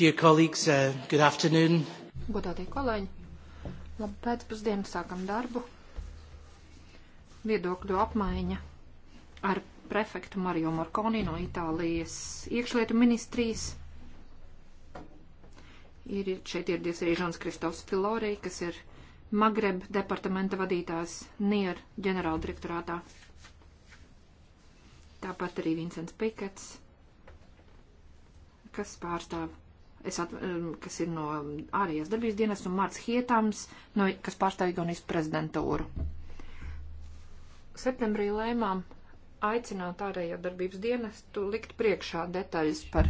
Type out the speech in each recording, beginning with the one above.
Dear colleagues, uh, good afternoon. Godātie kolēģi, labu pēcpusdienu sākam darbu. Viedokļu apmaiņa ar prefektu Mario Marconi no Itālijas iekšlietu ministrijas. Ir, šeit ieradies arī Žans Kristofs Filorī, kas ir Magreb departamenta vadītājs NIR ģenerāldirektorātā. Tāpat arī Vincents Pikets, kas pārstāv at, kas ir no ārējās darbības dienas, un Mārts Hietams, no, kas pārstāv Igaunijas prezidentūru. Septembrī lēmām aicināt ārējo darbības dienestu likt priekšā detaļas par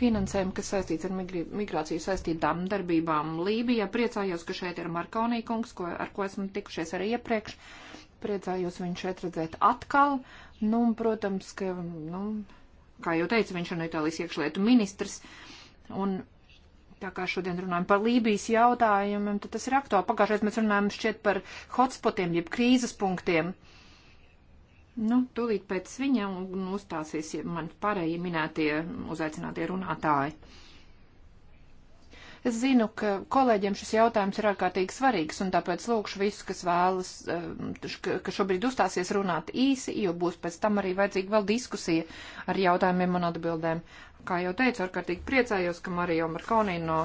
finansēm, kas saistīts ar migrāciju saistītām darbībām Lībijā. Priecājos, ka šeit ir Markonī kungs, ko, ar ko esmu tikušies arī iepriekš. Priecājos viņu šeit redzēt atkal. Nu, un, protams, ka, nu, kā jau teicu, viņš ir no Itālijas iekšlietu ministrs. Un Tā kā šodien runājam par Lībijas jautājumiem, tad tas ir aktuāli. Pagājušajā mēs runājam šķiet par hotspotiem, jeb krīzes punktiem. Nu, tūlīt pēc viņam uzstāsies man pārējie minētie uzaicinātie runātāji. Es zinu, ka kolēģiem šis jautājums ir ārkārtīgi svarīgs, un tāpēc lūkšu visus, kas vēlas, eh, ka šobrīd uzstāsies runāt īsi, jo būs pēc tam arī vajadzīga vēl diskusija ar jautājumiem un atbildēm. Kā jau teicu, ārkārtīgi priecājos, ka Marija Markonī no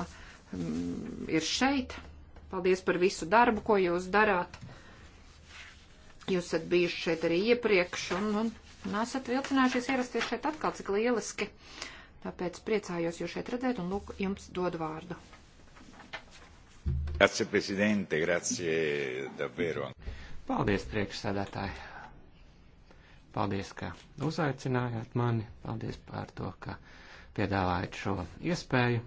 mm, ir šeit. Paldies par visu darbu, ko jūs darāt. Jūs esat bijuši šeit arī iepriekš un, un, un esat vilcinājušies ierasties šeit atkal, cik lieliski. Uh, Tāpēc priecājos jūs šeit redzēt un lūk, jums dodu vārdu. Grazie, prezidente, grazie davvero. Paldies, priekšsēdētāji. Paldies, ka uzaicinājāt mani. Paldies par to, ka piedāvājat šo iespēju.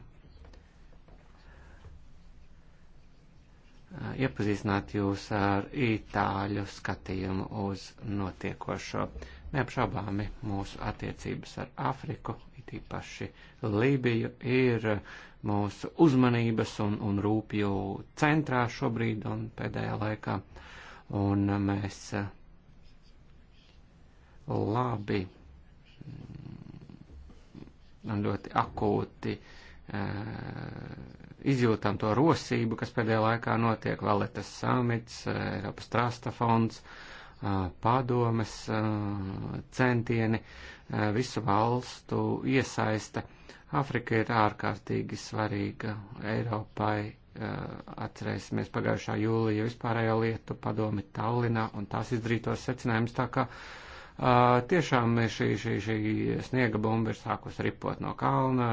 Iepazīstināt jūs ar itāļu skatījumu uz notiekošo. Neapšaubāmi mūsu attiecības ar Āfriku tīpaši Lībiju, ir mūsu uzmanības un, un rūpju centrā šobrīd un pēdējā laikā. Un mēs eh, labi mm, un ļoti akūti eh, izjūtam to rosību, kas pēdējā laikā notiek Valetas samits, eh, Eiropas trasta fonds, padomes centieni Eh, visu valstu iesaiste. Afrika ir ārkārtīgi svarīga Eiropai. Eh, atcerēsimies pagājušā jūlija vispārējo lietu padomi Tallinā un tās izdarītos secinājumus. Tā kā eh, tiešām šī, šī, šī sniega bumba ir sākus ripot no kalna,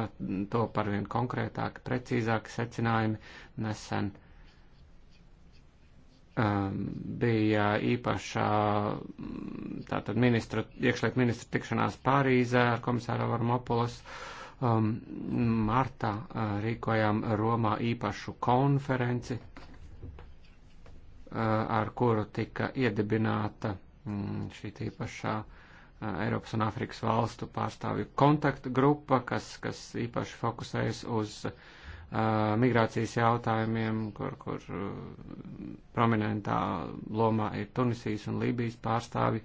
to par vien konkrētāki, precīzāki secinājumi nesen. Uh, Um, bija īpašā mm, tātad ministra, iekšliet ministra tikšanās Pārīzē ar komisāru Varmopulas. Um, martā uh, rīkojām Romā īpašu konferenci, uh, ar kuru tika iedibināta mm, šī īpašā uh, Eiropas un Afrikas valstu pārstāvju kontaktu grupa, kas, kas īpaši fokusējas uz uh, migrācijas jautājumiem, kur, kur prominentā lomā ir Tunisijas un Lībijas pārstāvi.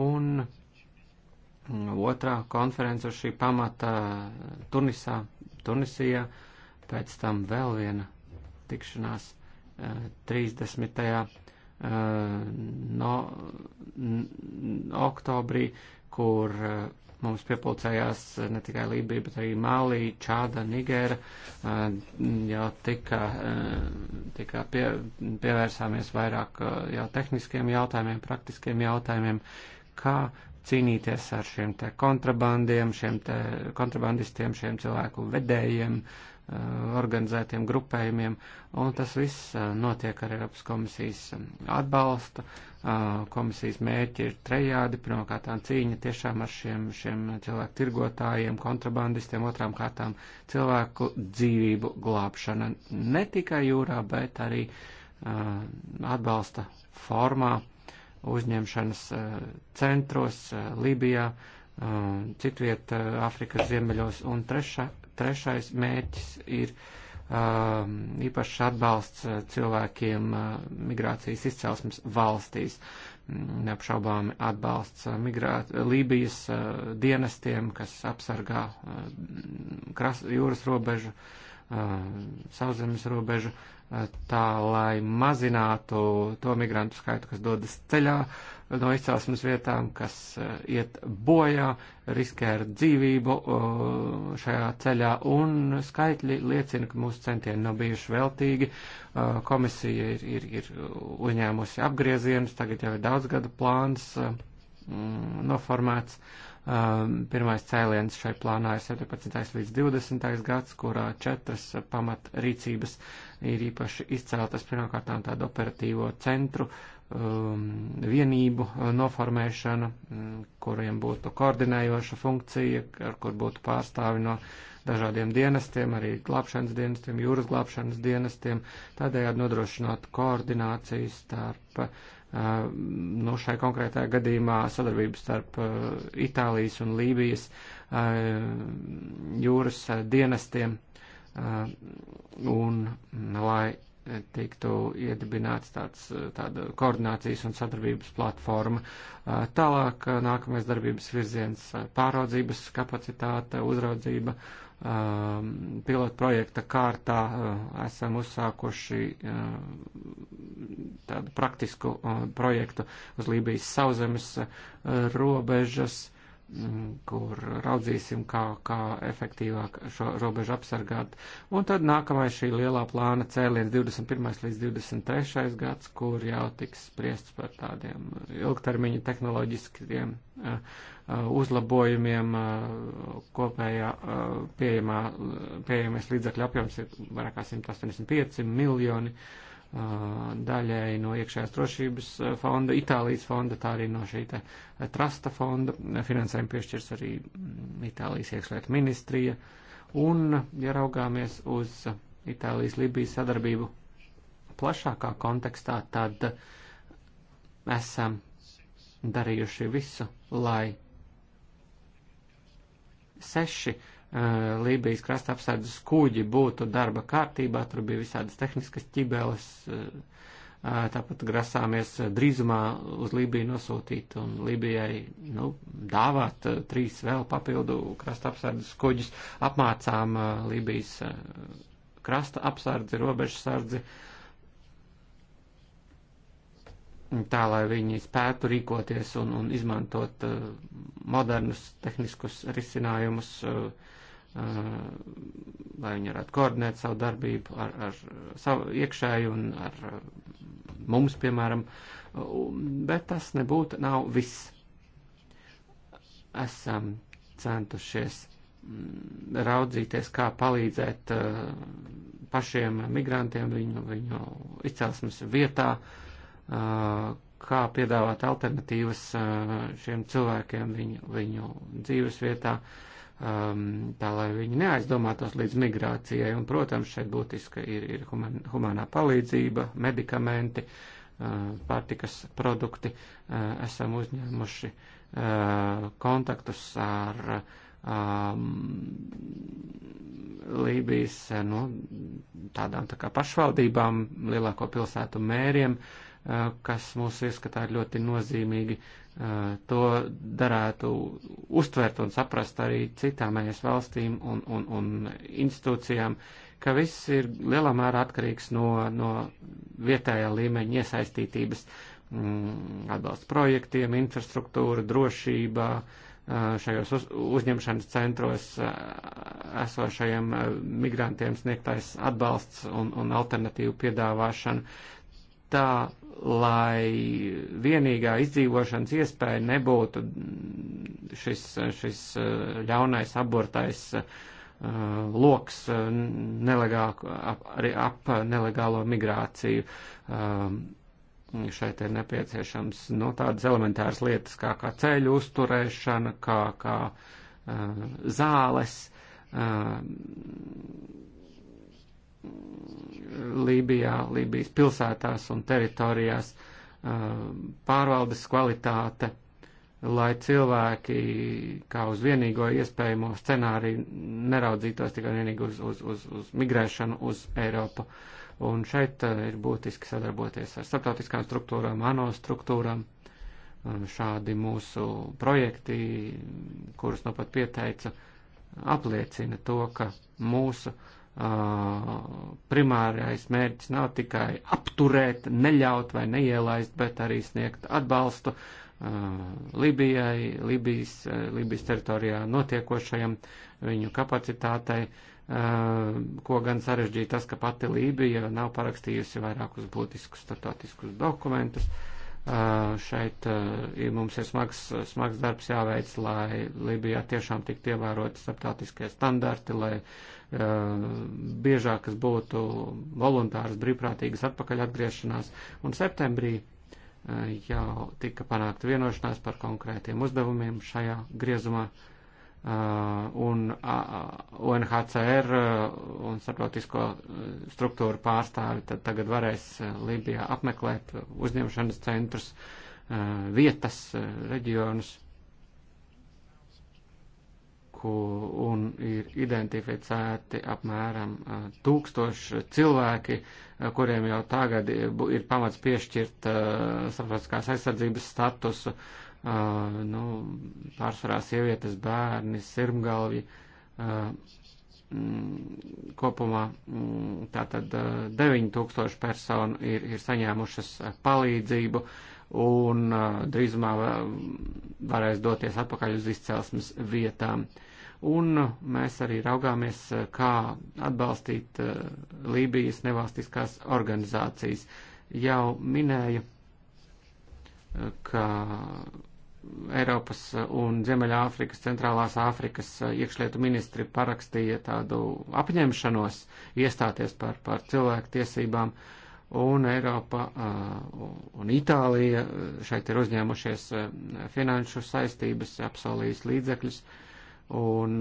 Un mm, otrā konference uz šī pamata Tunisā, Tunisijā, pēc tam vēl viena tikšanās 30. No, oktobrī, kur Mums piepulcējās eh, ne tikai Lībija, bet arī Malī, Čāda, Nigēra. Eh, jau tika, eh, tika pie, pievērsāmies vairāk jau tehniskiem jautājumiem, praktiskiem jautājumiem, kā cīnīties ar šiem te kontrabandiem, šiem te kontrabandistiem, šiem cilvēku vedējiem, organizētiem grupējumiem, un tas viss notiek ar Eiropas komisijas atbalstu. Komisijas mērķi ir trejādi. Pirmkārt, cīņa tiešām ar šiem, šiem cilvēku tirgotājiem, kontrabandistiem, otrām kārtām cilvēku dzīvību glābšana ne tikai jūrā, bet arī atbalsta formā uzņemšanas centros Libijā, citviet Āfrikas ziemeļos. Un treša, trešais mērķis ir Um, īpašs atbalsts uh, cilvēkiem uh, migrācijas izcelsmes valstīs. Mm, neapšaubāmi atbalsts uh, migrāt, Lībijas dienestiem, kas apsargā kras, jūras robežu, sauszemes robežu, tā lai mazinātu to migrantu skaitu, kas dodas ceļā no izcelsmes vietām, kas eh, iet bojā, riskē ar dzīvību eh, šajā ceļā, un skaitļi liecina, ka mūsu centieni nav bijuši veltīgi. Eh, komisija ir, ir, ir uzņēmusi apgriezienus, tagad jau ir daudz gada plāns mm, noformēts. Um, pirmais cēliens šai plānā ir 17. līdz 20. gads, kurā četras pamatrīcības ir īpaši izceltas pirmkārtām tādu operatīvo centru uh, um, vienību uh, noformēšana, mm, kuriem būtu koordinējoša funkcija, ar kur būtu pārstāvi no dažādiem dienestiem, arī glābšanas dienestiem, jūras glābšanas dienestiem, tādējādi nodrošināt koordināciju starp, uh, nu, šai konkrētajā gadījumā sadarbību starp uh, Itālijas un Lībijas uh, jūras uh, dienestiem, uh, un lai tiktu iedibināts tāds, tāda koordinācijas un sadarbības platforma. Tālāk nākamais darbības virziens - pāraudzības kapacitāte, uzraudzība. Pilota projekta kārtā esam uzsākuši tādu praktisku projektu uz Lībijas sauzemes robežas Mhm, kur raudzīsim, kā, kā efektīvāk šo robežu apsargāt. Un tad nākamais šī lielā plāna cēliens 21. līdz 23. gads, kur jau tiks spriests par tādiem ilgtermiņa tehnoloģiskiem eh, eh, uzlabojumiem eh, kopējā pieejamā, pieejamais līdzakļu apjoms ir vairāk kā 185 miljoni. Uh, daļēji no iekšējās drošības fonda, Itālijas fonda, tā arī no šī te trasta fonda. Finansējumu piešķirs arī mm, Itālijas iekšlietu ministrija. Un, ja raugāmies uz Itālijas-Libijas sadarbību plašākā kontekstā, tad esam darījuši visu, lai seši uh, Eh, Lībijas krasta apsardzes kuģi būtu darba kārtībā, tur bija visādas tehniskas ķibeles, eh, eh, tāpat grasāmies drīzumā uz Lībiju nosūtīt un Lībijai nu, dāvāt trīs vēl papildu krasta apsardzes kuģus, apmācām Lībijas krasta apsardzi, robežu sardzi, tā lai viņi spētu rīkoties un, un izmantot modernus tehniskus risinājumus. Uh, Eh, lai viņi varētu koordinēt savu darbību ar, ar savu iekšēju un ar eh, mums, piemēram, bet tas nebūtu nav viss. Esam centušies mm, raudzīties, kā palīdzēt eh, pašiem migrantiem viņu, viņu izcelsmes vietā, kā piedāvāt alternatīvas šiem cilvēkiem viņu, viņu dzīves vietā. Uh, um, tā lai viņi neaizdomātos līdz migrācijai. Un, protams, šeit būtiska ir, ir human, humanā palīdzība, medikamenti, uh, pārtikas produkti. Uh, esam uzņēmuši uh, kontaktus ar um, Lībijas uh, no, nu, tādām tā kā pašvaldībām, lielāko pilsētu mēriem, uh, kas mūsu ieskatā ir ļoti nozīmīgi. Uh, Eh, to darētu uztvert un saprast arī citām ES valstīm un, un, un institūcijām, ka viss ir lielā mērā atkarīgs no, no vietējā līmeņa iesaistītības mm, atbalsts projektiem, infrastruktūra, drošība, eh, šajos uz, uzņemšanas centros eh, esošajiem migrantiem sniegtais atbalsts un, un alternatīvu piedāvāšana. Tā lai vienīgā izdzīvošanas iespēja nebūtu šis, šis eh, ļaunais abortais uh, loks eh, nelegāku, ap, arī ap nelegālo migrāciju. Um, šeit ir nepieciešams nu, tādas elementāras lietas kā, kā ceļu uzturēšana, kā, kā uh, zāles. Uh, Lībijā, Lībijas pilsētās un teritorijās, pārvaldes kvalitāte, lai cilvēki kā uz vienīgo iespējamo scenāriju neraudzītos tikai vienīgi uz, uz, uz, uz migrēšanu uz Eiropu. Un šeit ir būtiski sadarboties ar starptautiskām struktūrām, ANO struktūrām. Šādi mūsu projekti, kurus nu pat pieteicu, apliecina to, ka mūsu uh, primārais mērķis nav tikai apturēt, neļaut vai neielaist, bet arī sniegt atbalstu Libijai, Libijas, Libijas teritorijā notiekošajam, viņu kapacitātei, ko gan sarežģīja tas, ka pati Lībija nav parakstījusi vairākus būtiskus startautiskus dokumentus. Uh, Šeit mums ir smags, smags darbs jāveic, lai Libijā tiešām tiktu ievēroti starptautiskie standarti, lai biežākas būtu voluntāras, brīvprātīgas atpakaļ atgriešanās. Un septembrī jau tika panākta vienošanās par konkrētiem uzdevumiem šajā griezumā. Uh, Uh, un UNHCR uh, uh, un starptautisko struktūru pārstāvi tad tagad varēs Libijā apmeklēt uzņemšanas centrus, vietas, reģionus, un ir identificēti apmēram tūkstoši cilvēki, kuriem jau tagad ir pamats piešķirt starptautiskās aizsardzības statusu. Uh, Uh, nu, pārsvarā sievietes, bērni, sirmgalvi. Uh, mm, kopumā mm, tātad uh, 9000 personu ir, ir saņēmušas uh, palīdzību un uh, drīzumā varēs doties atpakaļ uz izcelsmes vietām. Un uh, mēs arī raugāmies, kā atbalstīt Lībijas nevalstiskās organizācijas. Jau minēju, ka Eiropas eh, un Ziemeļāfrikas, Centrālās Āfrikas eh, iekšlietu ministri parakstīja tādu apņemšanos iestāties par, par cilvēku tiesībām, un Eiropa eh, un Itālija šeit ir uzņēmušies finanšu saistības, apsolījis līdzekļus, un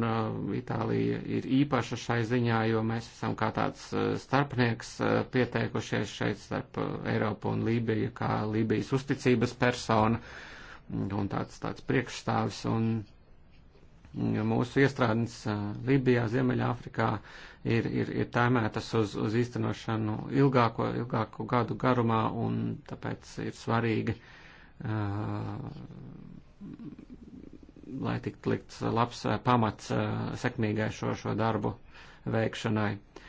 Itālija ir īpaša šai ziņā, jo mēs esam kā tāds starpnieks pieteikušies šeit starp Eiropu un Lībiju, kā Lībijas uzticības persona un tāds, tāds priekšstāvis. Un, mūsu iestrādes Libijā, Ziemeļāfrikā ir, ir, ir tēmētas uz, uz īstenošanu ilgāko, ilgāko gadu garumā, un tāpēc ir svarīgi, uh, lai tiktu likts labs pamats uh, sekmīgai šo, šo darbu veikšanai. Uh,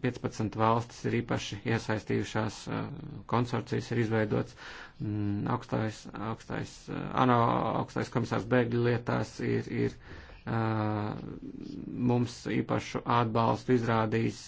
15 ehm, valstis ir īpaši iesaistījušās, ehm, konsorcijas ir izveidots, mm, augstais, augstais, ehm, ANO, augstais komisārs bēgļu lietās ir, ir mums īpašu atbalstu izrādījis,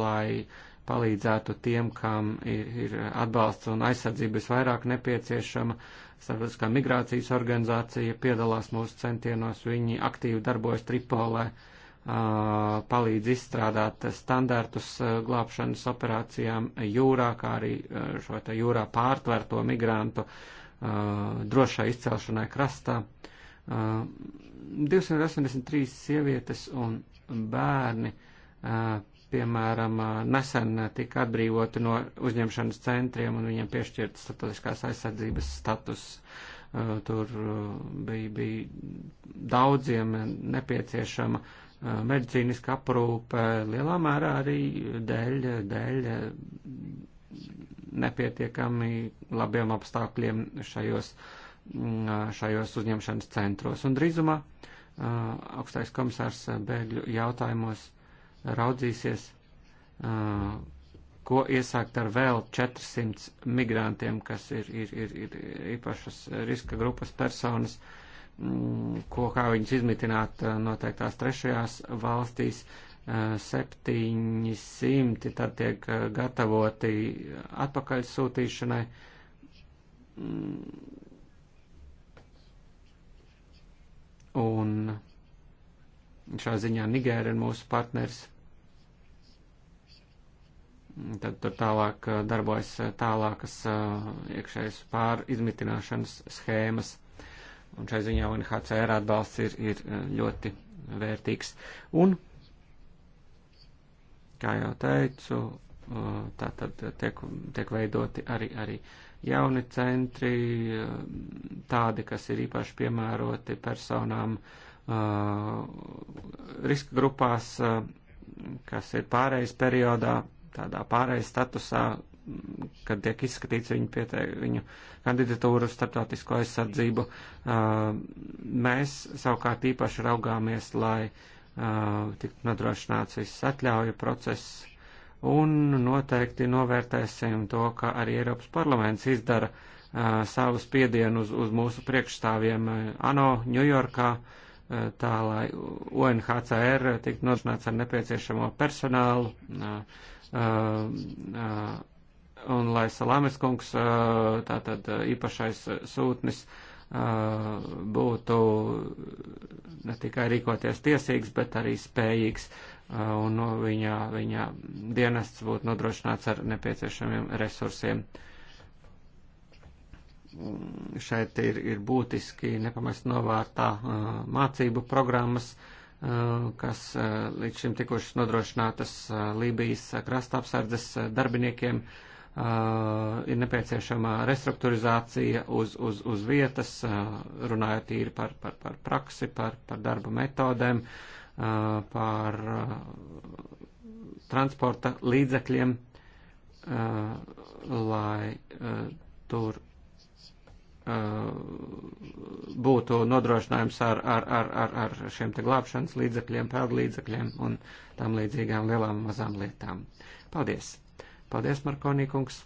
lai palīdzētu tiem, kam ir, ir atbalsts un aizsardzība visvairāk nepieciešama. Starptautiskā migrācijas organizācija piedalās mūsu centienos, viņi aktīvi darbojas Tripolē. Uh, palīdz izstrādāt standartus glābšanas operācijām jūrā, kā arī šo te jūrā pārtverto migrantu drošai izcelšanai krastā. 283 sievietes un bērni, piemēram, nesen tika atbrīvoti no uzņemšanas centriem un viņiem piešķirta statiskās aizsardzības status. Tur bija, bija daudziem nepieciešama uh, medicīniska aprūpe lielā mērā arī dēļ, dēļ nepietiekami labiem apstākļiem šajos, mm, šajos uzņemšanas centros. Un drīzumā augstais komisārs bēgļu jautājumos raudzīsies, ko iesākt ar vēl 400 migrantiem, kas ir, ir, ir, ir īpašas riska grupas personas. Uh, Mm, ko kā viņus izmitināt eh, noteiktās trešajās valstīs. 700 eh, tad tiek eh, gatavoti atpakaļ sūtīšanai. Mm. Un šā ziņā Nigēra ir mūsu partners. Mm, tad tur tālāk darbojas tālākas iekšējas pārizmitināšanas schēmas. Un šai ziņā UNHCR atbalsts ir, ir eh, ļoti vērtīgs. Un, kā jau teicu, eh, tā tad tiek, tiek veidoti arī, arī jauni centri, eh, tādi, kas ir īpaši piemēroti personām riska grupās, kas ir pārējais periodā, tādā pārējais statusā, kad tiek izskatīts viņu, pietē, viņu kandidatūru starptautisko aizsardzību. Mēs savukārt īpaši raugāmies, lai tiktu nodrošināts viss atļauju process, un noteikti novērtēsim to, ka arī Eiropas parlaments izdara savu spiedienu uz, uz mūsu priekšstāvjiem ANO, Ņujorkā, tā lai UNHCR tiktu nodrošināts ar nepieciešamo personālu. Uh, uh, un lai Salames kungs, tātad īpašais sūtnis, būtu ne tikai rīkoties tiesīgs, bet arī spējīgs, un nu, viņa, viņa dienests būtu nodrošināts ar nepieciešamiem resursiem. Šeit ir, ir būtiski nepamest novārtā mācību programmas, kas līdz šim tikušas nodrošinātas Lībijas krasta apsardzes darbiniekiem. Uh, Uh, ir nepieciešama restruktūrizācija uz, uz, uz vietas, uh, runājot tīri par, par, par praksi, par, par darba metodēm, uh, par transporta līdzekļiem, lai tur būtu nodrošinājums ar, ar, ar, ar, ar šiem te glābšanas līdzekļiem, pēdu līdzekļiem un tam līdzīgām lielām un mazām lietām. Paldies! Paldies, Markonīkungs.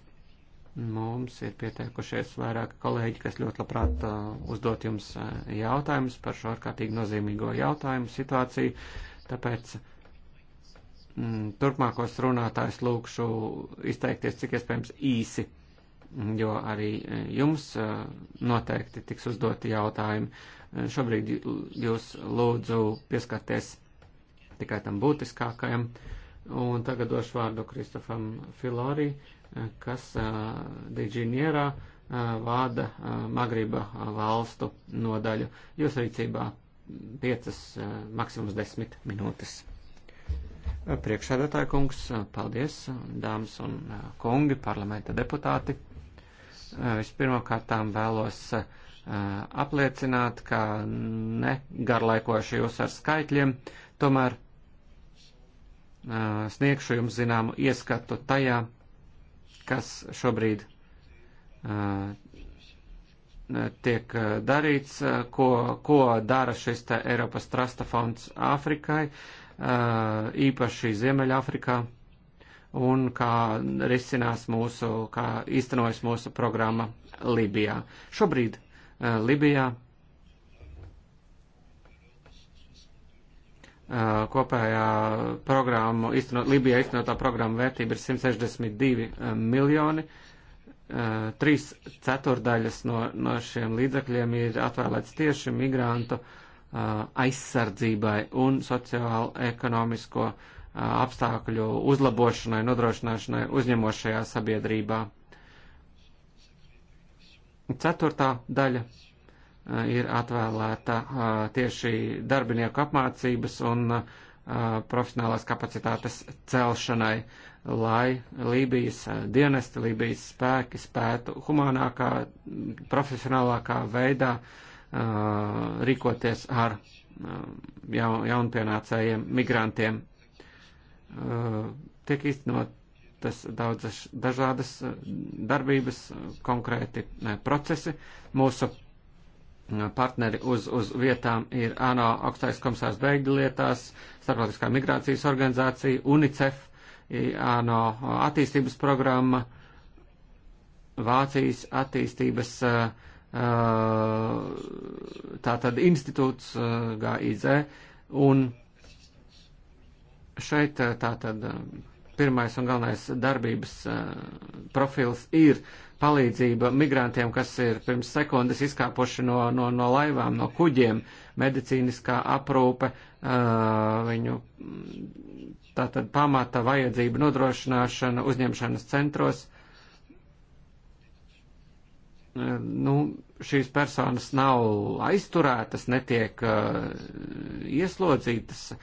Mums ir pieteikušies vairāk kolēģi, kas ļoti labprāt uh, uzdot jums uh, jautājumus par šo ārkārtīgi nozīmīgo jautājumu situāciju. Tāpēc mm, turpmākos runātājs lūkšu izteikties cik iespējams īsi, jo arī uh, jums uh, noteikti tiks uzdoti jautājumi. Uh, šobrīd jūs lūdzu pieskarties tikai tam būtiskākajam. Uh, Un tagad došu vārdu Kristofam Filori, eh, kas uh, eh, Digžinierā uh, eh, vāda uh, Magriba valstu nodaļu. Jūs rīcībā piecas, uh, maksimums desmit minūtes. Priekšsēdētāja kungs, paldies, dāmas un kungi, parlamenta deputāti. Vispirmkārtām vēlos apliecināt, ka negarlaikoši jūs ar skaitļiem, tomēr Eh, sniegšu jums zināmu ieskatu tajā, kas šobrīd eh, tiek eh, darīts, ko, ko dara šis te Eiropas Trasta fonds Āfrikai, īpaši Ziemeļāfrikā, un kā risinās mūsu, kā īstenojas mūsu programma Libijā. Šobrīd Libijā Uh, kopējā programmu, iztenot, Libijā iztenotā programma vērtība ir 162 uh, miljoni. Uh, trīs ceturdaļas no, no šiem līdzekļiem ir atvēlēts tieši migrantu aizsardzībai un sociālo-ekonomisko apstākļu uzlabošanai, nodrošināšanai uzņemošajā sabiedrībā. Ceturtā daļa ir atvēlēta tieši darbinieku apmācības un profesionālās kapacitātes celšanai, lai Lībijas dienesti, Lībijas spēki spētu humānākā, profesionālākā veidā rīkoties ar jaunpienācējiem, migrantiem. Tiek īstenotas daudzas dažādas darbības, konkrēti procesi. Mūsu partneri uz, uz vietām ir ANO augstais komisārs beigļu lietās, Starptautiskā migrācijas organizācija, UNICEF, ANO attīstības programma, Vācijas attīstības tātad institūts GIZ un šeit tātad pirmais un galvenais darbības profils ir uh, palīdzība migrantiem, kas ir pirms sekundes izkāpuši no, no, no laivām, no kuģiem, medicīniskā aprūpe, viņu tātad pamata vajadzība nodrošināšana uzņemšanas centros. Nu, šīs personas nav aizturētas, netiek ieslodzītas. Uh,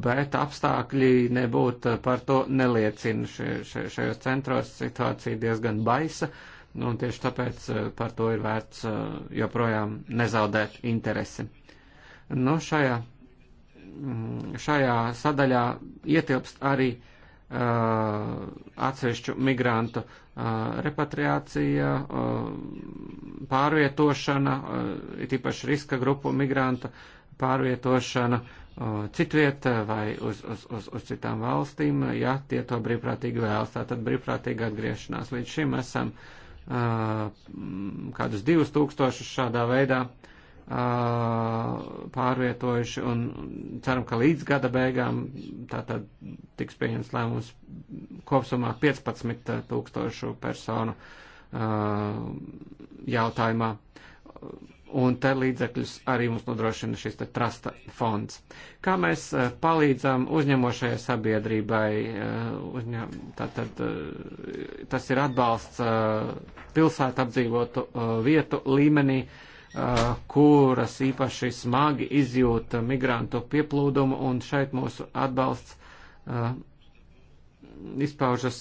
bet apstākļi nebūt par to neliecina. Šajos centros situācija diezgan baisa, un tieši tāpēc eh, par to ir vērts eh, joprojām nezaudēt interesi. Nu, šajā, mm, šajā sadaļā ietilpst arī eh, atsevišķu migrantu repatriācija, pārvietošana, it īpaši riska grupu migrantu pārvietošana, citvieta e, vai uz, uz, uz, uz citām valstīm, e, ja tie to brīvprātīgi vēlas. Tātad brīvprātīgi atgriešanās. Līdz šim esam uh, kādus divus tūkstošus šādā veidā uh, pārvietojuši un ceram, ka līdz gada beigām tātad tiks pieņems lēmums kopsumā 15 tūkstošu personu uh, jautājumā un te līdzekļus arī mums nodrošina šis te trasta fonds. Kā mēs eh, palīdzam uzņemošajai sabiedrībai, eh, uzņem, tātad eh, tas ir atbalsts pilsētu apdzīvotu vietu līmenī, kuras īpaši smagi izjūta migrantu pieplūdumu, un šeit mūsu atbalsts izpaužas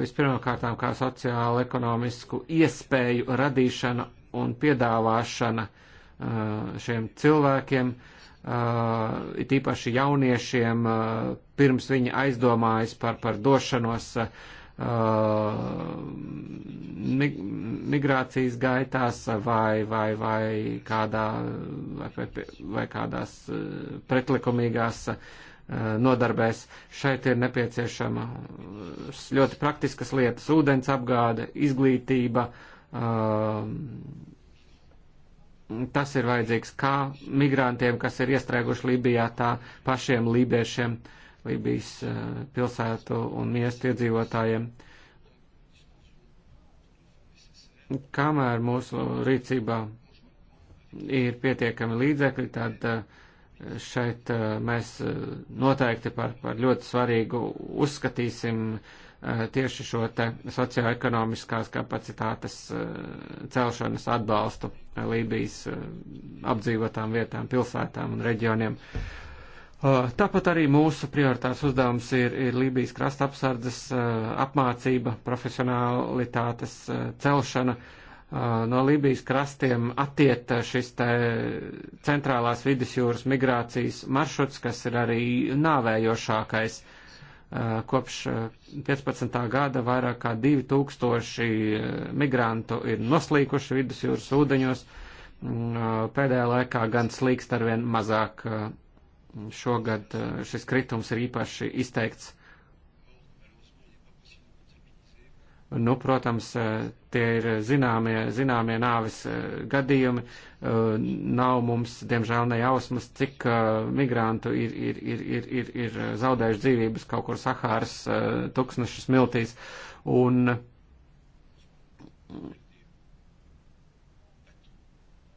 vispirmkārtām kā sociāla ekonomisku iespēju radīšana un piedāvāšana uh, šiem cilvēkiem, uh, it īpaši jauniešiem, uh, pirms viņi aizdomājas par, par došanos migrācijas gaitās vai, vai, vai, kādā, vai, vai kādās pretlikumīgās nodarbēs. Šeit ir nepieciešama ļoti praktiskas lietas - ūdens apgāde, izglītība, uh, Um, tas ir vajadzīgs kā migrantiem, kas ir iestrēguši Libijā, tā pašiem lībiešiem, Libijas uh, pilsētu un miestu iedzīvotājiem. Kamēr mūsu rīcībā ir pietiekami līdzekļi, tad uh, šeit uh, mēs noteikti par, par ļoti svarīgu uzskatīsim uh, Eh, tieši šo te socioekonomiskās kapacitātes eh, celšanas atbalstu eh, Lībijas apdzīvotām vietām, pilsētām un reģioniem. Tāpat arī mūsu prioritārs uzdevums ir, ir Lībijas krasta apsardzes apmācība, profesionālitātes celšana. No Lībijas krastiem attiet šis te centrālās vidusjūras migrācijas maršruts, kas ir arī nāvējošākais uh, Eh, kopš 15. Eh, gada vairāk kā 2000 eh, migrantu ir noslīkuši vidusjūras ūdeņos. Mm, pēdējā laikā gan slīkst arvien mazāk. Šogad šis kritums ir īpaši izteikts Nu, protams, eh, tie ir zināmie, zināmie nāvis eh, gadījumi. Eh, nav mums, diemžēl, ne jausmas, cik migrantu ir, ir, ir, ir, ir, ir zaudējuši dzīvības kaut kur Sahāras tuksnešu smiltīs. Un,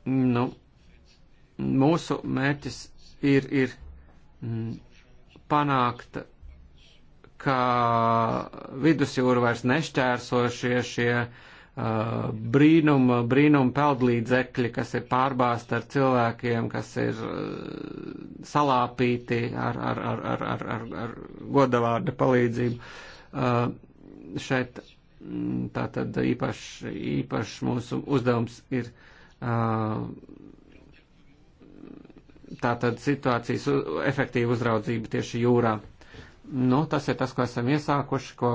nu, mūsu mērķis ir, ir mm, panākt ka vidusjūru vairs nešķērsošie šie uh, brīnuma, brīnuma peldlīdzekļi, kas ir pārbāzti ar cilvēkiem, kas ir uh, salāpīti ar, ar, ar, ar, ar, ar, ar godavārda palīdzību. Uh, šeit mm, tātad īpaši, īpaši mūsu uzdevums ir uh, tātad situācijas efektīva uzraudzība tieši jūrā. Nu, tas ir tas, ko esam iesākuši, ko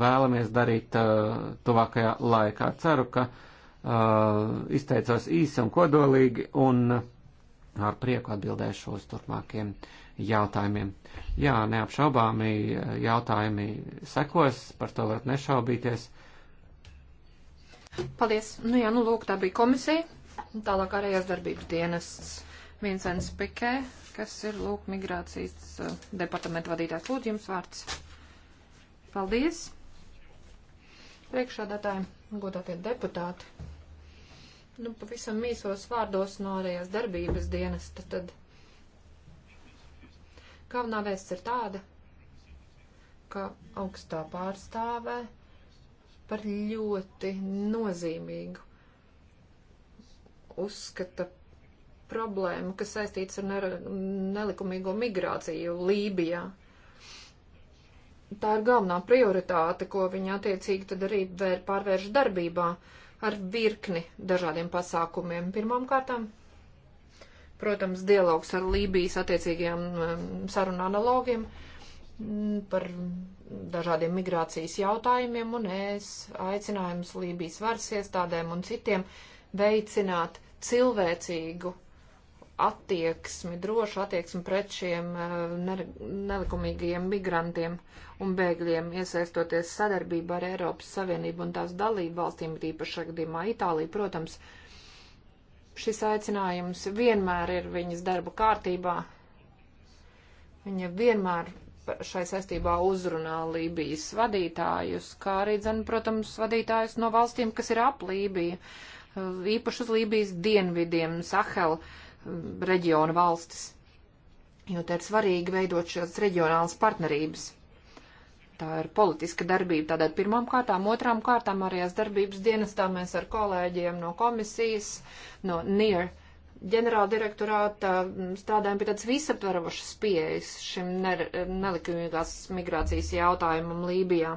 vēlamies darīt uh, tuvākajā laikā. Ceru, ka uh, izteicos īsi un kodolīgi un ar prieku atbildēšu uz turpmākiem jautājumiem. Jā, neapšaubāmi uh, jautājumi sekos, par to varat nešaubīties. Paldies. Nu jā, nu lūk, tā bija komisija. Tālāk arī jāsdarbības dienests Vincents Pikē kas ir, lūk, migrācijas uh, departamenta vadītājs. Lūdzu, jums vārds. Paldies. Priekšādātāji, godātie deputāti. Nu, pavisam īsos vārdos no ārējās darbības dienas, tad, tad galvenā vēsts ir tāda, ka augstā pārstāvē par ļoti nozīmīgu uzskata problēmu, kas saistīts ar nelikumīgo migrāciju Lībijā. Tā ir galvenā prioritāte, ko viņi attiecīgi tad arī vēr, pārvērš darbībā ar virkni dažādiem pasākumiem. Pirmām kārtām protams, dialogs ar Lībijas attiecīgajiem um, sarunu analogiem mm, par dažādiem migrācijas jautājumiem un es aicinājums Lībijas varas iestādēm un citiem veicināt cilvēcīgu attieksmi, drošu attieksmi pret šiem eh, nelikumīgajiem migrantiem un bēgļiem, iesaistoties sadarbībā ar Eiropas Savienību un tās dalību valstīm, tīpaši gadījumā Itālija, protams, šis aicinājums vienmēr ir viņas darba kārtībā. Viņa vienmēr šai saistībā uzrunā Lībijas vadītājus, kā arī, dzen, protams, vadītājus no valstīm, kas ir ap Lībiju, eh, īpaši uz Lībijas dienvidiem, Sahelu reģiona valstis, jo te ir svarīgi veidot šīs reģionālas partnerības. Tā ir politiska darbība. Tātad pirmām kārtām, otrām kārtām arī darbības dienestā mēs ar kolēģiem no komisijas, no NIR ģenerāla direktorāta strādājam pie tādas visaptverošas pieejas šim ne nelikumīgās migrācijas jautājumam Lībijā.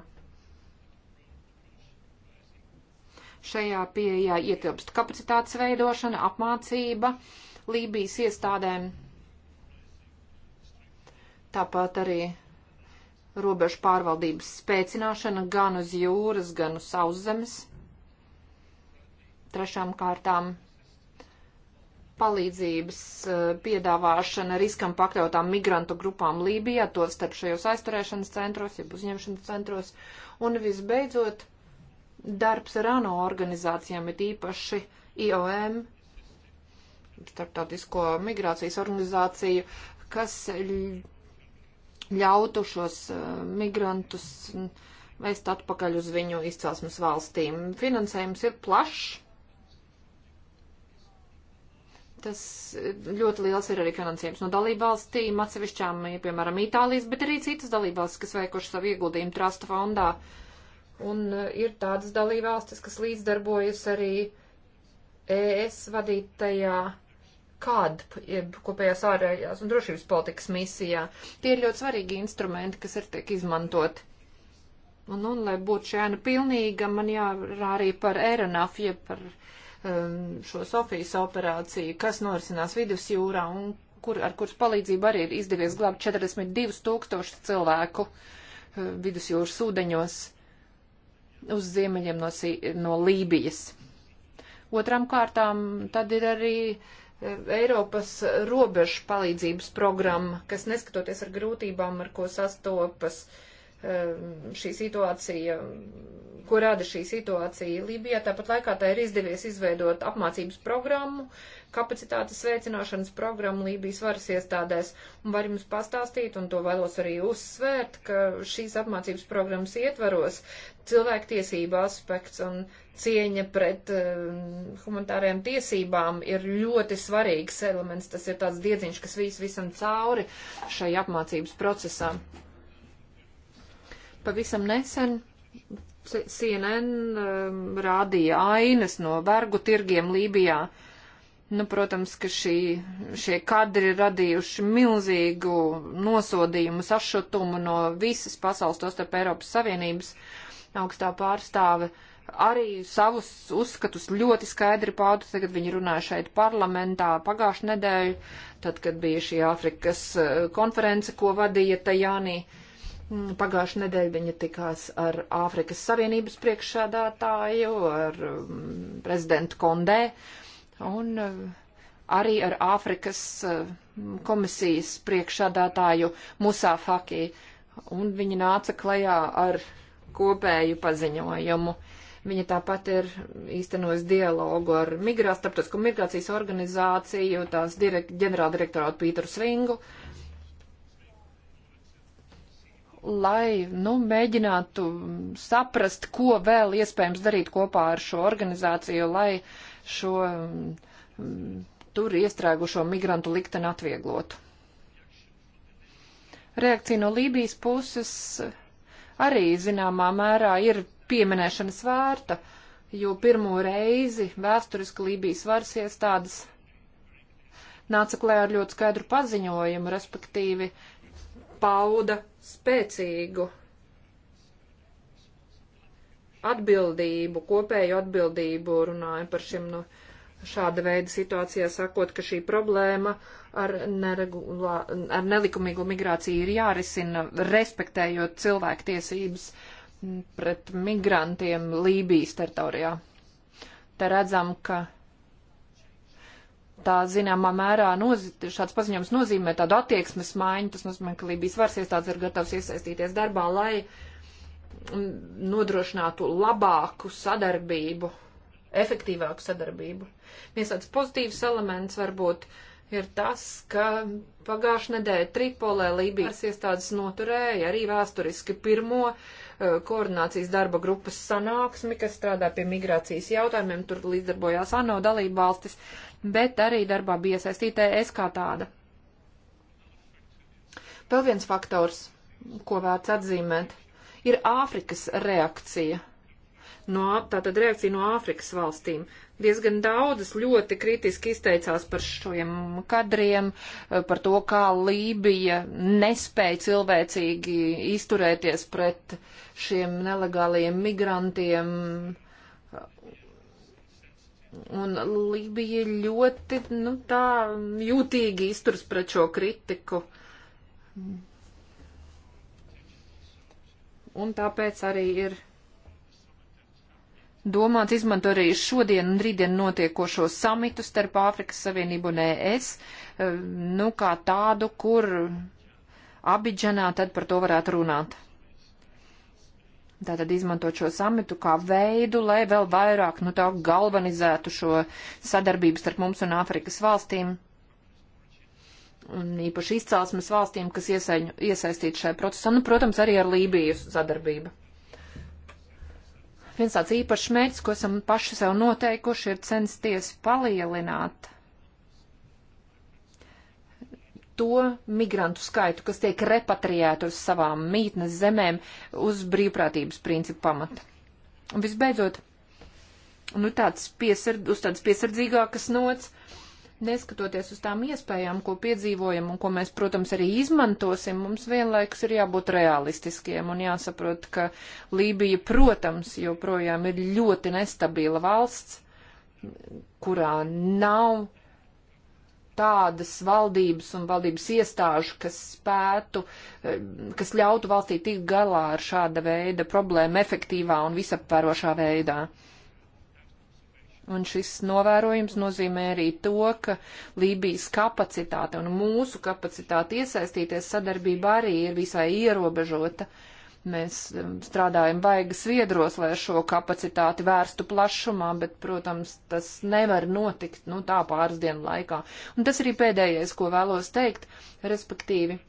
Šajā pieejā ietilpst kapacitātes veidošana, apmācība, uh, Lībijas iestādēm. Tāpat arī robežu pārvaldības spēcināšana gan uz jūras, gan uz sauszemes. Trešām kārtām palīdzības eh, piedāvāšana riskam pakļautām migrantu grupām Lībijā, to starp šajos aizturēšanas centros, jeb uzņemšanas centros. Un visbeidzot, darbs ar ANO organizācijām ir īpaši IOM, starptautisko migrācijas organizāciju, kas ļautu šos uh, migrantus vēst atpakaļ uz viņu izcelsmes valstīm. Finansējums ir plašs. Tas uh, ļoti liels ir arī finansējums no dalībvalstīm, atsevišķām, piemēram, Itālijas, bet arī citas dalībvalstis, kas veikuši savu ieguldījumu trasta fondā. Un uh, ir tādas dalībvalstis, kas līdzdarbojas arī ES vadītajā kāda kopējās ārējās un drošības politikas misijā. Tie ir ļoti svarīgi instrumenti, kas ir tiek izmantoti. Un, un lai būtu šī ēna pilnīga, man jārā arī par Eironaf, ja par um, šo Sofijas operāciju, kas norisinās vidusjūrā un kur, ar kuras palīdzību arī ir izdevies glābt 42 tūkstoši cilvēku uh, vidusjūras ūdeņos uz ziemeļiem no, no Lībijas. Otram kārtām tad ir arī uh, Eiropas robežu palīdzības programma, kas neskatoties ar grūtībām, ar ko sastopas um, šī situācija, ko rada šī situācija Libijā, tāpat laikā tā ir izdevies izveidot apmācības programmu, kapacitātes veicināšanas programmu Lībijas varas iestādēs. Un var jums pastāstīt, un to vēlos arī uzsvērt, ka šīs apmācības programmas ietvaros cilvēktiesība aspekts un cieņa pret uh, humanitārajām tiesībām ir ļoti svarīgs elements. Tas ir tāds diedziņš, kas vis visam cauri šai apmācības procesā. Pavisam nesen CNN um, eh, rādīja ainas no vergu tirgiem Lībijā. Nu, protams, ka šī, šie kadri radījuši milzīgu nosodījumu, sašutumu no visas pasaules, tostarp Eiropas Savienības. Uh, augstā pārstāve arī savus uzskatus ļoti skaidri pauda, tagad viņi runāja šeit parlamentā pagājušajā nedēļu, tad, kad bija šī Āfrikas eh, konference, ko vadīja Tajānī. Mm, pagājušajā nedēļā viņa tikās ar Āfrikas Savienības priekšsādātāju, ar mm, prezidentu Kondē un eh, arī ar Āfrikas eh, komisijas priekšsādātāju Musā Fakī. Un viņi nāca klajā ar kopēju paziņojumu. Viņa tāpat ir īstenojis dialogu ar migrā, starptautisko migrācijas organizāciju, tās direkt, ģenerāldirektorātu Pīteru Svingu, lai, nu, mēģinātu saprast, ko vēl iespējams darīt kopā ar šo organizāciju, lai šo m, mm, tur iestrēgušo migrantu likteni atvieglotu. Reakcija no Lībijas puses arī zināmā mērā ir pieminēšanas vērta, jo pirmo reizi vēsturiski Lībijas varas iestādes nāca klējā ar ļoti skaidru paziņojumu, respektīvi pauda spēcīgu atbildību, kopēju atbildību runāja par šiem no nu, šāda veida situācijā, sakot, ka šī problēma uh, ar, neregulā, ar nelikumīgu migrāciju ir jārisina, respektējot cilvēktiesības pret migrantiem Lībijas teritorijā. Te redzam, ka tā zināmā mērā nozīmē, šāds paziņojums nozīmē tādu attieksmes maiņu, tas nozīmē, ka Lībijas varas iestādes ir gatavs iesaistīties darbā, lai nodrošinātu labāku sadarbību, efektīvāku sadarbību. Viens tāds pozitīvs elements varbūt uh, ir tas, ka pagājušā nedēļa Tripolē Lībijas iestādes noturēja arī vēsturiski pirmo uh, koordinācijas darba grupas sanāksmi, kas strādā pie migrācijas jautājumiem, tur līdzdarbojās ANO dalība valstis, bet arī darbā bija iesaistīta es kā tāda. Vēl viens faktors, ko vērts atzīmēt, ir Āfrikas reakcija no, tātad reakcija no Āfrikas valstīm. Diezgan daudzas ļoti kritiski izteicās par šiem kadriem, par to, kā Lībija nespēja cilvēcīgi izturēties pret šiem nelegāliem migrantiem. Un Lībija ļoti, nu tā, jūtīgi izturs pret šo kritiku. Un tāpēc arī ir domāts izmanto arī šodien un rītdien notiekošo samitu starp Āfrikas Savienību un ES, eh, nu kā tādu, kur Abidžanā tad par to varētu runāt. Tātad izmantot šo samitu kā veidu, lai vēl vairāk, nu tā, galvanizētu šo sadarbību starp mums un Āfrikas valstīm, un īpaši izcelsmes valstīm, kas iesaistīti šajā procesā, nu, protams, arī ar Lībiju sadarbību. Viens tāds īpašs mērķis, ko esam paši sev noteikuši, ir censties palielināt to migrantu skaitu, kas tiek repatriēti uz savām mītnes zemēm uz brīvprātības principu pamata. Un visbeidzot, nu tāds piesard, uz tāds piesardzīgākas nots, uh, neskatoties uz tām iespējām, ko piedzīvojam un ko mēs, protams, arī izmantosim, mums vienlaikus ir jābūt realistiskiem un jāsaprot, ka Lībija, protams, joprojām ir ļoti nestabila valsts, kurā nav tādas valdības un valdības iestāžu, kas spētu, eh, kas ļautu valstī tikt galā ar šāda veida problēmu efektīvā un visaptvarošā veidā. Uh, Un šis novērojums nozīmē arī to, ka Lībijas kapacitāte un mūsu kapacitāte iesaistīties sadarbībā arī ir visai ierobežota. Mēs um, strādājam baigas viedros, lai šo kapacitāti vērstu plašumā, bet, protams, tas nevar notikt, nu, tā pāris dienu laikā. Un tas arī pēdējais, ko vēlos teikt, respektīvi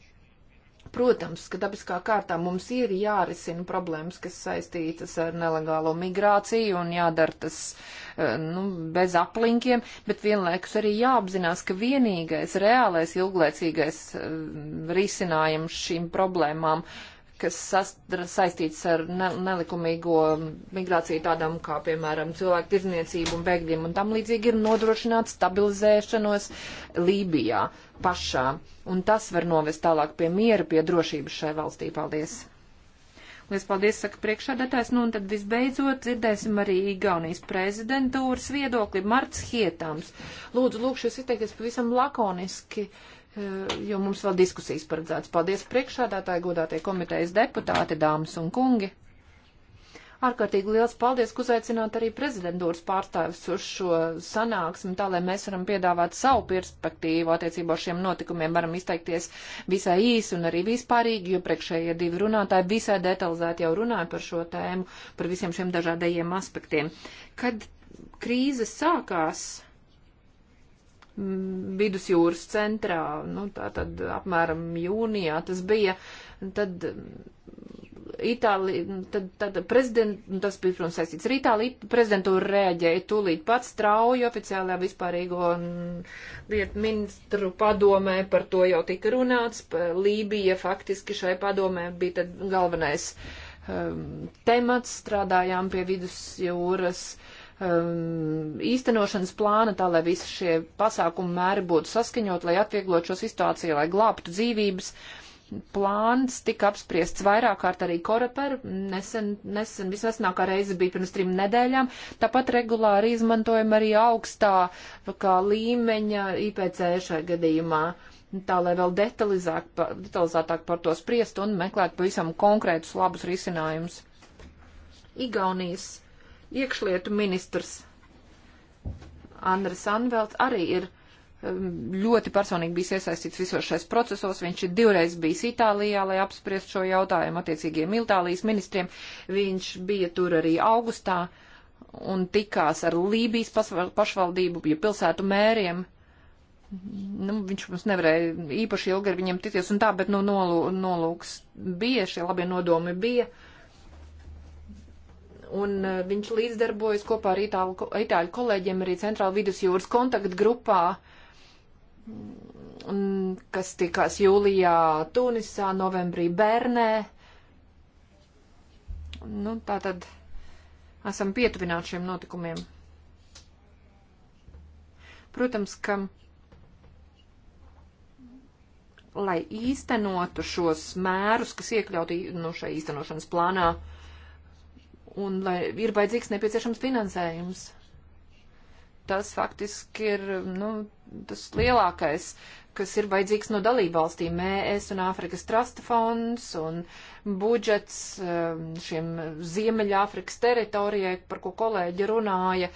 Protams, ka dabiskā kārtā mums ir jārisina problēmas, kas saistītas ar nelegālo migrāciju un jādara tas eh, nu, bez aplinkiem, bet vienlaikus arī jāapzinās, ka vienīgais reālais ilglaicīgais eh, risinājums šīm problēmām kas saistīts ar ne nelikumīgo migrāciju tādām kā, piemēram, cilvēku tirzniecību un bēgļiem un tam līdzīgi ir nodrošināt stabilizēšanos Lībijā pašā. Un tas var novest tālāk pie miera, pie drošības šai valstī. Paldies! Lies paldies, saka priekšādātājs. Nu, un tad visbeidzot dzirdēsim arī Igaunijas prezidentūras viedokli Marts Hietāms. Lūdzu, lūkšu jūs izteikties pavisam lakoniski. Uh, Eh, jo mums vēl diskusijas paredzēts. Paldies priekšādātāji, godātie komitejas deputāti, dāmas un kungi. Ārkārtīgi liels paldies, ka uzaicināt arī prezidentūras pārstāvis uz šo sanāksmi, tā lai mēs varam piedāvāt savu perspektīvu attiecībā ar šiem notikumiem, varam izteikties visai īsi un arī vispārīgi, jo priekšējie divi runātāji visai detalizēti jau runāja par šo tēmu, par visiem šiem dažādajiem aspektiem. Kad krīze sākās, Mm, vidusjūras centrā, nu, tā tad apmēram jūnijā tas bija, tad mm, Itālija, tad, tad prezident, nu, tas bija, protams, saistīts ar Itāliju, prezidentūra rēģēja tūlīt pats strauji oficiālajā vispārīgo mm, lietu ministru padomē, par to jau tika runāts, Lībija faktiski šai padomē bija tad galvenais um, temats, strādājām pie vidusjūras. Uh, um, īstenošanas plāna, tā lai visi šie pasākumu mēri būtu saskaņot, lai atvieglot šo situāciju, lai glābtu dzīvības. Plāns tika apspriests vairāk kārt arī Koreper, nesen, nesen visnesenākā reize bija pirms trim nedēļām, tāpat regulāri izmantojam arī augstā kā līmeņa IPC šajā gadījumā tā lai vēl detalizāk, detalizētāk par to spriest un meklēt pavisam konkrētus labus risinājumus. Igaunijas iekšlietu ministrs Andres Anvelts arī ir um, ļoti personīgi bijis iesaistīts visos šais procesos. Viņš ir divreiz bijis Itālijā, lai apspriest šo jautājumu attiecīgiem Itālijas ministriem. Viņš bija tur arī augustā un tikās ar Lībijas pašvaldību, ja pilsētu mēriem. Nu, viņš mums nevarēja īpaši ilgi ar viņiem tikties un tā, bet nu, nolūks bija, šie labie nodomi bija. Uh, un eh, viņš līdzdarbojas kopā ar itāļu, itāļu kolēģiem arī Centrāla vidusjūras kontaktgrupā, kas tikās jūlijā Tunisā, novembrī Bernē. Nu, tā tad esam pietuvināti šiem notikumiem. Protams, ka lai īstenotu šos mērus, kas iekļauti nu, šai īstenošanas plānā, uh, un lai ir vajadzīgs nepieciešams finansējums. Tas faktiski ir nu, tas lielākais, kas ir vajadzīgs no dalībvalstīm. Mēs un Āfrikas Trasta fonds un budžets um, šiem Ziemeļāfrikas teritorijai, par ko kolēģi runāja,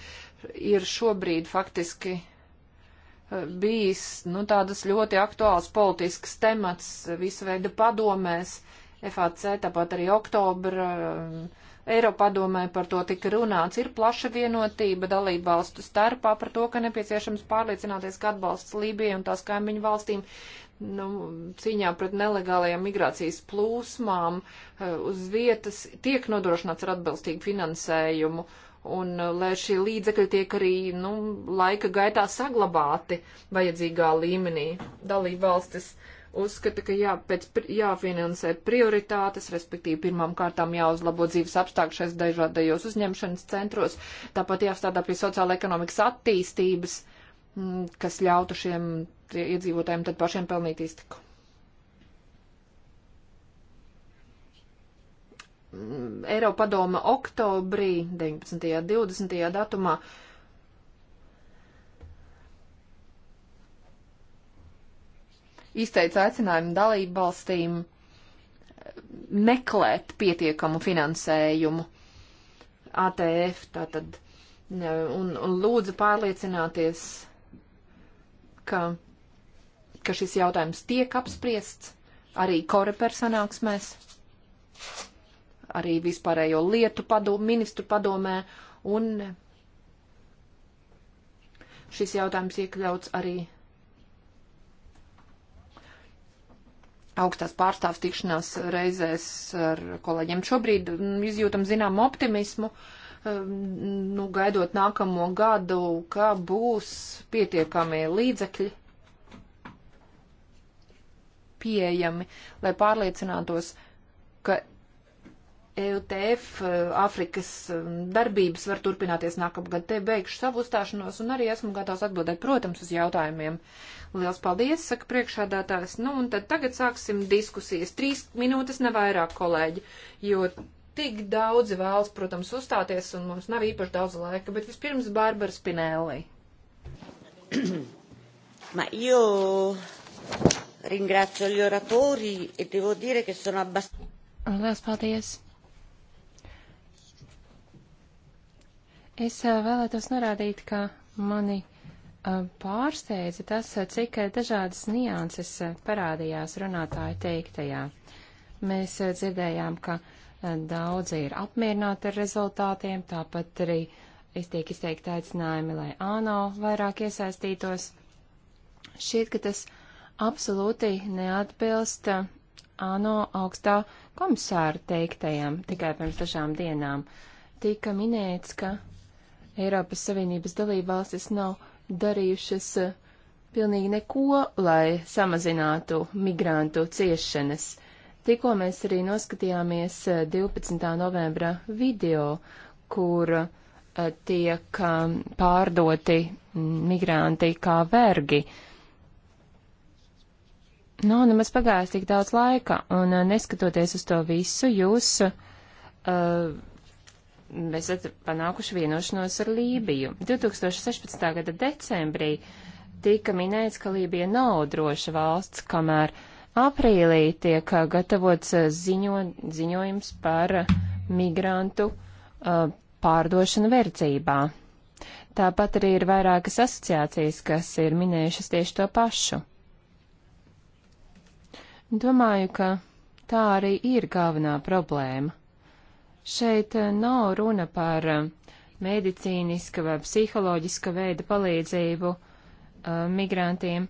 ir šobrīd faktiski uh, bijis nu, tādas ļoti aktuāls politisks temats visu veidu padomēs. FAC tāpat arī oktobra um, Eiropadomē par to tika runāts, ir plaša vienotība dalību valstu starpā par to, ka nepieciešams pārliecināties, ka atbalsts Lībijai un tās kaimiņu valstīm nu, cīņā pret nelegālajām migrācijas plūsmām eh, uz vietas tiek nodrošināts ar atbilstīgu finansējumu. Un eh, lai šie līdzekļi tiek arī nu, laika gaitā saglabāti vajadzīgā līmenī dalību valstis. Uh, uzskata, ka jā, pēc, jāfinansē prioritātes, respektīvi pirmām kārtām jāuzlabo dzīves apstākļos dažādajos uzņemšanas centros, tāpat jāstrādā pie sociāla ekonomikas attīstības, mm, kas ļautu šiem iedzīvotājiem tad pašiem pelnīt iztiku. Mm, Eiropa padoma oktobrī 19. un 20. datumā uh, izteica aicinājumu dalību valstīm meklēt pietiekamu finansējumu ATF, tātad, un, un lūdzu pārliecināties, ka, ka šis jautājums tiek apspriests arī korepersanāksmēs, arī vispārējo lietu padom, ministru padomē, un šis jautājums iekļauts arī augstās pārstāvs tikšanās reizēs ar kolēģiem. Šobrīd izjūtam zinām optimismu, um, nu, gaidot nākamo gadu, ka būs pietiekamie līdzekļi pieejami, lai pārliecinātos, ka EUTF Āfrikas e, e, darbības var turpināties nākamgad. Te beigšu savu uzstāšanos un arī esmu gatavs atbildēt, protams, uz jautājumiem. Liels paldies, saka priekšādātājs. Nu, un tad tagad sāksim diskusijas. Trīs minūtes nevairāk, kolēģi, jo tik daudzi vēlas, protams, uzstāties un mums nav īpaši daudz laika, bet vispirms Bārbara Spinelli. Ma io ringrazio gli oratori e devo dire che sono abbastanza. Liels paldies! Es vēlētos norādīt, ka mani pārsteidza tas, cik dažādas nianses parādījās runātāju teiktajā. Mēs dzirdējām, ka daudzi ir apmierināti ar rezultātiem, tāpat arī iztiek izteikti aicinājumi, lai ANO vairāk iesaistītos. Šķiet, ka tas absolūti neatbilst ANO augstā komisāra teiktajam tikai pirms dažām dienām. Tika minēts, ka Eiropas Savienības dalībvalstis nav darījušas eh, pilnīgi neko, lai samazinātu migrantu ciešanas. Tikko mēs arī noskatījāmies 12. Eh, novembra video, kur eh, tiek pārdoti migranti kā vergi. Nav no, nemaz pagājis tik daudz laika, un neskatoties uz to visu, jūs uh, esat panākuši vienošanos ar Lībiju. 2016. gada decembrī tika minēts, ka Lībija nav droša valsts, kamēr aprīlī tiek uh, gatavots uh, ziņo, ziņojums par uh, migrantu uh, pārdošanu verdzībā. Tāpat arī ir vairākas asociācijas, kas ir minējušas tieši to pašu. Domāju, ka tā arī ir galvenā problēma. Šeit eh, nav runa par eh, medicīniska vai psiholoģiska veida palīdzību eh, migrantiem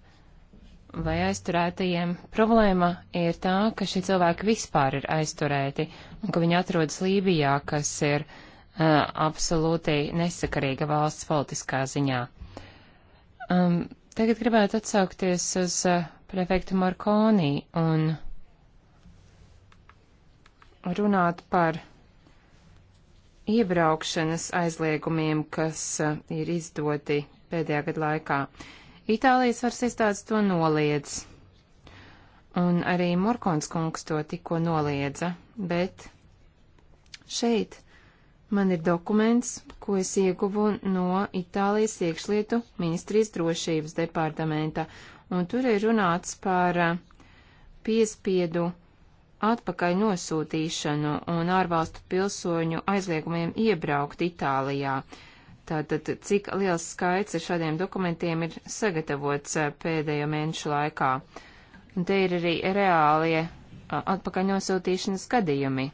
vai aizturētajiem. Problēma ir tā, ka šie cilvēki vispār ir aizturēti un ka viņi atrodas Lībijā, kas ir uh, absolūti nesakarīga valsts politiskā ziņā. Um, tagad gribētu atsaukties uz uh, prefektu Markoni un runāt par iebraukšanas aizliegumiem, kas uh, ir izdoti pēdējā gada laikā. Itālijas varas iestādes to noliedz, un arī Morkons kungs to tikko noliedza, bet šeit man ir dokuments, ko es ieguvu no Itālijas iekšlietu ministrijas drošības departamenta, un tur ir runāts par uh, piespiedu uh, atpakaļ nosūtīšanu un ārvalstu pilsoņu aizliegumiem iebraukt Itālijā. Tātad, cik liels skaits ar šādiem dokumentiem ir sagatavots eh, pēdējo mēnešu laikā. Un te ir arī reālie eh, atpakaļ nosūtīšanas gadījumi.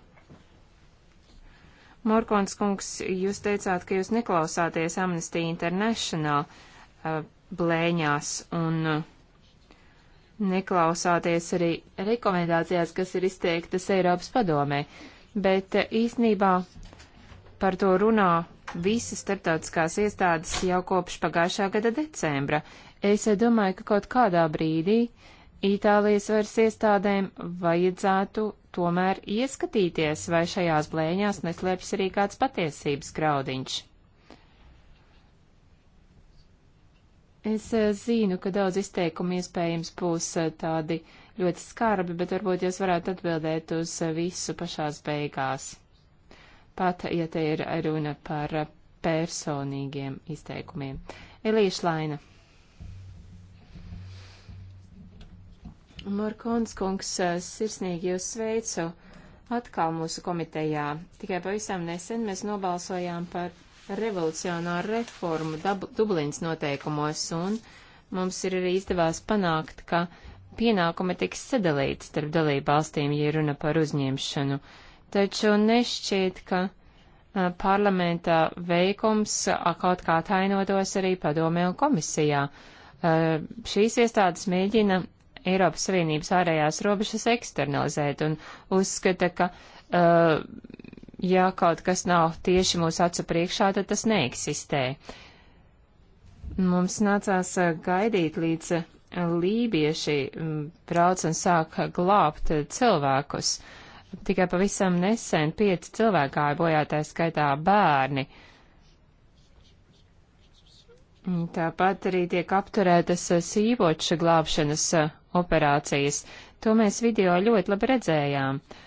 Morkons kungs, jūs teicāt, ka jūs neklausāties Amnesty International eh, blēņās un uh, neklausāties arī rekomendācijās, kas ir izteiktas Eiropas padomē, bet eh, īsnībā par to runā visas starptautiskās iestādes jau kopš pagājušā gada decembra. Es eh, domāju, ka kaut kādā brīdī Itālijas varas iestādēm vajadzētu tomēr ieskatīties, vai šajās blēņās neslēpjas arī kāds patiesības graudiņš. Es eh, zinu, ka daudz izteikumu iespējams būs eh, tādi ļoti skarbi, bet varbūt jūs varētu atbildēt uz eh, visu pašās beigās. Pat, ja te ir runa par personīgiem izteikumiem. Elīša Laina. Morkons kungs, sirsnīgi jūs sveicu atkal mūsu komitejā. Tikai pavisam nesen mēs nobalsojām par revolucionāru reformu Dublīnas noteikumos, un mums ir arī izdevās panākt, ka pienākumi tiks sadalīti starp dalību valstīm, ja runa par uzņemšanu. Taču nešķiet, ka parlamentā veikums kaut kā tainotos arī padomē un komisijā. Šīs iestādes mēģina Eiropas Savienības ārējās robežas eksternalizēt un uzskata, ka uh, ja kaut kas nav tieši mūsu acu priekšā, tad tas neeksistē. Mums nācās eh, gaidīt līdz eh, lībieši mm, brauc un sāk glābt eh, cilvēkus. Tikai pavisam nesen pieci cilvēki gāja bojā, tā skaitā bērni. Tāpat arī tiek apturētas sīvoča glābšanas operācijas. To mēs video ļoti labi redzējām. Uh,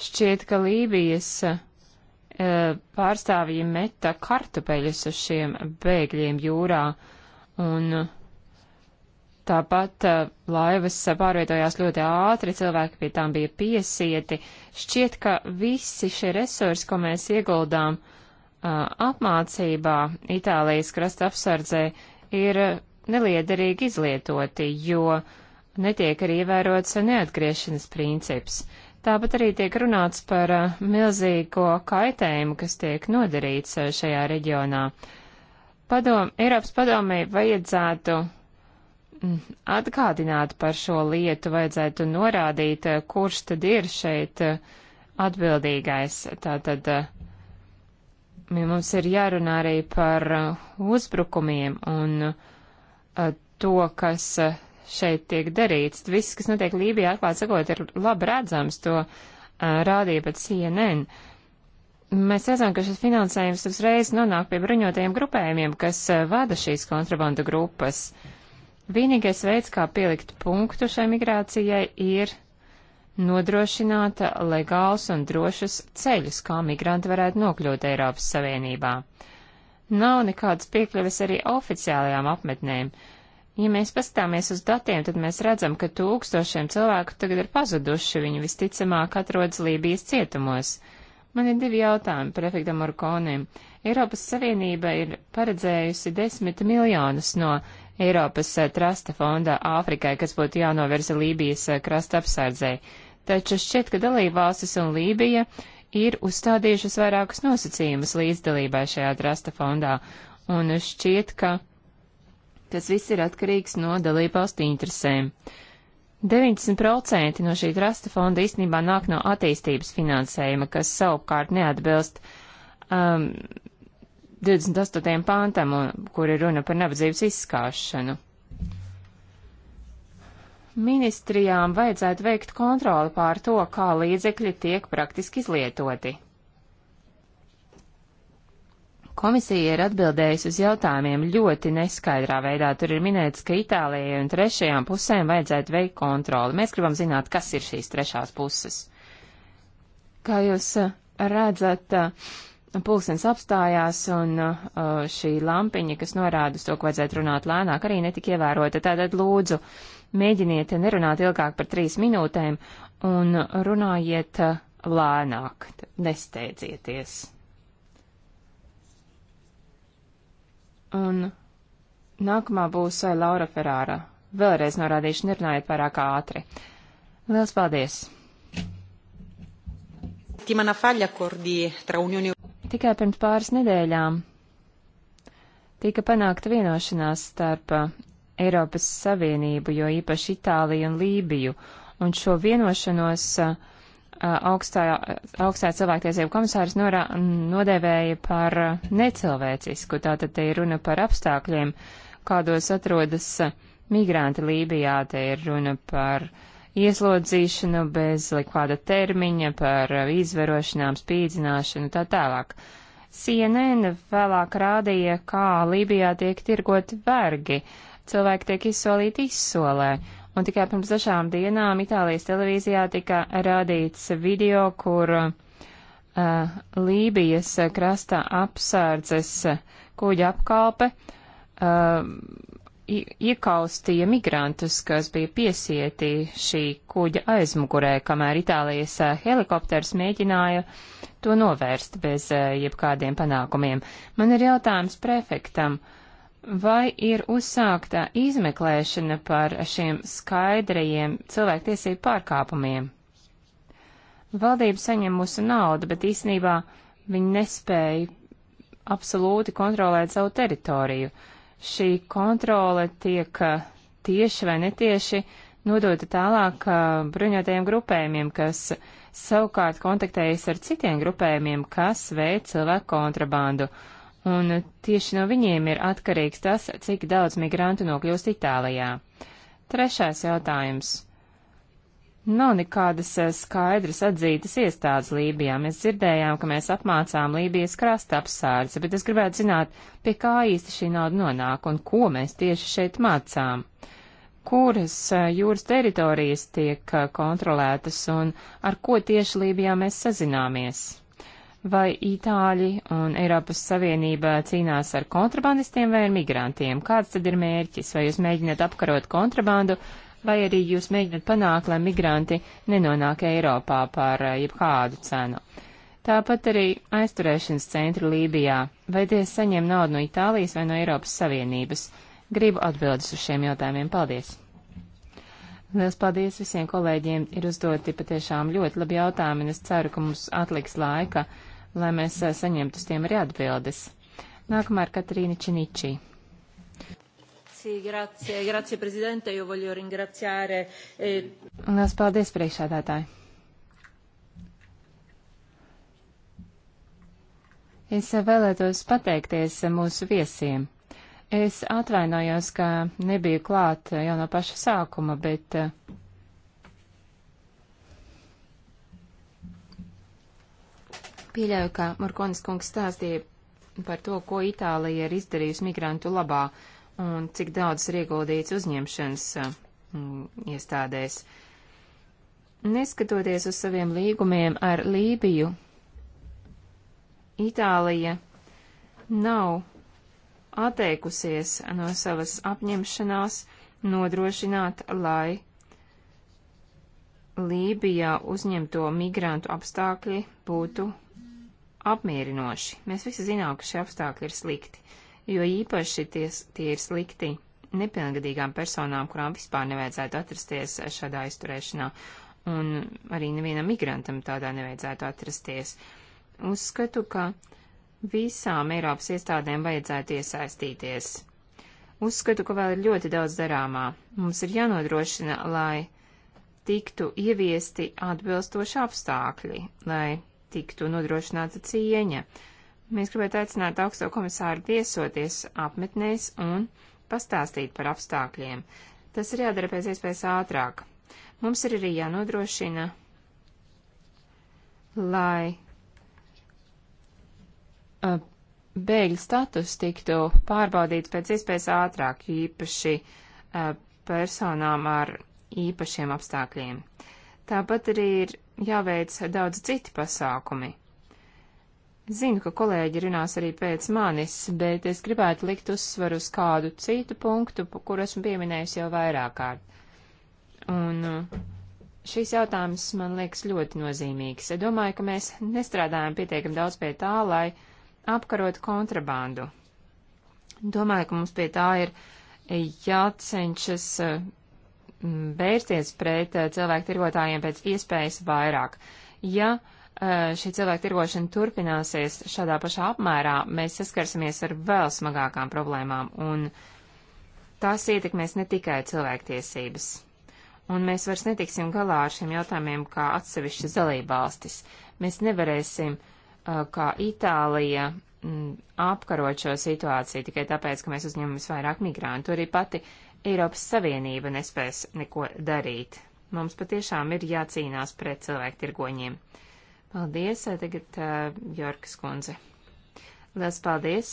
Šķiet, ka Lībijas eh, pārstāvji meta kartupeļus uz šiem bēgļiem jūrā, un eh, tāpat eh, laivas pārvietojās ļoti ātri, cilvēki pie tām bija piesieti. Šķiet, ka visi šie resursi, ko mēs ieguldām apmācībā Itālijas krasta apsardzē, ir neliederīgi izlietoti, jo netiek arī ievērots neatgriešanas princips. Tāpat arī tiek runāts par eh, milzīgo kaitējumu, kas tiek nodarīts eh, šajā reģionā. Padom, Eiropas padomē vajadzētu mm, atgādināt par šo lietu, vajadzētu norādīt, eh, kurš tad ir šeit atbildīgais. Tātad mums ir jārunā arī par uzbrukumiem un to, kas šeit tiek darīts. Viss, kas notiek Lībijā, atklāt sakot, ir labi redzams, to uh, rādīja pat CNN. Mēs redzam, ka šis finansējums uzreiz nonāk pie bruņotajiem grupējumiem, kas uh, vada šīs kontrabanda grupas. Vienīgais veids, kā pielikt punktu šai migrācijai, ir nodrošināt legāls un drošus ceļus, kā migranti varētu nokļūt Eiropas Savienībā. Nav nekādas piekļuves arī oficiālajām apmetnēm. Uh, Ja mēs pastāmies uz datiem, tad mēs redzam, ka tūkstošiem cilvēku tagad ir pazuduši, viņi visticamāk atrodas Lībijas cietumos. Man ir divi jautājumi prefektam Orkonim. Eiropas Savienība ir paredzējusi desmit miljonus no Eiropas eh, trasta fonda Āfrikai, kas būtu jānovirza Lībijas krasta eh, apsardzē. Taču šķiet, ka dalībvalstis un Lībija ir uzstādījušas vairākus nosacījumus līdzdalībai šajā trasta fondā, un šķiet, ka Tas viss ir atkarīgs no dalībvalstu interesēm. 90% no šī trasta fonda īstenībā nāk no attīstības finansējuma, kas savukārt neatbilst um, 28. pāntam, kur ir runa par nabadzības izskāšanu. Ministrijām vajadzētu veikt kontroli pār to, kā līdzekļi tiek praktiski izlietoti. Komisija ir atbildējusi uz jautājumiem ļoti neskaidrā veidā. Tur ir minēts, ka Itālijai un trešajām pusēm vajadzētu veikt kontroli. Mēs gribam zināt, kas ir šīs trešās puses. Kā jūs eh, redzat, eh, pulkstens apstājās un eh, šī lampiņa, kas norāda uz to, ka vajadzētu runāt lēnāk, arī netika ievērota. Tātad lūdzu, mēģiniet nerunāt ilgāk par trīs minūtēm un runājiet lēnāk, nesteidzieties. Un nākamā būs eh, Laura Ferrāra. Vēlreiz norādīšu, nerunājiet pārāk ātri. Liels paldies! Tikai pirms pāris nedēļām tika panākta vienošanās starp eh, Eiropas Savienību, jo īpaši Itāliju un Lībiju, un šo vienošanos uh, augstā, augstā cilvēktiesību komisārs norā, nodēvēja par necilvēcisku. Tātad te ir runa par apstākļiem, kādos atrodas migranti Lībijā. Te ir runa par ieslodzīšanu bez likvāda termiņa, par izverošanām, spīdzināšanu tā tālāk. CNN vēlāk rādīja, kā Lībijā tiek tirgoti vergi, cilvēki tiek izsolīti izsolē, un tikai pirms dažām dienām Itālijas televīzijā tika rādīts video, kur uh, Lībijas krasta apsārdzes kuģa apkalpe uh, iekaustīja migrantus, kas bija piesieti šī kuģa aizmugurē, kamēr Itālijas uh, helikopters mēģināja to novērst bez uh, jebkādiem panākumiem. Man ir jautājums prefektam. Uh, vai ir uzsākta izmeklēšana par šiem skaidrajiem cilvēktiesību pārkāpumiem. Valdība saņem mūsu naudu, bet īsnībā viņi nespēja absolūti kontrolēt savu teritoriju. Šī kontrole tiek uh, tieši vai netieši nodota tālāk uh, bruņotajiem grupējumiem, kas savukārt kontaktējas ar citiem grupējumiem, kas veic cilvēku kontrabandu. Uh, un tieši no viņiem ir atkarīgs tas, cik daudz migrantu nokļūst Itālijā. Trešais jautājums. Nav nekādas eh, skaidras atzītas iestādes Lībijā. Mēs dzirdējām, ka mēs apmācām Lībijas krasta apsārdzi, bet es gribētu zināt, pie kā īsti šī nauda nonāk un ko mēs tieši šeit mācām. Kuras eh, jūras teritorijas tiek eh, kontrolētas un ar ko tieši Lībijā mēs sazināmies? vai Itāļi un Eiropas Savienība cīnās ar kontrabandistiem vai ar migrantiem? Kāds tad ir mērķis? Vai jūs mēģināt apkarot kontrabandu, vai arī jūs mēģināt panākt, lai migranti nenonāk Eiropā par eh, jebkādu cenu? Tāpat arī aizturēšanas centri Lībijā. Vai tie saņem naudu no Itālijas vai no Eiropas Savienības? Gribu atbildes uz šiem jautājumiem. Paldies! Liels paldies visiem kolēģiem, ir uzdoti patiešām ļoti labi jautājumi, un es ceru, ka mums atliks laika lai mēs eh, saņemtu uz tiem arī atbildes. Nākamā ir Katrīna Činičī. Sì, grazie, grazie Presidente, io voglio ringraziare. E... Lielas paldies, priekšādātāji. Es vēlētos pateikties mūsu viesiem. Es atvainojos, ka nebiju klāt jau no paša sākuma, bet uh, Pieļauju, ka Markonis kungs stāstīja par to, ko Itālija ir izdarījusi migrantu labā un cik daudz ir ieguldīts uzņemšanas mm, iestādēs. Neskatoties uz saviem līgumiem ar Lībiju, Itālija nav atteikusies no savas apņemšanās nodrošināt, lai Lībijā uzņemto migrantu apstākļi būtu apmierinoši. Mēs visi zinām, ka šie apstākļi ir slikti, jo īpaši tie, tie ir slikti nepilngadīgām personām, kurām vispār nevajadzētu atrasties šādā izturēšanā, un arī nevienam migrantam tādā nevajadzētu atrasties. Uzskatu, ka visām Eiropas iestādēm vajadzētu iesaistīties. Uzskatu, ka vēl ir ļoti daudz darāmā. Mums ir jānodrošina, lai tiktu ieviesti atbilstoši apstākļi, lai tiktu nodrošināta cieņa. Mēs gribētu aicināt augsto komisāru viesoties apmetnēs un pastāstīt par apstākļiem. Tas ir jādara pēc iespējas ātrāk. Mums ir arī jānodrošina, lai bēgļu status tiktu pārbaudīts pēc iespējas ātrāk, īpaši personām ar īpašiem apstākļiem. Tāpat arī ir jāveic daudz citi pasākumi. Zinu, ka kolēģi runās arī pēc manis, bet es gribētu likt uzsvaru uz kādu citu punktu, kur esmu pieminējusi jau vairāk kārt. Un uh, šīs jautājums man liekas ļoti nozīmīgs. Es domāju, ka mēs nestrādājam pietiekam daudz pie tā, lai apkarot kontrabandu. Domāju, ka mums pie tā ir jācenšas uh, Mm, vērsties pret eh, cilvēku tirgotājiem pēc iespējas vairāk. Ja eh, šī cilvēku tirgošana turpināsies šādā pašā apmērā, mēs saskarsimies ar vēl smagākām problēmām, un tās ietekmēs ne tikai cilvēktiesības. Un mēs vairs netiksim galā ar šiem jautājumiem kā atsevišķas dalībvalstis. Mēs nevarēsim, eh, kā Itālija, mm, apkarot šo situāciju tikai tāpēc, ka mēs uzņemamies vairāk migrantu. Arī pati uh, Eiropas Savienība nespēs neko darīt. Mums patiešām ir jācīnās pret cilvēktirgoņiem. Paldies, eh, tagad uh, Jorkas kundze. Lielas paldies!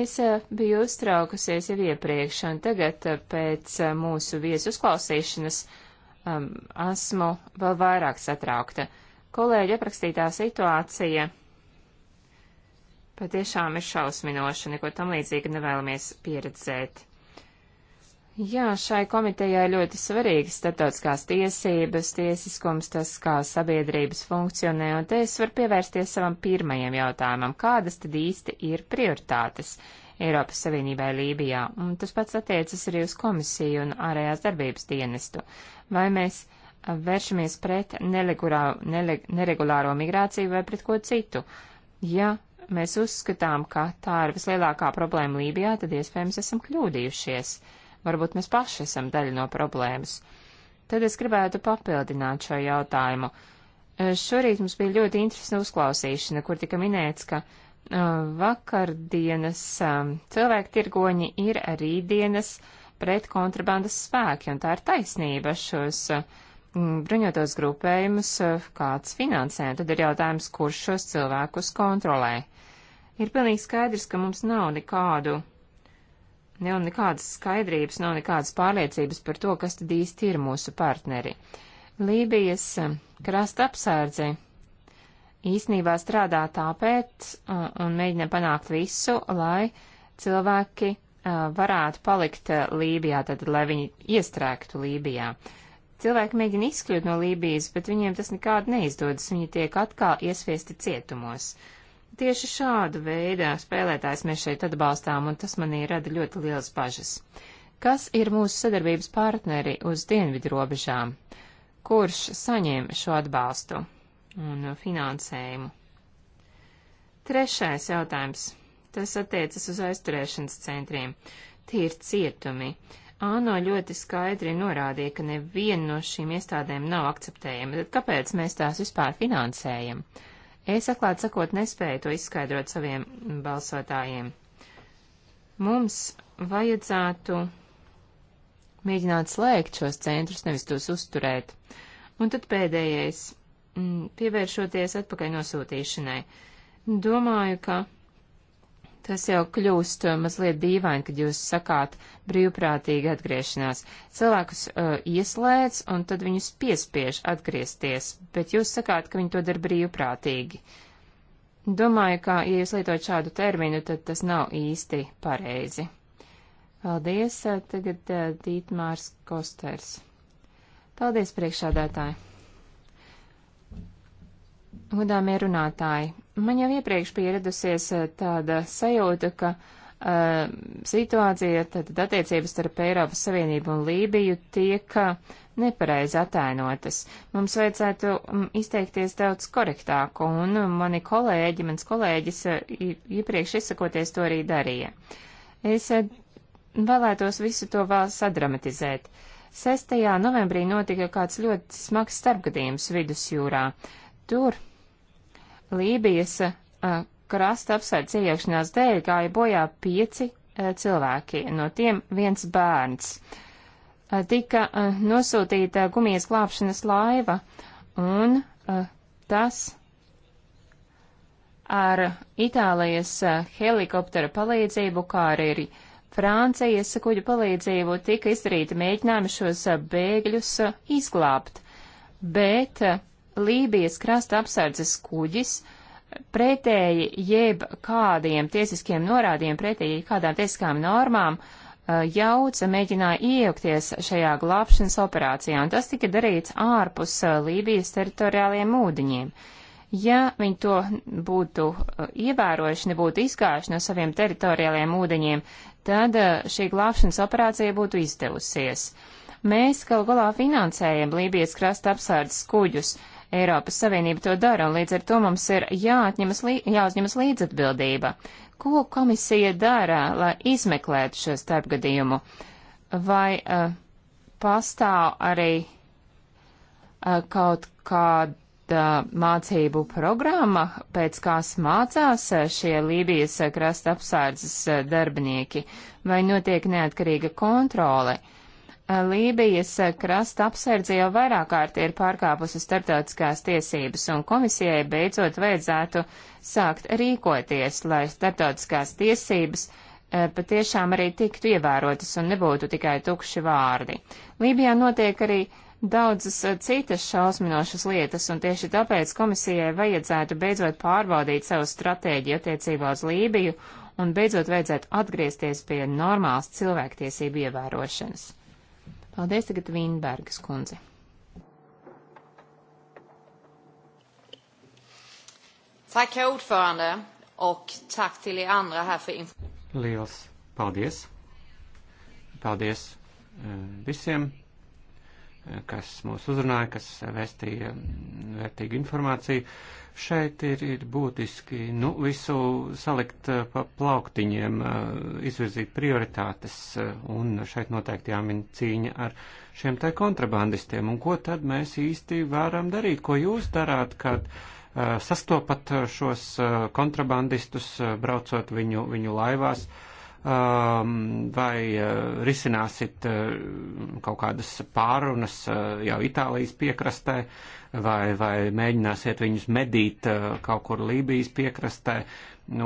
Es eh, biju uztraukusies jau iepriekš, un tagad pēc mūsu viesu uzklausīšanas um, esmu vēl vairāk satraukta. Kolēģi aprakstītā situācija patiešām ir šausminoša, neko tam līdzīga nevēlamies pieredzēt. Jā, šai komitejai ļoti svarīgi starptautiskās tiesības, tiesiskums, tas, kā sabiedrības funkcionē, un te es varu pievērsties savam pirmajam jautājumam, kādas tad īsti ir prioritātes Eiropas Savienībai Lībijā, un tas pats attiecas arī uz komisiju un ārējās darbības dienestu. Vai mēs vēršamies pret nelegurā, nele, neregulāro migrāciju vai pret ko citu? Ja mēs uzskatām, ka tā ir vislielākā problēma Lībijā, tad iespējams esam kļūdījušies. Varbūt mēs paši esam daļa no problēmas. Tad es gribētu papildināt šo jautājumu. Eh, šorīt mums bija ļoti interesanta uzklausīšana, kur tika minēts, ka eh, vakardienas eh, cilvēktirgoņi ir rītdienas pret kontrabandas spēki, un tā ir taisnība šos bruņotos grupējumus kāds finansē, tad ir jautājums, kurš šos cilvēkus kontrolē. Ir pilnīgi skaidrs, ka mums nav nekādu, nav nekādas skaidrības, nav nekādas pārliecības par to, kas tad īsti ir mūsu partneri. Lībijas eh, krasta apsārdzi īsnībā strādā tāpēc un, eh, un mēģina panākt visu, lai cilvēki eh, varētu palikt Lībijā, tad, lai viņi iestrēgtu Lībijā. Cilvēki mēģina izkļūt no Lībijas, bet viņiem tas nekādi neizdodas, viņi tiek atkal iesviesti cietumos. Tieši šādu veidu spēlētājs mēs šeit atbalstām, un tas manī rada ļoti liels bažas. Kas ir mūsu sadarbības partneri uz dienvidu robežām? Kurš saņem šo atbalstu un finansējumu? Trešais jautājums. Tas attiecas uz aizturēšanas centriem. Tie ir cietumi. Āno ļoti skaidri norādīja, ka neviena no šīm iestādēm nav akceptējama. Tad kāpēc mēs tās vispār finansējam? Uh, Es atklāt sakot nespēju to izskaidrot saviem balsotājiem. Mums vajadzētu mēģināt slēgt šos centrus, nevis tos uzturēt. Un tad pēdējais, mm, pievēršoties atpakaļ nosūtīšanai. Domāju, ka Tas jau kļūst uh, mazliet dīvaini, kad jūs sakāt brīvprātīgi atgriešanās. Cilvēkus uh, ieslēdz un tad viņus piespiež atgriezties, bet jūs sakāt, ka viņi to dara brīvprātīgi. Domāju, ka, ja jūs lietojat šādu terminu, tad tas nav īsti pareizi. Paldies, uh, tagad uh, Dītmārs Kosters. Paldies, priekšādātāji! Godāmie runātāji, man jau iepriekš pieradusies eh, tāda sajūta, ka uh, situācija, tad attiecības starp Eiropas Savienību un Lībiju tiek eh, nepareizi atainotas. Mums vajadzētu mm, izteikties daudz korektāku, un mani kolēģi, mans kolēģis iepriekš izsakoties to arī darīja. Es vēlētos visu to vēl sadramatizēt. 6. novembrī notika kāds ļoti smags starpgadījums vidusjūrā. Uh, Tur Lībijas krasta apsardz iekšanās dēļ gāja bojā pieci cilvēki, no tiem viens bērns. Tika nosūtīta gumijas glābšanas laiva, un tas ar Itālijas helikoptera palīdzību, kā arī Francijas kuģu palīdzību, tika izdarīta mēģinājumi šos bēgļus izglābt. Bet Lībijas krasta apsardzes kuģis pretēji jeb kādiem tiesiskiem norādījumiem, pretēji kādām tiesiskām normām eh, jauca mēģināja iejaukties šajā glābšanas operācijā, un tas tika darīts ārpus eh, Lībijas teritoriāliem ūdeņiem. Ja viņi to būtu eh, ievērojuši, nebūtu izgājuši no saviem teritoriāliem ūdeņiem, tad šī glābšanas operācija būtu izdevusies. Mēs galu galā finansējam Lībijas krasta apsardzes kuģus, uh, Eiropas Savienība to dara, un līdz ar to mums ir jāatņemas, lī, jāuzņemas līdzatbildība. Ko komisija dara, lai izmeklētu šo starpgadījumu? Vai uh, pastāv arī uh, kaut kāda mācību programma, pēc kās mācās eh, šie Lībijas krasta apsārdzes darbinieki, vai notiek neatkarīga kontrole? Uh, Eh, Lībijas eh, krasta apsardze jau vairāk kārt ir pārkāpusi starptautiskās tiesības, un komisijai beidzot vajadzētu sākt rīkoties, lai starptautiskās tiesības eh, patiešām arī tiktu ievērotas un nebūtu tikai tukši vārdi. Lībijā notiek arī daudzas citas šausminošas lietas, un tieši tāpēc komisijai vajadzētu beidzot pārbaudīt savu stratēģiju attiecībā uz Lībiju un beidzot vajadzētu atgriezties pie normālas cilvēktiesību ievērošanas. Paldies tagad Vīnbergas kundze. Tack, herr ordförande, och tack till er andra här för informationen. Liels paldies! Paldies eh, visiem, eh, kas mūs uzrunāja, kas eh, vēstīja mm, vērtīgu informāciju šeit ir, ir būtiski nu, visu salikt eh, pa plauktiņiem, eh, izvirzīt prioritātes, eh, un šeit noteikti jāmin cīņa ar šiem tai kontrabandistiem. Un ko tad mēs īsti varam darīt? Ko jūs darāt, kad sastopat šos kontrabandistus, braucot viņu, viņu laivās? Ehm, vai risināsit kaut kādas pārunas jau Itālijas piekrastē, vai, vai mēģināsiet viņus medīt uh, kaut kur Lībijas piekrastē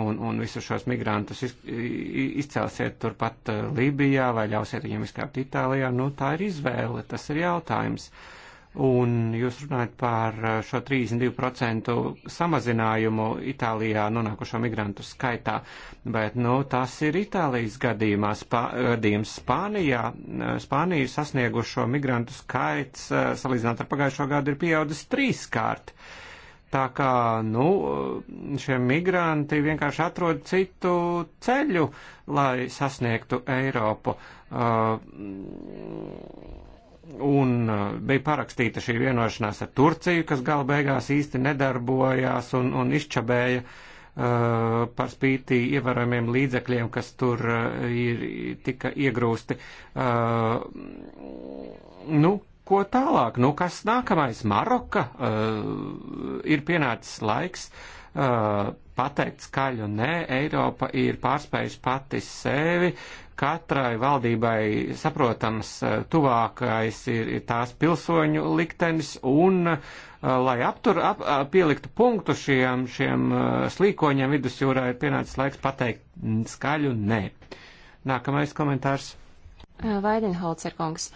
un, un visus šos migrantus iz, izcelsiet turpat uh, Lībijā vai ļausiet viņiem izkāpt Itālijā. Nu, tā ir izvēle, tas ir jautājums. Uh, Un jūs runājat par uh, šo 32% samazinājumu Itālijā nonākušo migrantu skaitā, bet, nu, tas ir Itālijas gadījumā. Spā, gadījums Spānijā, uh, Spāniju sasniegušo migrantu skaits, uh, salīdzināt ar pagājušo gadu, ir pieaudzis trīskārt. Tā kā, nu, šie migranti vienkārši atrod citu ceļu, lai sasniegtu Eiropu. Uh, Un uh, bija parakstīta šī vienošanās ar Turciju, kas gala beigās īsti nedarbojās un, un izčabēja uh, par spīti ievērojumiem līdzekļiem, kas tur uh, ir, tika iegrūsti. Uh, nu, ko tālāk? Nu, kas nākamais? Maroka uh, ir pienācis laiks uh, pateikt skaļu nē, Eiropa ir pārspējusi pati sevi, katrai valdībai saprotams eh, tuvākais ir tās pilsoņu liktenis un, eh, lai aptur, ap, eh, pieliktu punktu šiem, šiem slīkoņiem vidusjūrā, ir pienācis laiks pateikt skaļu nē. Nākamais komentārs. Vaidenholzer kungs,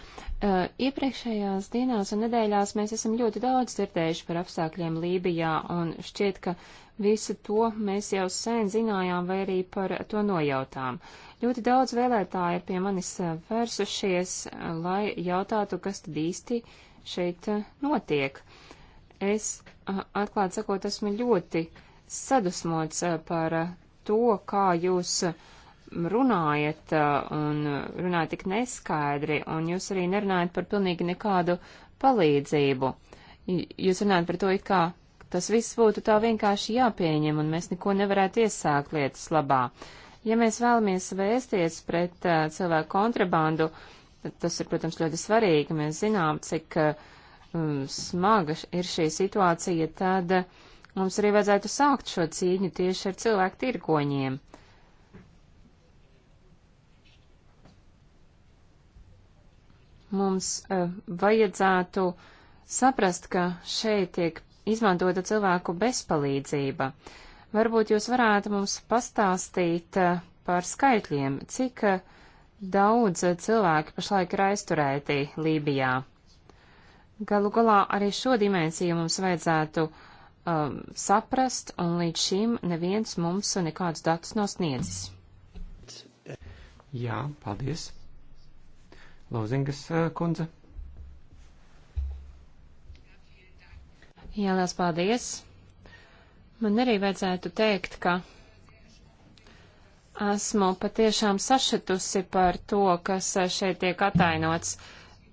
iepriekšējās dienās un nedēļās mēs esam ļoti daudz dzirdējuši par apstākļiem Lībijā, un šķiet, ka visu to mēs jau sen zinājām vai arī par to nojautām. Ļoti daudz vēlētāji ir pie manis eh, vērsušies, eh, lai jautātu, kas tad īsti šeit eh, notiek. Es atklāt sakot, esmu ļoti sadusmots par to, kā jūs runājat un runājat tik neskaidri, un jūs arī nerunājat par pilnīgi nekādu palīdzību. Jūs runājat par to, it kā tas viss būtu tā vienkārši jāpieņem, un mēs neko nevarētu iesākt lietas labā. Uh, Ja mēs vēlamies vēsties pret uh, cilvēku kontrabandu, tas ir, protams, ļoti svarīgi. Mēs zinām, cik um, smaga ir šī situācija, tad uh, mums arī vajadzētu sākt šo cīņu tieši ar cilvēku tirgoņiem. Mums uh, vajadzētu saprast, ka šeit tiek izmantota cilvēku bezpalīdzība. Uh, Varbūt jūs varētu mums pastāstīt eh, par skaitļiem, cik eh, daudz eh, cilvēki pašlaik ir aizturēti Lībijā. Galu galā arī šo dimensiju mums vajadzētu um, saprast, un līdz šim neviens mums nekādus datus nav sniedzis. Jā, paldies. Lūzingas kundze. Jā, liels paldies. Man arī vajadzētu teikt, ka esmu patiešām sašatusi par to, kas šeit tiek atainots,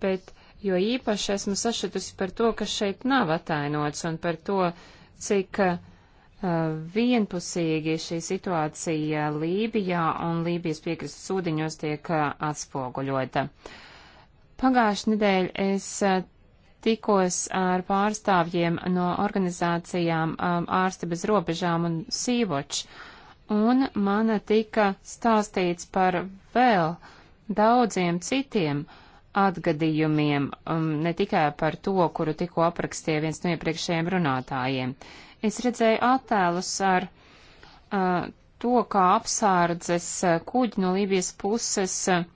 bet jo īpaši esmu sašatusi par to, kas šeit nav atainots un par to, cik uh, vienpusīgi šī situācija Lībijā un Lībijas piekrastes ūdeņos tiek uh, atspoguļota. Pagājušajā nedēļā es uh, tikos ar pārstāvjiem no organizācijām um, ārsti bez robežām un sīvoč, un man tika stāstīts par vēl daudziem citiem atgadījumiem, um, ne tikai par to, kuru tikko aprakstīja viens no iepriekšējiem runātājiem. Es redzēju attēlus ar uh, to, kā apsārdzes uh, kuģi no Lībijas puses uh,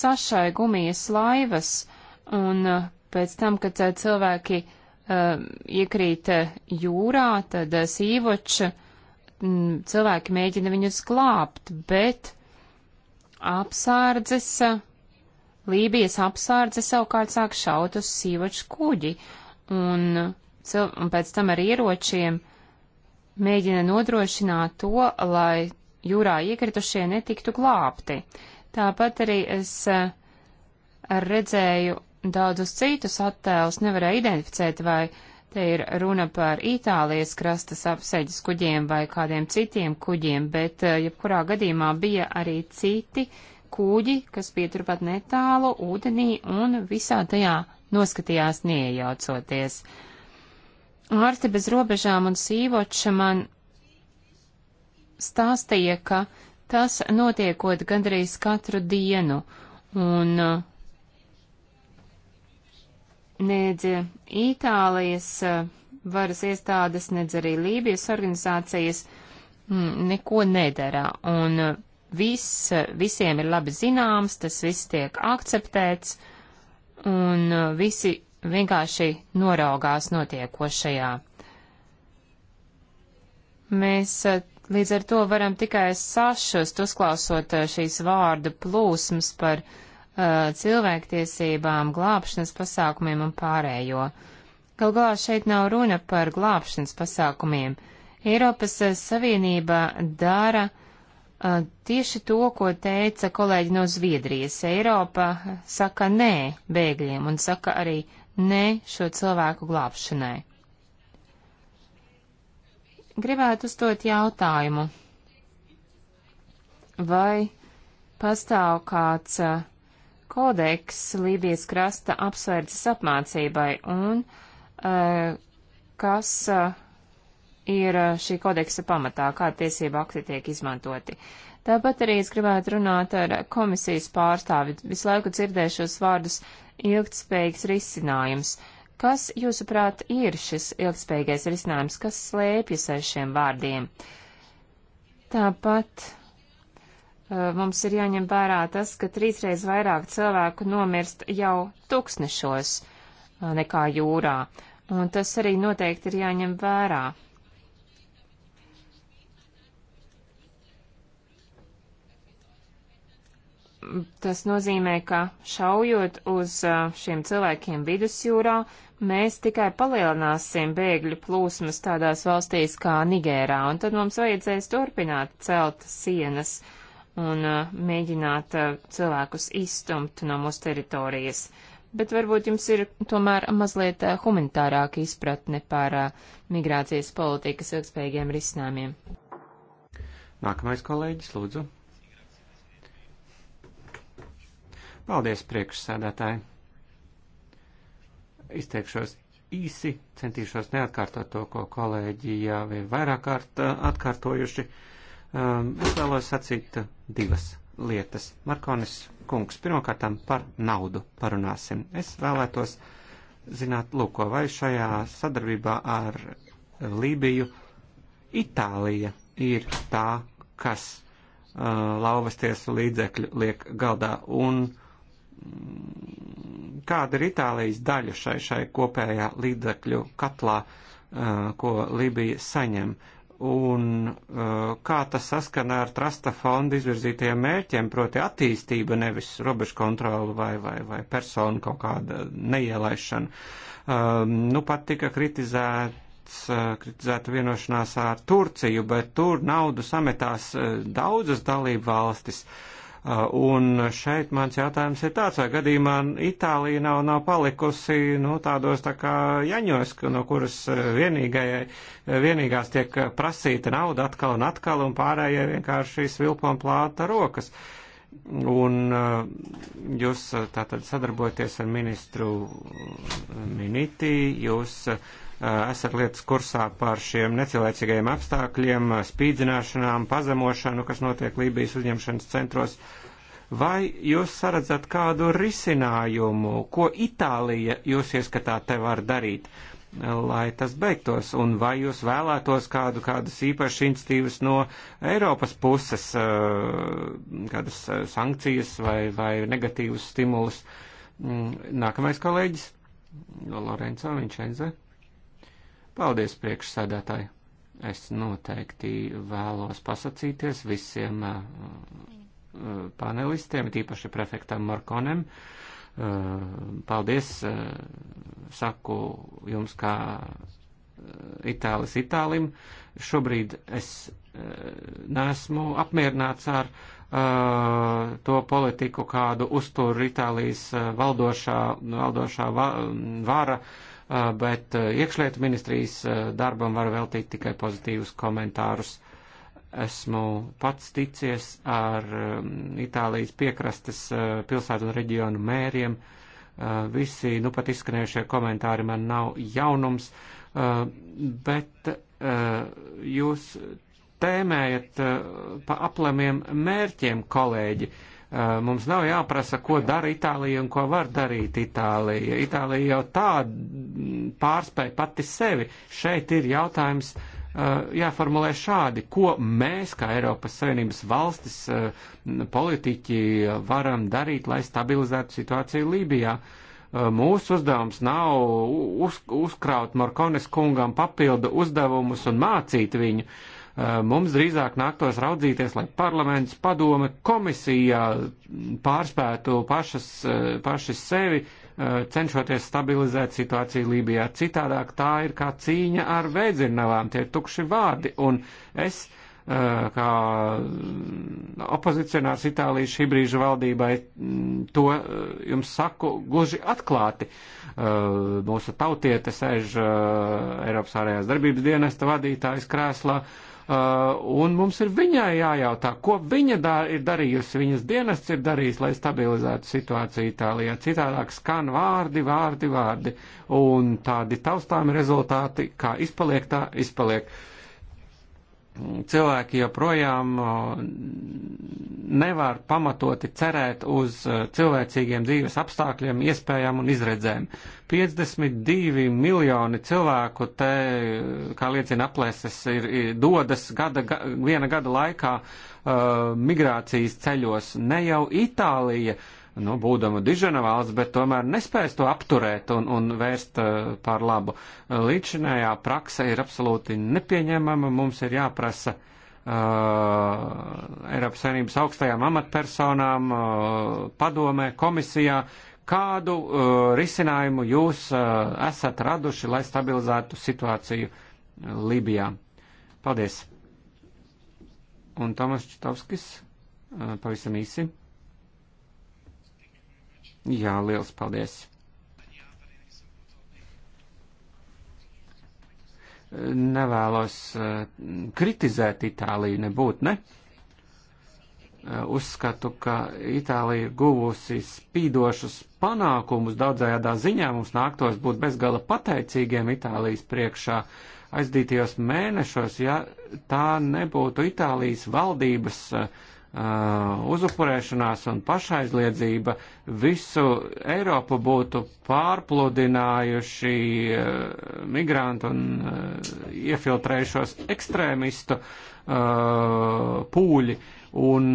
sašai gumijas laivas un uh, Pēc tam, kad eh, cilvēki uh, iekrīt eh, jūrā, tad sīvoča mm, cilvēki mēģina viņus glābt, bet apsārdzes, Lībijas apsārdze savukārt sāk šaut uz sīvoču kuģi, un, cil, un pēc tam ar ieročiem mēģina nodrošināt to, lai jūrā iekritušie netiktu glābti. Tāpat arī es redzēju daudzus citus attēlus nevarēja identificēt, vai te ir runa par Itālijas krastas apseģes kuģiem vai kādiem citiem kuģiem, bet eh, jebkurā gadījumā bija arī citi kuģi, kas pieturpat netālu ūdenī un visā tajā noskatījās neiejaucoties. Ārste bez robežām un sīvoča man stāstīja, ka tas notiekot gandrīz katru dienu, un uh, nedz Itālijas eh, varas iestādes, nedz arī Lībijas organizācijas mm, neko nedara. Un eh, viss eh, visiem ir labi zināms, tas viss tiek akceptēts, un visi vienkārši noraugās notiekošajā. Mēs līdz ar to varam tikai sašust, uzklausot šīs vārdu plūsmas par uh, Uh, cilvēktiesībām, glābšanas pasākumiem un pārējo. Gal galā šeit nav runa par glābšanas pasākumiem. Eiropas uh, Savienība dara uh, tieši to, ko teica kolēģi no Zviedrijas. Eiropa uh, saka nē bēgļiem un saka arī nē šo cilvēku glābšanai. Gribētu uzdot jautājumu, vai pastāv kāds uh, kodeks Lībijas krasta apsvērdzes apmācībai un uh, kas uh, ir eh, šī kodeksa pamatā, kā tiesība akti tiek izmantoti. Tāpat arī es gribētu runāt ar komisijas pārstāvi. Visu laiku dzirdēšos vārdus ilgtspējīgs risinājums. Kas, jūsuprāt, ir šis ilgtspējīgais risinājums? Kas slēpjas aiz šiem vārdiem? Tāpat Eh, mums ir jāņem vērā tas, ka trīsreiz vairāk cilvēku nomirst jau tūkstnešos eh, nekā jūrā, un tas arī noteikti ir jāņem vērā. Tas nozīmē, ka šaujot uz eh, šiem cilvēkiem vidusjūrā, mēs tikai palielināsim bēgļu plūsmas tādās valstīs kā Nigērā, un tad mums vajadzēs turpināt celt sienas uh, un uh, mēģināt uh, cilvēkus izstumt no mūsu teritorijas. Bet varbūt jums ir tomēr mazliet uh, humanitārāka izpratne par migrācijas politikas ilgspējīgiem risinājumiem. Nākamais kolēģis, lūdzu. Paldies, priekšsēdētāji. Izteikšos īsi, centīšos neatkārtot to, ko kolēģi jau ir vairāk kārt atkārtojuši. Uh, um, es vēlos sacīt divas lietas. Markonis kungs, pirmkārtām par naudu parunāsim. Es vēlētos zināt, lūko, vai šajā sadarbībā ar Lībiju Itālija ir tā, kas uh, lauvas tiesu līdzekļu liek galdā un mm, kāda ir Itālijas daļa šai, šai kopējā līdzekļu katlā, uh, ko Lībija saņem. Uh, un uh, kā tas saskana ar trasta fonda izvirzītajiem mērķiem, proti attīstība, nevis robežu kontroli vai, vai, vai personu kaut kāda neielaišana. Um, nu, pat tika kritizēts, uh, kritizēta vienošanās ar Turciju, bet tur naudu sametās uh, daudzas dalību valstis. Uh, Un šeit mans jautājums ir tāds, vai gadījumā Itālija nav, nav palikusi nu, tādos tā kā jaņos, no kuras vienīgās tiek prasīta nauda atkal un atkal, un pārējie vienkārši svilpo un plāta rokas. Un uh, jūs uh, tātad sadarbojaties ar ministru Minitī, jūs uh, esat lietas kursā par šiem necilvēcīgajiem apstākļiem, spīdzināšanām, pazemošanu, kas notiek Lībijas uzņemšanas centros. Vai jūs saredzat kādu risinājumu, ko Itālija jūs ieskatā te var darīt, lai tas beigtos, un vai jūs vēlētos kādu, kādas īpašas institīvas no Eiropas puses, kādas sankcijas vai, vai negatīvas stimulus? Mm, nākamais kolēģis, Lorenzo Vincenze. Paldies, priekšsēdētāji! Es noteikti vēlos pasacīties visiem uh, uh, panelistiem, tīpaši prefektam Markonem. Uh, paldies, saku jums kā Itālis Itālim. Šobrīd es neesmu apmierināts ar to politiku, kādu uztur Itālijas valdošā, valdošā vāra. Va Uh, bet uh, iekšlietu ministrijas uh, darbam var veltīt tikai pozitīvus komentārus. Esmu pats ticies ar um, Itālijas piekrastes pilsētu un reģionu mēriem. Visi nu pat izskanējušie komentāri man nav jaunums, bet jūs tēmējat pa aplemiem mērķiem, kolēģi. Uh, Eh, mums nav jāprasa, ko dara Itālija un ko var darīt Itālija. Itālija jau tā pārspēja pati sevi. Šeit ir jautājums eh, jāformulē šādi, ko mēs, kā Eiropas Savienības valstis, eh, politiķi varam darīt, lai stabilizētu situāciju Lībijā mūsu uzdevums nav uz, uzkraut Markonis kungam papildu uzdevumus un mācīt viņu. Eh, mums drīzāk nāktos raudzīties, lai parlaments, padome, komisija pārspētu pašas, eh, pašas sevi, eh, cenšoties stabilizēt situāciju Lībijā. Citādāk tā ir kā cīņa ar vēdzirnavām, tie ir tukši vārdi. Un es kā opozicionārs Itālijas šī brīža valdībai, mm, to jums saku gluži atklāti. Mūsu tautiete sēž Eiropas ārējās darbības dienesta vadītājas krēslā. Uh, un mums ir viņai jājautā, ko viņa dā, ir darījusi, viņas dienests ir darījis, lai stabilizētu situāciju Itālijā. Citādāk skan vārdi, vārdi, vārdi, un tādi taustāmi rezultāti, kā izpaliek, tā izpaliek. Uh, cilvēki joprojām nevar pamatoti cerēt uz cilvēcīgiem dzīves apstākļiem, iespējām un izredzēm. 52 miljoni cilvēku te, kā liecina aplēses, ir, ir dodas gada, ga, viena gada laikā uh, migrācijas ceļos. Ne jau Itālija uh, nu, būdama dižena valsts, bet tomēr nespēs to apturēt un, un vērst uh, eh, par labu. Līdzinējā praksa ir absolūti nepieņemama, mums ir jāprasa uh, Eiropas Savienības augstajām amatpersonām, uh, padomē, komisijā, kādu uh, risinājumu jūs uh, esat raduši, lai stabilizētu situāciju Libijā. Paldies! Un Tomas Čitovskis, uh, pavisam īsi. Jā, liels paldies! Nevēlos eh, kritizēt Itāliju, nebūt, ne? Eh, uzskatu, ka Itālija ir guvusi spīdošus panākumus daudzējādā ziņā. Mums nāktos būt bezgala pateicīgiem Itālijas priekšā aizdītajos mēnešos, ja tā nebūtu Itālijas valdības uh, Uh, uzupurēšanās un pašaizliedzība visu Eiropu būtu pārpludinājuši uh, migrantu un uh, iefiltrējušos ekstrēmistu pūļi. Un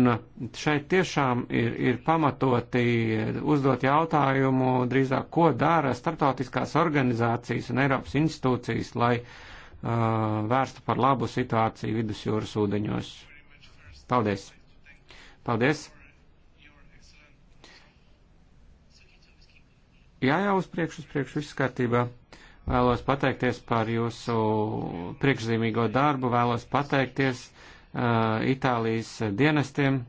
šeit tiešām ir, ir pamatoti uzdot jautājumu drīzāk, ko dara starptautiskās organizācijas un Eiropas institūcijas, lai uh, vērstu par labu situāciju vidusjūras ūdeņos. Paldies! Paldies! Jā, jā, uz priekšu, uz priekšu, viss kārtībā. Vēlos pateikties par jūsu priekšzīmīgo darbu, vēlos pateikties uh, Itālijas dienestiem.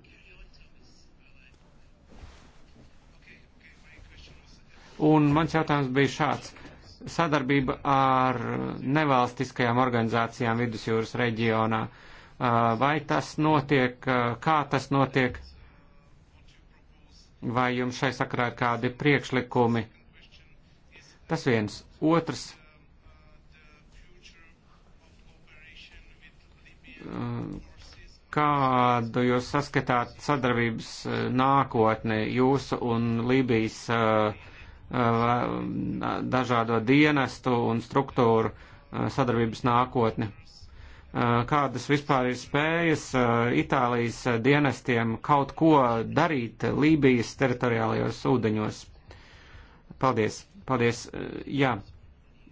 Un mans jautājums bija šāds. Sadarbība ar nevalstiskajām organizācijām vidusjūras reģionā. Uh, Vai tas notiek, kā tas notiek? Vai jums šai sakarā ir kādi priekšlikumi? Tas viens. Otrs. Kādu jūs saskatāt sadarbības nākotni jūsu un Lībijas dažādo dienestu un struktūru sadarbības nākotni? kādas vispār ir spējas Itālijas dienestiem kaut ko darīt Lībijas teritoriālajos ūdeņos. Paldies, paldies. Jā,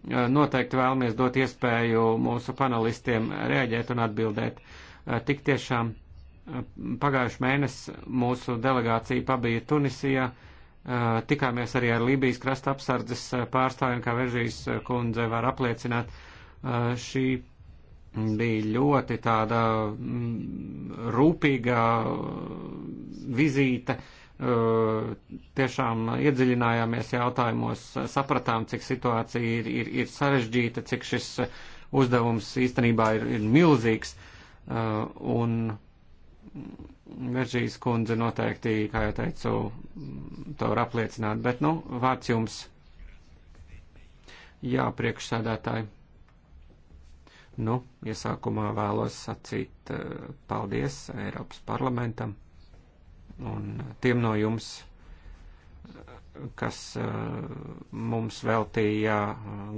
noteikti vēlamies dot iespēju mūsu panelistiem reaģēt un atbildēt. Tik tiešām pagājuši mēnesi mūsu delegācija pabija Tunisijā. Tikāmies arī ar Lībijas krasta apsardzes pārstāvjiem, kā Veržīs kundze var apliecināt. Šī bija ļoti tāda mm, rūpīga vizīte. Eh, tiešām iedziļinājāmies jautājumos, sapratām, cik situācija ir, ir, ir sarežģīta, cik šis uzdevums īstenībā ir, ir milzīgs. Eh, un Veržīs kundze noteikti, kā jau teicu, to var apliecināt. Bet, nu, vārds jums. Jā, priekšsēdētāji. Nu, iesākumā vēlos sacīt eh, paldies Eiropas parlamentam un tiem no jums, eh, kas eh, mums veltīja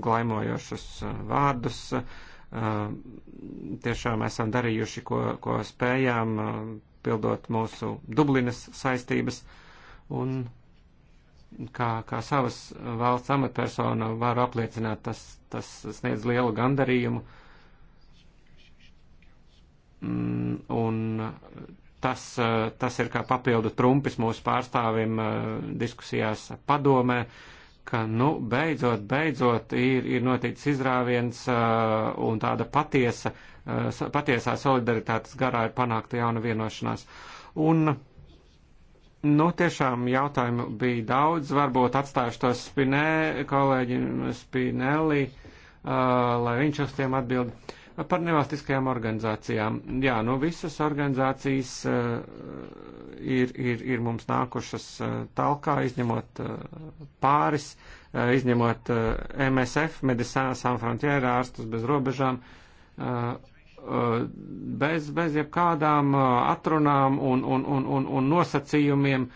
glaimojošus vārdus. Tiešām esam darījuši, ko, ko spējām, pildot mūsu Dublinas saistības. Un kā, kā savas valsts amatpersona varu apliecināt, tas, tas sniedz lielu gandarījumu. Uh, Mm, un tas, eh, tas ir kā papildu trumpis mūsu pārstāvim eh, diskusijās padomē, ka, nu, beidzot, beidzot ir, ir noticis izrāviens eh, un tāda patiesa, patiesā solidaritātes garā ir panākta jauna vienošanās. Un Nu, tiešām jautājumu bija daudz, varbūt atstājuši to spinē, kolēģi Spinelli, uh, lai viņš uz tiem atbild. Par nevalstiskajām organizācijām. Jā, nu visas organizācijas eh, ir, ir, ir mums nākušas eh, talkā, izņemot eh, pāris, izņemot MSF, Medicina San Frontiera, ārstus bez robežām, bez, bez jebkādām atrunām un, un, un, un, un nosacījumiem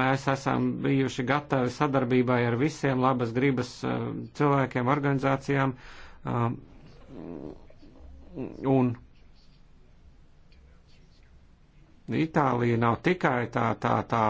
mēs esam bijuši gatavi sadarbībai ar visiem labas gribas cilvēkiem, organizācijām. Un Itālija nav tikai tā, tā, tā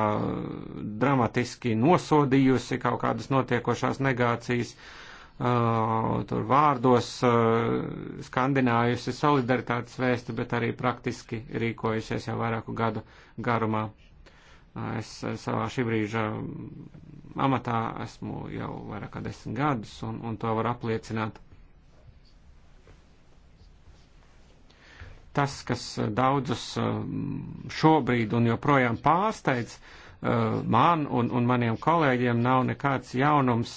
dramatiski nosodījusi kaut kādas notiekošās negācijas, uh, tur vārdos uh, skandinājusi solidaritātes vēstu, bet arī praktiski rīkojusies jau vairāku gadu garumā. Uh, es uh, savā šī brīža amatā esmu jau vairāk kā desmit gadus, un, un to var apliecināt. Tas, kas eh, daudzus eh, šobrīd un joprojām pārsteidz, eh, man un, un maniem kolēģiem nav nekāds jaunums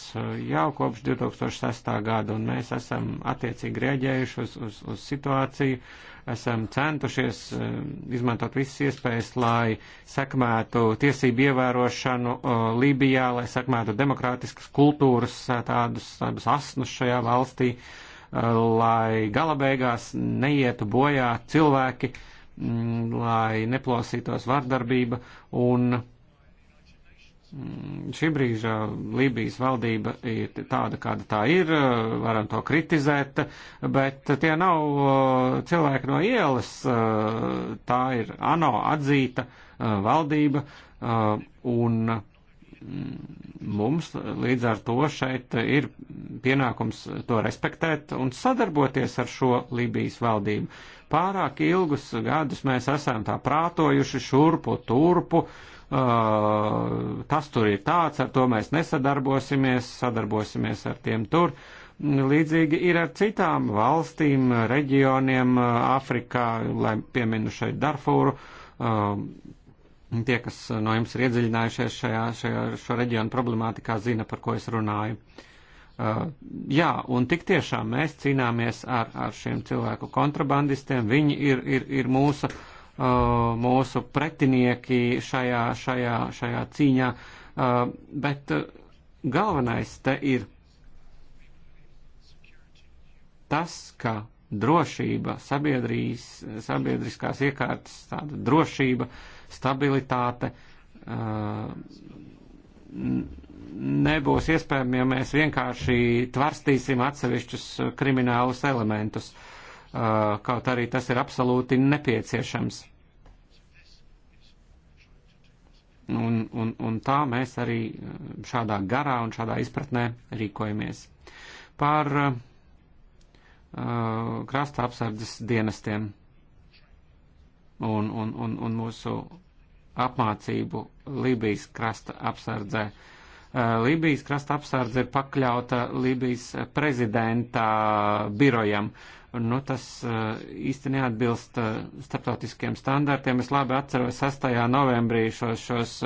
jau kopš 2006. gada, un mēs esam attiecīgi rēģējuši uz, uz, uz situāciju, esam centušies izmantot visas iespējas, lai sekmētu tiesību ievērošanu Lībijā, lai sekmētu demokrātiskas kultūras tādus, tādus asnus šajā valstī. Uh, lai gala beigās neietu bojā cilvēki, mm, lai neplosītos vardarbība un mm, šī brīža Lībijas valdība ir tāda, kāda tā ir, varam to kritizēt, bet tie nav eh, cilvēki no ielas, eh, tā ir ANO atzīta eh, valdība un mums līdz ar to šeit ir pienākums to respektēt un sadarboties ar šo Libijas valdību. Pārāk ilgus gadus mēs esam tā prātojuši šurpu, turpu, uh, tas tur ir tāds, ar to mēs nesadarbosimies, sadarbosimies ar tiem tur. Līdzīgi ir ar citām valstīm, reģioniem Āfrikā, lai pieminu šeit Darfūru. Uh, Tie, kas no jums ir iedziļinājušies šajā, šajā šo reģionu problemātikā, zina, par ko es runāju. Uh, jā, un tik tiešām mēs cīnāmies ar, ar šiem cilvēku kontrabandistiem. Viņi ir, ir, ir mūsu, uh, mūsu pretinieki šajā, šajā, šajā cīņā. Uh, bet uh, galvenais te ir tas, ka drošība, sabiedrīs, sabiedriskās iekārtas tāda drošība uh, stabilitāte nebūs iespējama, ja mēs vienkārši tvarstīsim atsevišķus kriminālus elementus, kaut arī tas ir absolūti nepieciešams. Un, un, un tā mēs arī šādā garā un šādā izpratnē rīkojamies. Par uh, krasta apsardzes dienestiem un, un, un, un mūsu apmācību Libijas krasta apsardzē. Uh, Libijas krasta apsardze ir pakļauta Libijas prezidenta birojam. Nu, tas uh, īsti neatbilst uh, starptautiskiem standartiem. Es labi atceros 6. novembrī šos, šos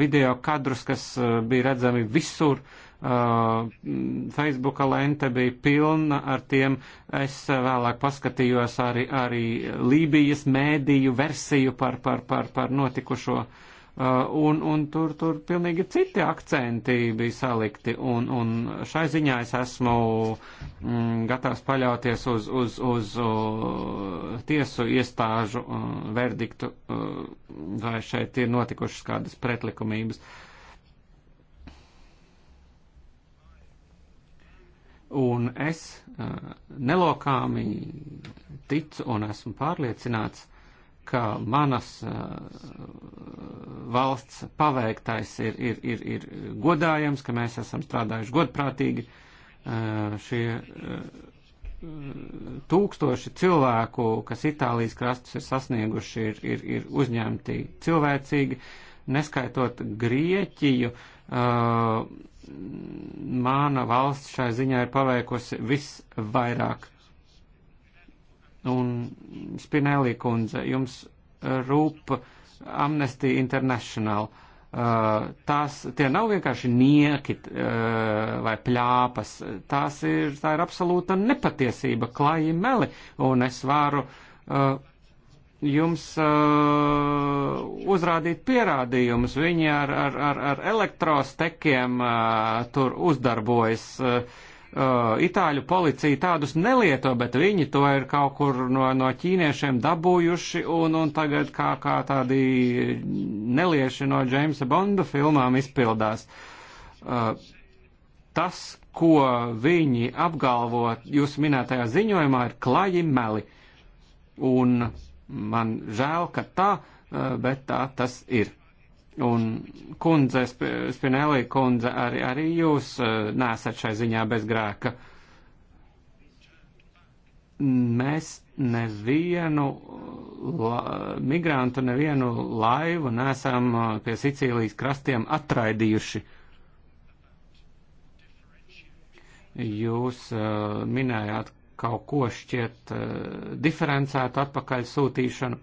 video kadrus, kas bija redzami visur. Uh, Uh, Facebooka lente bija pilna ar tiem. Es vēlāk paskatījos arī, arī Lībijas mēdīju versiju par, par, par, par notikušo. Uh, un, un tur, tur pilnīgi citi akcenti bija salikti, un, un šai ziņā es esmu mm, gatavs paļauties uz, uz, uz, uz tiesu iestāžu uh, verdiktu, vai šeit ir notikušas kādas pretlikumības. Uh, Un es nelokāmi ticu un esmu pārliecināts, ka manas valsts paveiktais ir, ir, ir, ir godājams, ka mēs esam strādājuši godprātīgi. Šie tūkstoši cilvēku, kas Itālijas krastus ir sasnieguši, ir, ir, ir uzņemti cilvēcīgi, neskaitot Grieķiju. Uh, Mana valsts šai ziņā ir paveikusi visvairāk. Un Spinelli kundze, jums rūp Amnesty International. Uh, tās, tie nav vienkārši nieki uh, vai pļāpas. Tās ir, tā ir absolūta nepatiesība, klaji meli. Un es varu uh, jums uh, uzrādīt pierādījumus. Viņi ar, ar, ar, ar elektrostekiem uh, tur uzdarbojas. Uh, Uh, Itāļu policija tādus nelieto, bet viņi to ir kaut kur no, no ķīniešiem dabūjuši un, un tagad kā, kā tādi nelieši no Džeimsa Bonda filmām izpildās. Uh, tas, ko viņi apgalvo jūsu minētajā ziņojumā, ir klaji meli. Un uh, Man žēl, ka tā, eh, bet tā tas ir. Un kundze, Spinelli kundze, arī, arī jūs eh, nesat šai ziņā bez grēka. Mēs nevienu eh, la, migrantu, nevienu laivu nesam pie Sicīlijas krastiem atraidījuši. Jūs uh, minējāt kaut ko šķiet uh, diferencētu atpakaļ sūtīšanu.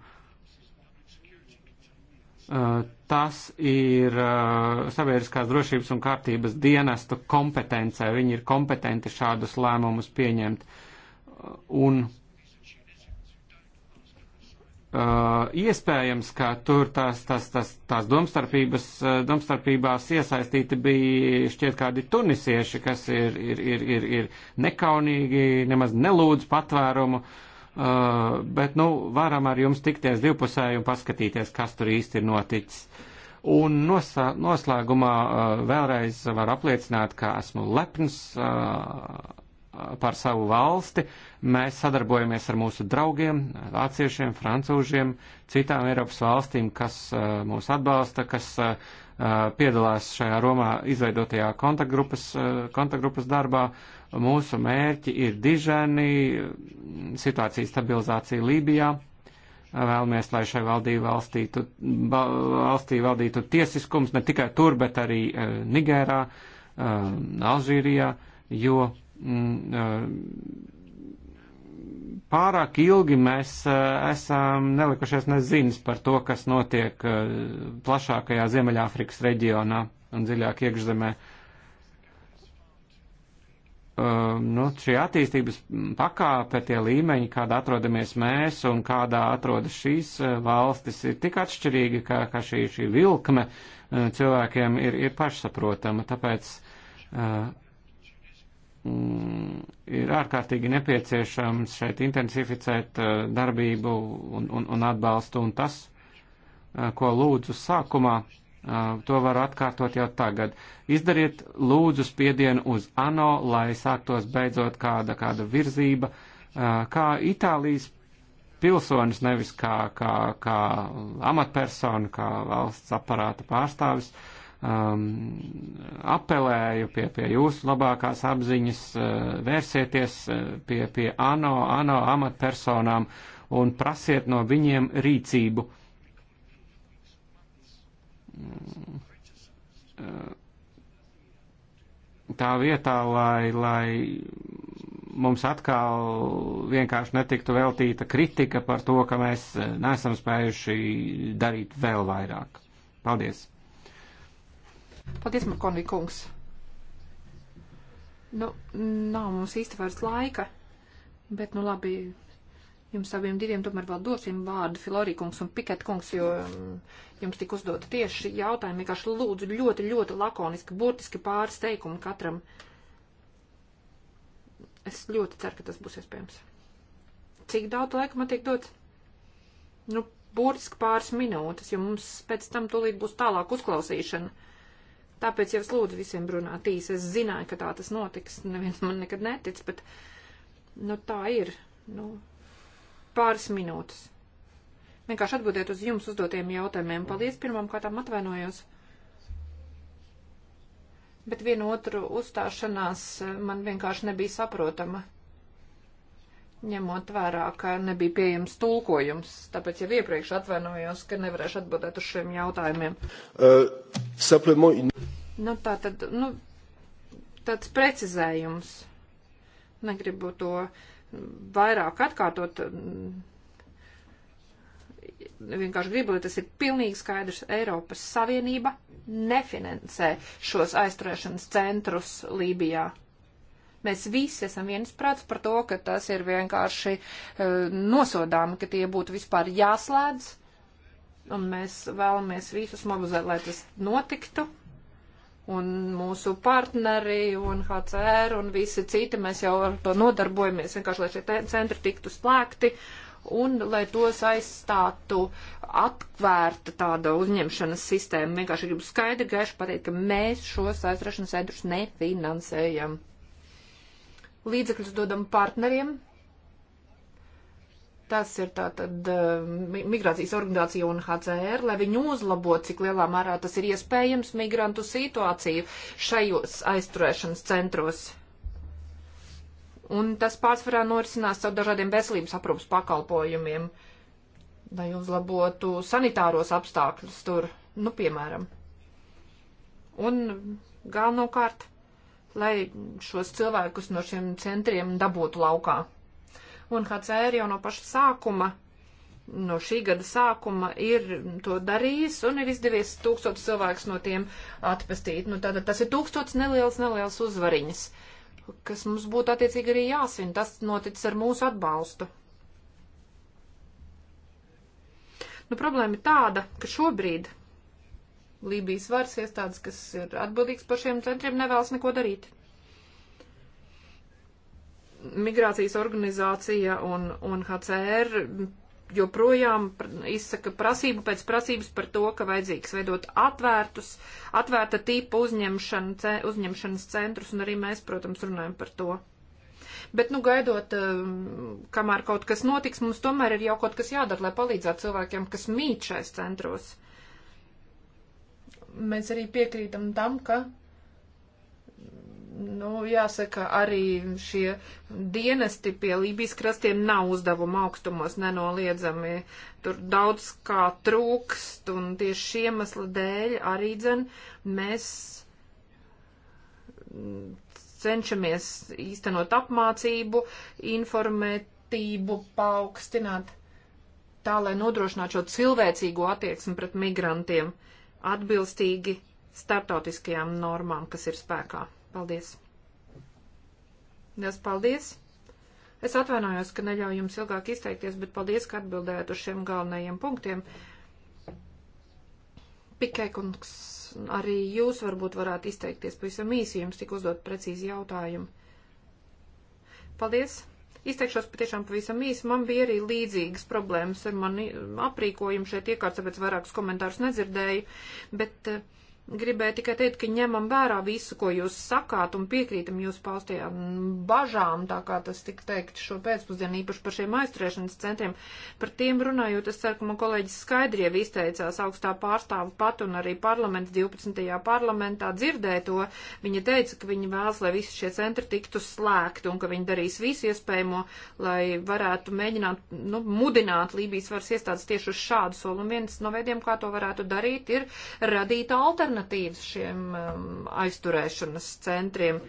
Uh, tas ir uh, sabiedriskās drošības un kārtības dienestu kompetencē. Viņi ir kompetenti šādus lēmumus pieņemt. Uh, un uh, Uh, iespējams, ka tur tās, tās, tās, tās domstarpības, uh, domstarpībās iesaistīti bija šķiet kādi tunisieši, kas ir, ir, ir, ir, ir nekaunīgi, nemaz nelūdz patvērumu, uh, bet, nu, varam ar jums tikties divpusēji un paskatīties, kas tur īsti ir noticis. Un nosā, noslēgumā uh, vēlreiz varu apliecināt, ka esmu lepns. Uh, par savu valsti, mēs sadarbojamies ar mūsu draugiem, vāciešiem, francūžiem, citām Eiropas valstīm, kas uh, mūs atbalsta, kas uh, uh, piedalās šajā Romā izveidotajā kontaktgrupas, kontaktgrupas darbā. Mūsu mērķi ir diženi, situācija stabilizācija Lībijā. Vēlamies, lai šai valdība valstītu, valstī valdītu tiesiskums ne tikai tur, bet arī Nigērā, Alžīrijā, jo Mm, pārāk ilgi mēs esam nelikušies nezinas par to, kas notiek plašākajā Ziemeļāfrikas reģionā un dziļāk iekšzemē. Nu, šī attīstības pakāpe, tie līmeņi, kādā atrodamies mēs un kādā atrodas šīs valstis, ir tik atšķirīgi, ka, ka šī, šī vilkme cilvēkiem ir, ir pašsaprotama. Tāpēc Mm, ir ārkārtīgi nepieciešams šeit intensificēt uh, darbību un, un, un atbalstu, un tas, uh, ko lūdzu sākumā, uh, to varu atkārtot jau tagad. Izdariet lūdzu spiedienu uz ANO, lai sāktos beidzot kāda, kāda virzība, kā Itālijas pilsonis, nevis kā, kā, kā amatpersona, kā valsts aparāta pārstāvis. Uh, um, apelēju pie, pie jūsu labākās apziņas, uh, vērsieties uh, pie, pie ANO, ANO amatpersonām un prasiet no viņiem rīcību. Mm. Tā vietā, lai, lai mums atkal vienkārši netiktu veltīta kritika par to, ka mēs uh, nesam spējuši darīt vēl vairāk. Paldies! Paldies, Makonī kungs. Nu, nav mums īsti vairs laika, bet, nu, labi, jums abiem diviem tomēr vēl dosim vārdu Filorīkungs un Piketkungs, jo mm, jums tika uzdota tieši jautājumi, vienkārši lūdzu ļoti, ļoti lakoniski, burtiski pāris teikumu katram. Es ļoti ceru, ka tas būs iespējams. Cik daudz laika man tiek dots? Nu, burtiski pāris minūtes, jo mums pēc tam tūlīt būs tālāk uzklausīšana. Tāpēc jau es lūdzu visiem runāt īsi. Es zināju, ka tā tas notiks. Neviens man nekad netic, bet nu, tā ir. Nu, pāris minūtes. Vienkārši atbildēt uz jums uzdotiem jautājumiem. Paldies pirmām kārtām atvainojos. Bet viena otru uzstāšanās man vienkārši nebija saprotama, ņemot vērā, ka nebija pieejams tulkojums. Tāpēc jau iepriekš atvainojos, ka nevarēšu atbildēt uz šiem jautājumiem. Uh, Nu, tā tad, nu, tāds precizējums. Negribu to vairāk atkārtot. Vienkārši gribu, lai tas ir pilnīgi skaidrs. Eiropas Savienība nefinansē šos aizturēšanas centrus Lībijā. Mēs visi esam viensprāts par to, ka tas ir vienkārši uh, e, nosodāmi, ka tie būtu vispār jāslēdz. Un mēs vēlamies visus mobilizēt, lai tas notiktu un mūsu partneri un HCR un visi citi, mēs jau ar to nodarbojamies, vienkārši lai šie centri tiktu slēgti un lai tos aizstātu atvērta tāda uzņemšanas sistēma. Vienkārši gribu skaidri gaiši pateikt, ka mēs šos aizrašanas centrus nefinansējam. Līdzekļus dodam partneriem, Tas ir tātad eh, migrācijas organizācija UNHCR, lai viņi uzlabotu, cik lielā mērā tas ir iespējams migrantu situāciju šajos aizturēšanas centros. Un tas pārsvarā norisinās caur dažādiem veselības aprūpas pakalpojumiem, lai uzlabotu sanitāros apstākļus tur, nu, piemēram. Un galvenokārt, lai šos cilvēkus no šiem centriem dabūtu laukā UNHCR jau no paša sākuma, no šī gada sākuma ir to darījis un ir izdevies tūkstots cilvēks no tiem atpestīt. Nu, tātad tas ir tūkstots neliels, neliels uzvariņas, kas mums būtu attiecīgi arī jāsvin. Tas noticis ar mūsu atbalstu. Nu, problēma ir tāda, ka šobrīd Lībijas varas iestādes, kas ir atbildīgs par šiem centriem, nevēlas neko darīt migrācijas organizācija un, un HCR joprojām izsaka prasību pēc prasības par to, ka vajadzīgs veidot atvērtus, atvērta tipa uzņemšana, uzņemšanas centrus, un arī mēs, protams, runājam par to. Bet, nu, gaidot, um, kamēr kaut kas notiks, mums tomēr ir jau kaut kas jādara, lai palīdzētu cilvēkiem, kas mīt šais centros. Mēs arī piekrītam tam, ka nu, jāsaka, arī šie dienesti pie Lībijas krastiem nav uzdevuma augstumos nenoliedzami. Tur daudz kā trūkst, un tieši šī iemesla dēļ arī dzen mēs cenšamies īstenot apmācību, informētību paaugstināt, tā lai nodrošinātu šo cilvēcīgo attieksmi pret migrantiem atbilstīgi starptautiskajām normām, kas ir spēkā. Paldies! Liels paldies! Es atvainojos, ka neļauju jums ilgāk izteikties, bet paldies, ka atbildējāt uz šiem galvenajiem punktiem. Pikēkungs, arī jūs varbūt varētu izteikties pavisam īsi, jums tik uzdot precīzi jautājumu. Paldies! Izteikšos patiešām pavisam īsi. Man bija arī līdzīgas problēmas ar mani aprīkojumu šeit iekārts, tāpēc vairākus komentārus nedzirdēju, bet uh, Gribēju tikai teikt, ka ņemam vērā visu, ko jūs sakāt un piekrītam jūs paustajām bažām, tā kā tas tika teikt šo pēcpusdienu, īpaši par šiem aizturēšanas centriem. Par tiem runājot, es ceru, ka man kolēģis Skaidriev izteicās augstā pārstāva pat un arī parlaments 12. parlamentā dzirdēja to. Viņa teica, ka viņa vēlas, lai visi šie centri tiktu slēgti un ka viņi darīs visu iespējamo, lai varētu mēģināt nu, mudināt Lībijas varas iestādes tieši uz šādu soli. Un viens no veidiem, kā to varētu darīt, ir radīt alternatīvu alternatīvas šiem um, aizturēšanas centriem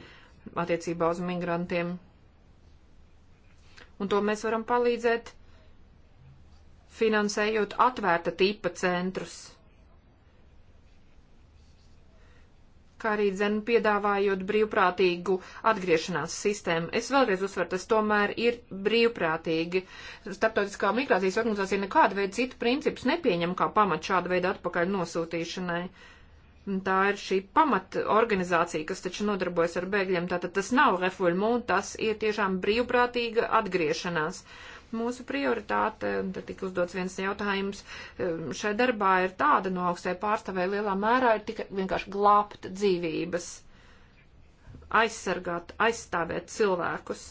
attiecībā uz migrantiem. Un to mēs varam palīdzēt finansējot atvērta tipa centrus. kā arī dzen piedāvājot brīvprātīgu atgriešanās sistēmu. Es vēlreiz uzsveru, tas tomēr ir brīvprātīgi. Starptautiskā migrācijas organizācija nekādu veidu citu principus nepieņem kā pamat šāda veida atpakaļ nosūtīšanai. Uh, tā ir šī pamatorganizācija, kas taču nodarbojas ar bēgļiem. Tātad tas nav refoulement, tas ir tiešām brīvprātīga atgriešanās. Mūsu prioritāte, un tad tika uzdots viens jautājums, um, šai darbā ir tāda no augstai pārstāvē lielā mērā ir tikai vienkārši glābt dzīvības, aizsargāt, aizstāvēt cilvēkus,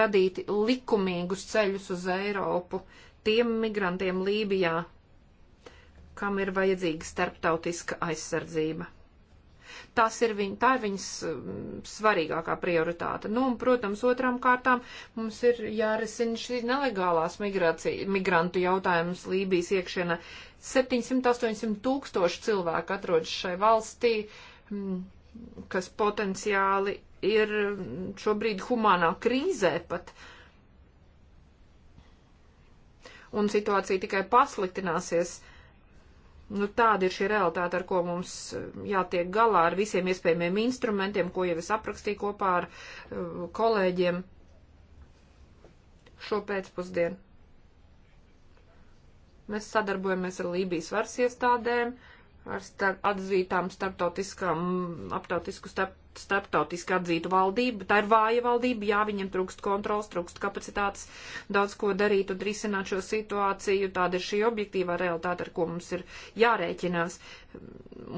radīt likumīgus ceļus uz Eiropu tiem migrantiem Lībijā, kam ir vajadzīga starptautiska aizsardzība. Tas ir viņa, tā ir viņas mm, svarīgākā prioritāte. Nu, un, protams, otrām kārtām mums ir jārisina šī nelegālās migrantu jautājums Lībijas iekšienē. 700-800 tūkstoši cilvēku atrodas šai valstī, mm, kas potenciāli ir mm, šobrīd humānā krīzē pat. Un situācija tikai pasliktināsies. Uh, Nu, tāda ir šī realitāte, ar ko mums eh, jātiek galā ar visiem iespējamiem instrumentiem, ko jau es aprakstīju kopā ar uh, kolēģiem šo pēcpusdienu. Mēs sadarbojamies ar Lībijas varas iestādēm, uh, ar starp, atzītām starptautiskām, aptautisku starp, starptautiski atzītu valdību. Tā ir vāja valdība, jā, viņiem trūkst kontrols, trūkst kapacitātes, daudz ko darīt un risināt šo situāciju. Tāda ir šī objektīvā realitāte, ar ko mums ir jārēķinās.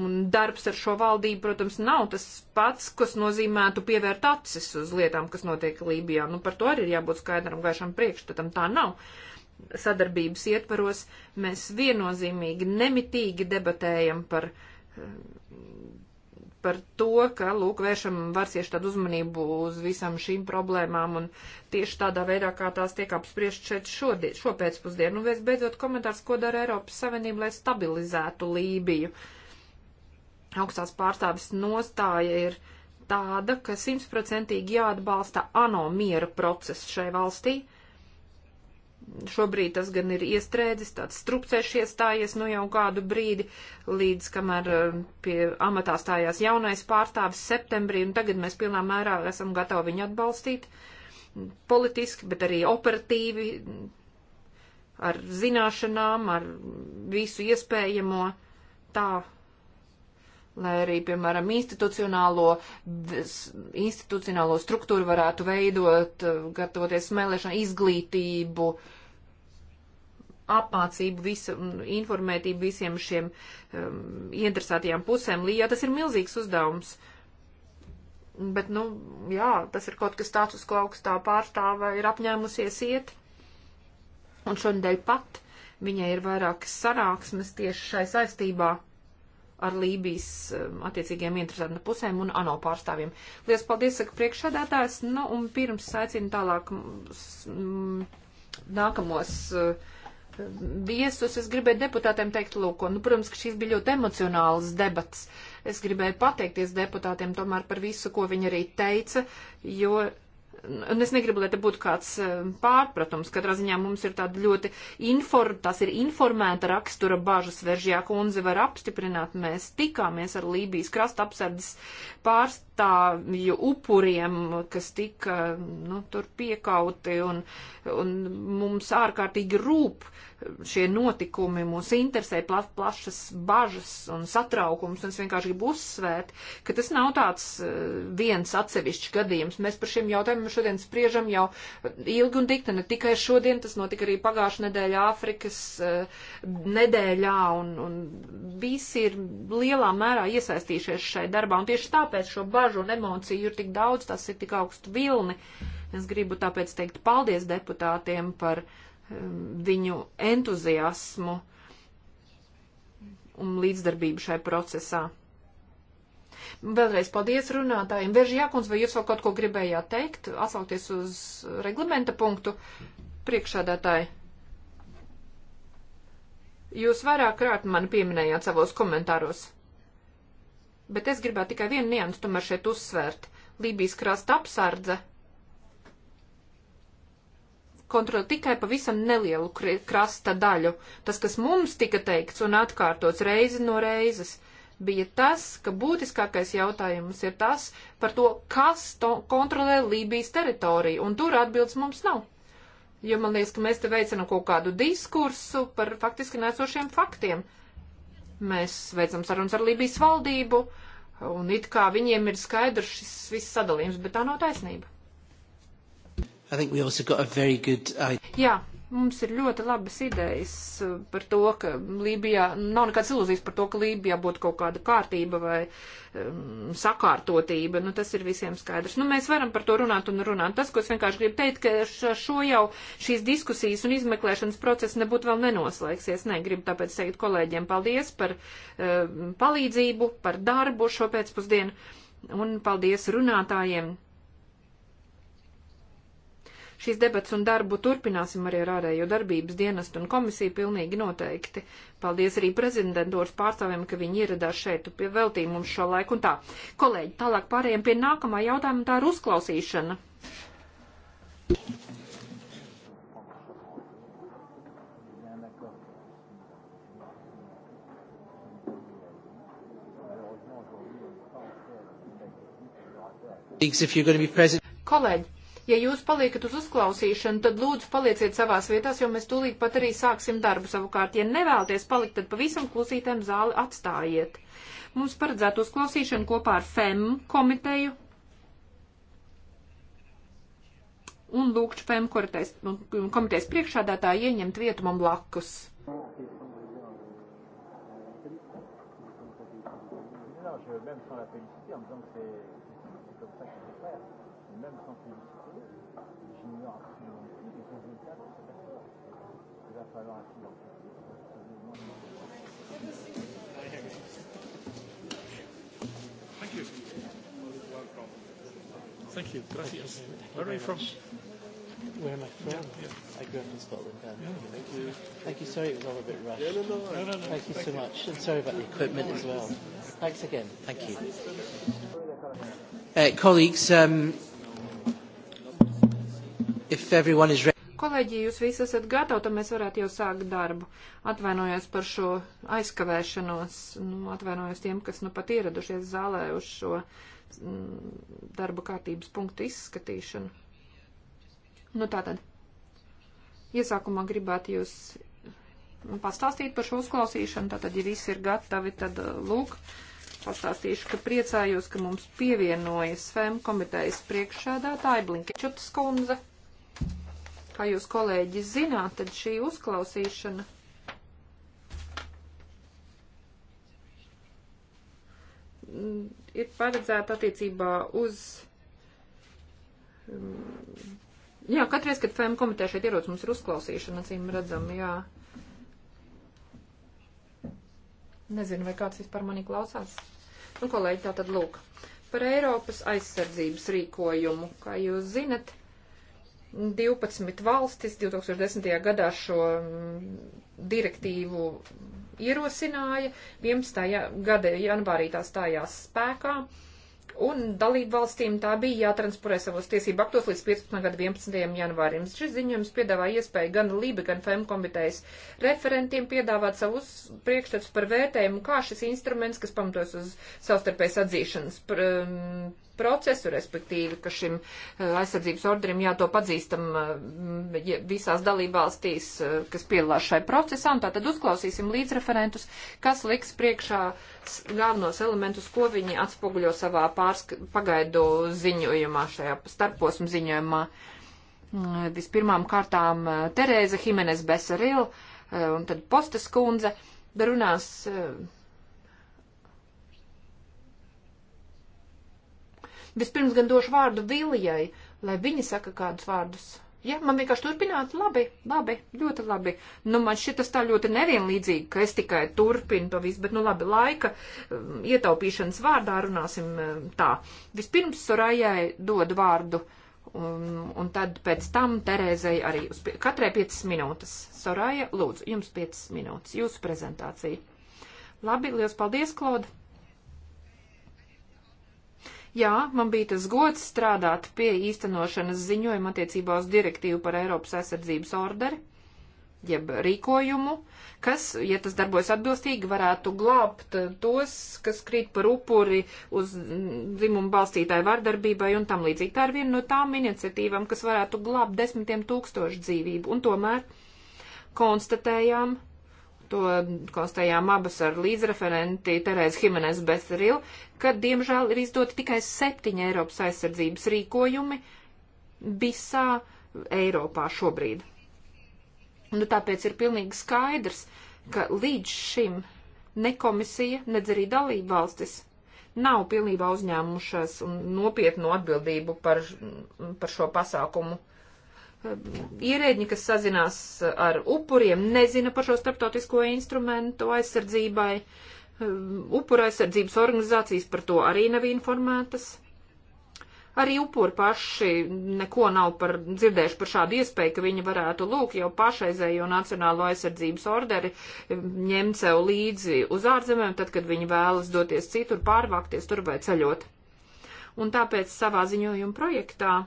Un darbs ar šo valdību, protams, nav tas pats, kas nozīmētu pievērt acis uz lietām, kas notiek Lībijā. Nu, par to arī ir jābūt skaidram gaišam priekšstatam. Tā nav. Uh, sadarbības ietvaros mēs viennozīmīgi, nemitīgi debatējam par, eh, par to, ka, lūk, vēršam varsieši tādu uzmanību uz visām šīm problēmām un tieši tādā veidā, kā tās tiek apspriest šeit šodien, šo pēcpusdienu. Un visbeidzot komentārs, ko dara Eiropas Savienība, lai stabilizētu Lībiju. Augstās pārstāvis nostāja ir tāda, ka simtprocentīgi jāatbalsta ANO miera process šai valstī Šobrīd tas gan ir iestrēdzis, tāds strupceļš iestājies nu jau kādu brīdi, līdz kamēr eh, pie amatā stājās jaunais pārstāvis septembrī, un tagad mēs pilnā mērā esam gatavi viņu atbalstīt politiski, bet arī operatīvi, ar zināšanām, ar visu iespējamo tā lai arī, piemēram, institucionālo, institucionālo struktūru varētu veidot, eh, gatavoties smēlēšanu, izglītību, apmācību, visu, informētību visiem šiem um, interesētajām pusēm. Jā, tas ir milzīgs uzdevums. Bet, nu, jā, tas ir kaut kas tāds, uz ko augstā pārstāve ir apņēmusies iet. Un šonadēļ pat viņai ir vairākas sanāksmes tieši šai saistībā ar Lībijas um, attiecīgiem interesētām pusēm un ANO pārstāvjiem. Lielas paldies, saka priekšsādātājs, nu un pirms aicinu tālāk m, mm, mm, nākamos uh, viesus, es gribēju deputātiem teikt, lūk, un, nu, protams, ka šīs bija ļoti emocionāls debats. Es gribēju pateikties deputātiem tomēr par visu, ko viņi arī teica, jo Un es negribu, lai te būtu kāds e, pārpratums. Katrā ziņā mums ir tāda ļoti inform, tas ir informēta rakstura bažas veržjā kundze var apstiprināt. Mēs tikāmies ar Lībijas krasta apsardzes pārstāvjiem atstāju upuriem, kas tika nu, tur piekauti, un, un mums ārkārtīgi rūp šie notikumi, mūs interesē pla plašas bažas un satraukums, un es vienkārši gribu uzsvērt, ka tas nav tāds eh, viens atsevišķs gadījums. Mēs par šiem jautājumiem šodien spriežam jau ilgi un dikti, ne tikai šodien, tas notika arī pagājušajā nedēļā Āfrikas eh, nedēļā, un, un visi ir lielā mērā iesaistījušies šai darbā, un tieši tāpēc šo bažu bāžu un emociju ir tik daudz, tas ir tik augstu vilni. Es gribu tāpēc teikt paldies deputātiem par um, viņu entuziasmu un līdzdarbību šai procesā. Vēlreiz paldies runātājiem. Bieži jākums, vai jūs vēl kaut ko gribējāt teikt, atsaukties uz reglamenta punktu priekšādātāji? Jūs vairāk kārt mani pieminējāt savos komentāros bet es gribētu tikai vienu niansu tomēr šeit uzsvērt. Lībijas krasta apsardze kontrolē tikai pavisam nelielu krasta daļu. Tas, kas mums tika teikts un atkārtots reizi no reizes, bija tas, ka būtiskākais jautājums ir tas par to, kas to kontrolē Lībijas teritoriju, un tur atbildes mums nav. Jo man liekas, ka mēs te veicinām kaut kādu diskursu par faktiski nesošiem faktiem. Uh, Mēs veicam sarunas ar Libijas valdību, un it kā viņiem ir skaidrs šis viss sadalījums, bet tā nav taisnība. Good... Jā, Mums ir ļoti labas idejas eh, par to, ka Lībijā nav nekādas ilūzijas par to, ka Lībijā būtu kaut kāda kārtība vai um, sakārtotība. Nu, tas ir visiem skaidrs. Nu, mēs varam par to runāt un runāt. Tas, ko es vienkārši gribu teikt, ka šo jau šīs diskusijas un izmeklēšanas process nebūtu vēl nenoslēgsies. Nē, gribu tāpēc teikt kolēģiem paldies par uh, palīdzību, par darbu šo pēcpusdienu un paldies runātājiem Šīs debats un darbu turpināsim arī ar ārējo darbības dienestu un komisiju pilnīgi noteikti. Paldies arī prezidentūras pārstāvjiem, ka viņi ieradās šeit pie veltīja mums šo laiku un tā. Kolēģi, tālāk pārējiem pie nākamā jautājuma, tā ir uzklausīšana. Kolēģi, Ja jūs paliekat uz uzklausīšanu, tad lūdzu palieciet savās vietās, jo mēs tūlīt pat arī sāksim darbu savukārt. Ja nevēlties palikt, tad pavisam klusītēm zāli atstājiet. Mums paredzētu uzklausīšanu kopā ar FEM komiteju. Un lūkšu FEM komitejas, komitejas priekšādātāju ieņemt vietu man blakus. je, même sans la féliciter, en me disant que c'est comme ça qu'il faut faire même sans publicité, j'ignore absolument plus les résultats de cette affaire. Il va falloir un silence. Thank you. Thank you. Gracias. Where are you from? Where am I from? Yeah, yeah. I grew up in Scotland. Dan. Yeah. Thank you. Thank you. Sorry, it was all a bit rushed. Yeah, no, no, no. No, no, no. Thank you Thank so you. much, and sorry about the equipment as well. Thanks again. Thank you. Uh, colleagues. Um, Is... Kolēģi, jūs visi esat gatavi, tad mēs varētu jau sākt darbu. Atvainojos par šo aizkavēšanos, nu, atvainojos tiem, kas nu pat ieradušies zālē uz šo m, mm, darba kārtības punktu izskatīšanu. Nu tātad, iesākumā gribētu jūs pastāstīt par šo uzklausīšanu, tātad, ja visi ir gatavi, tad uh, lūk, pastāstīšu, ka priecājos, ka mums pievienojas FEM komitejas priekšsēdētāja Blinkečiutas kundze. Kā jūs kolēģi zināt, tad šī uzklausīšana ir paredzēta attiecībā uz. Um, jā, katreiz, kad FM komiteja šeit ierodas, mums ir uzklausīšana, acīm redzam, jā. Nezinu, vai kāds vispār mani klausās. Nu, kolēģi, tā tad lūk. Par Eiropas aizsardzības rīkojumu, kā jūs zinat, 12 valstis 2010. gadā šo mm, direktīvu ierosināja, 11. gada janvārī tā stājās spēkā, un dalību valstīm tā bija jātransponē savos tiesību aktos līdz 15. gada 11. janvārim. Šis ziņojums piedāvā iespēju gan Lība, gan FEM komitejas referentiem piedāvāt savus priekšstats par vērtējumu, kā šis instruments, kas pamatojas uz savstarpējas atzīšanas. Par, um, mm, procesu, respektīvi, ka šim eh, aizsardzības orderim jāto pazīstam eh, visās dalībvalstīs, eh, kas piedalās šai procesā. Un tā tad uzklausīsim līdzreferentus, kas liks priekšā galvenos elementus, ko viņi atspoguļo savā pārsk pagaidu ziņojumā, šajā starposmu ziņojumā. Mm, vispirmām kārtām Terēza Himenes Besaril un tad Postas kundze runās Vispirms gan došu vārdu Vilijai, lai viņa saka kādus vārdus. Ja, man vienkārši turpināt, labi, labi, ļoti labi. Nu, man šitas tā ļoti nevienlīdzīgi, ka es tikai turpinu to visu, bet, nu, labi, laika um, ietaupīšanas vārdā runāsim um, tā. Vispirms Sorājai dod vārdu, un, un tad pēc tam Terēzai arī uz pie, katrai 5 minūtes. Sorāja, lūdzu, jums 5 minūtes, jūsu prezentācija. Labi, liels paldies, Klauda! Jā, man bija tas gods strādāt pie īstenošanas ziņojuma attiecībā uz direktīvu par Eiropas aizsardzības orderi, jeb rīkojumu, kas, ja tas darbojas atbilstīgi, varētu glābt tos, kas krīt par upuri uz dzimumu balstītāju vardarbībai un tam līdzīgi. Tā ir viena no tām iniciatīvām, kas varētu glābt desmitiem tūkstošu dzīvību. Un tomēr konstatējām, to konstatējām abas ar līdzreferenti Terēzi Himenes Beserilu, ka diemžēl ir izdoti tikai septiņi Eiropas aizsardzības rīkojumi visā Eiropā šobrīd. Nu, tāpēc ir pilnīgi skaidrs, ka līdz šim ne komisija, nedz arī dalība valstis nav pilnībā uzņēmušās un nopietnu atbildību par, par šo pasākumu ierēģi, kas sazinās ar upuriem, nezina par šo starptautisko instrumentu aizsardzībai. Upura aizsardzības organizācijas par to arī nav informētas. Arī upuri paši neko nav par, dzirdējuši par šādu iespēju, ka viņi varētu lūk jau pašreizējo Nacionālo aizsardzības orderi ņemt sev līdzi uz ārzemēm, tad, kad viņi vēlas doties citur, pārvākties tur vai ceļot. Un tāpēc savā ziņojuma projektā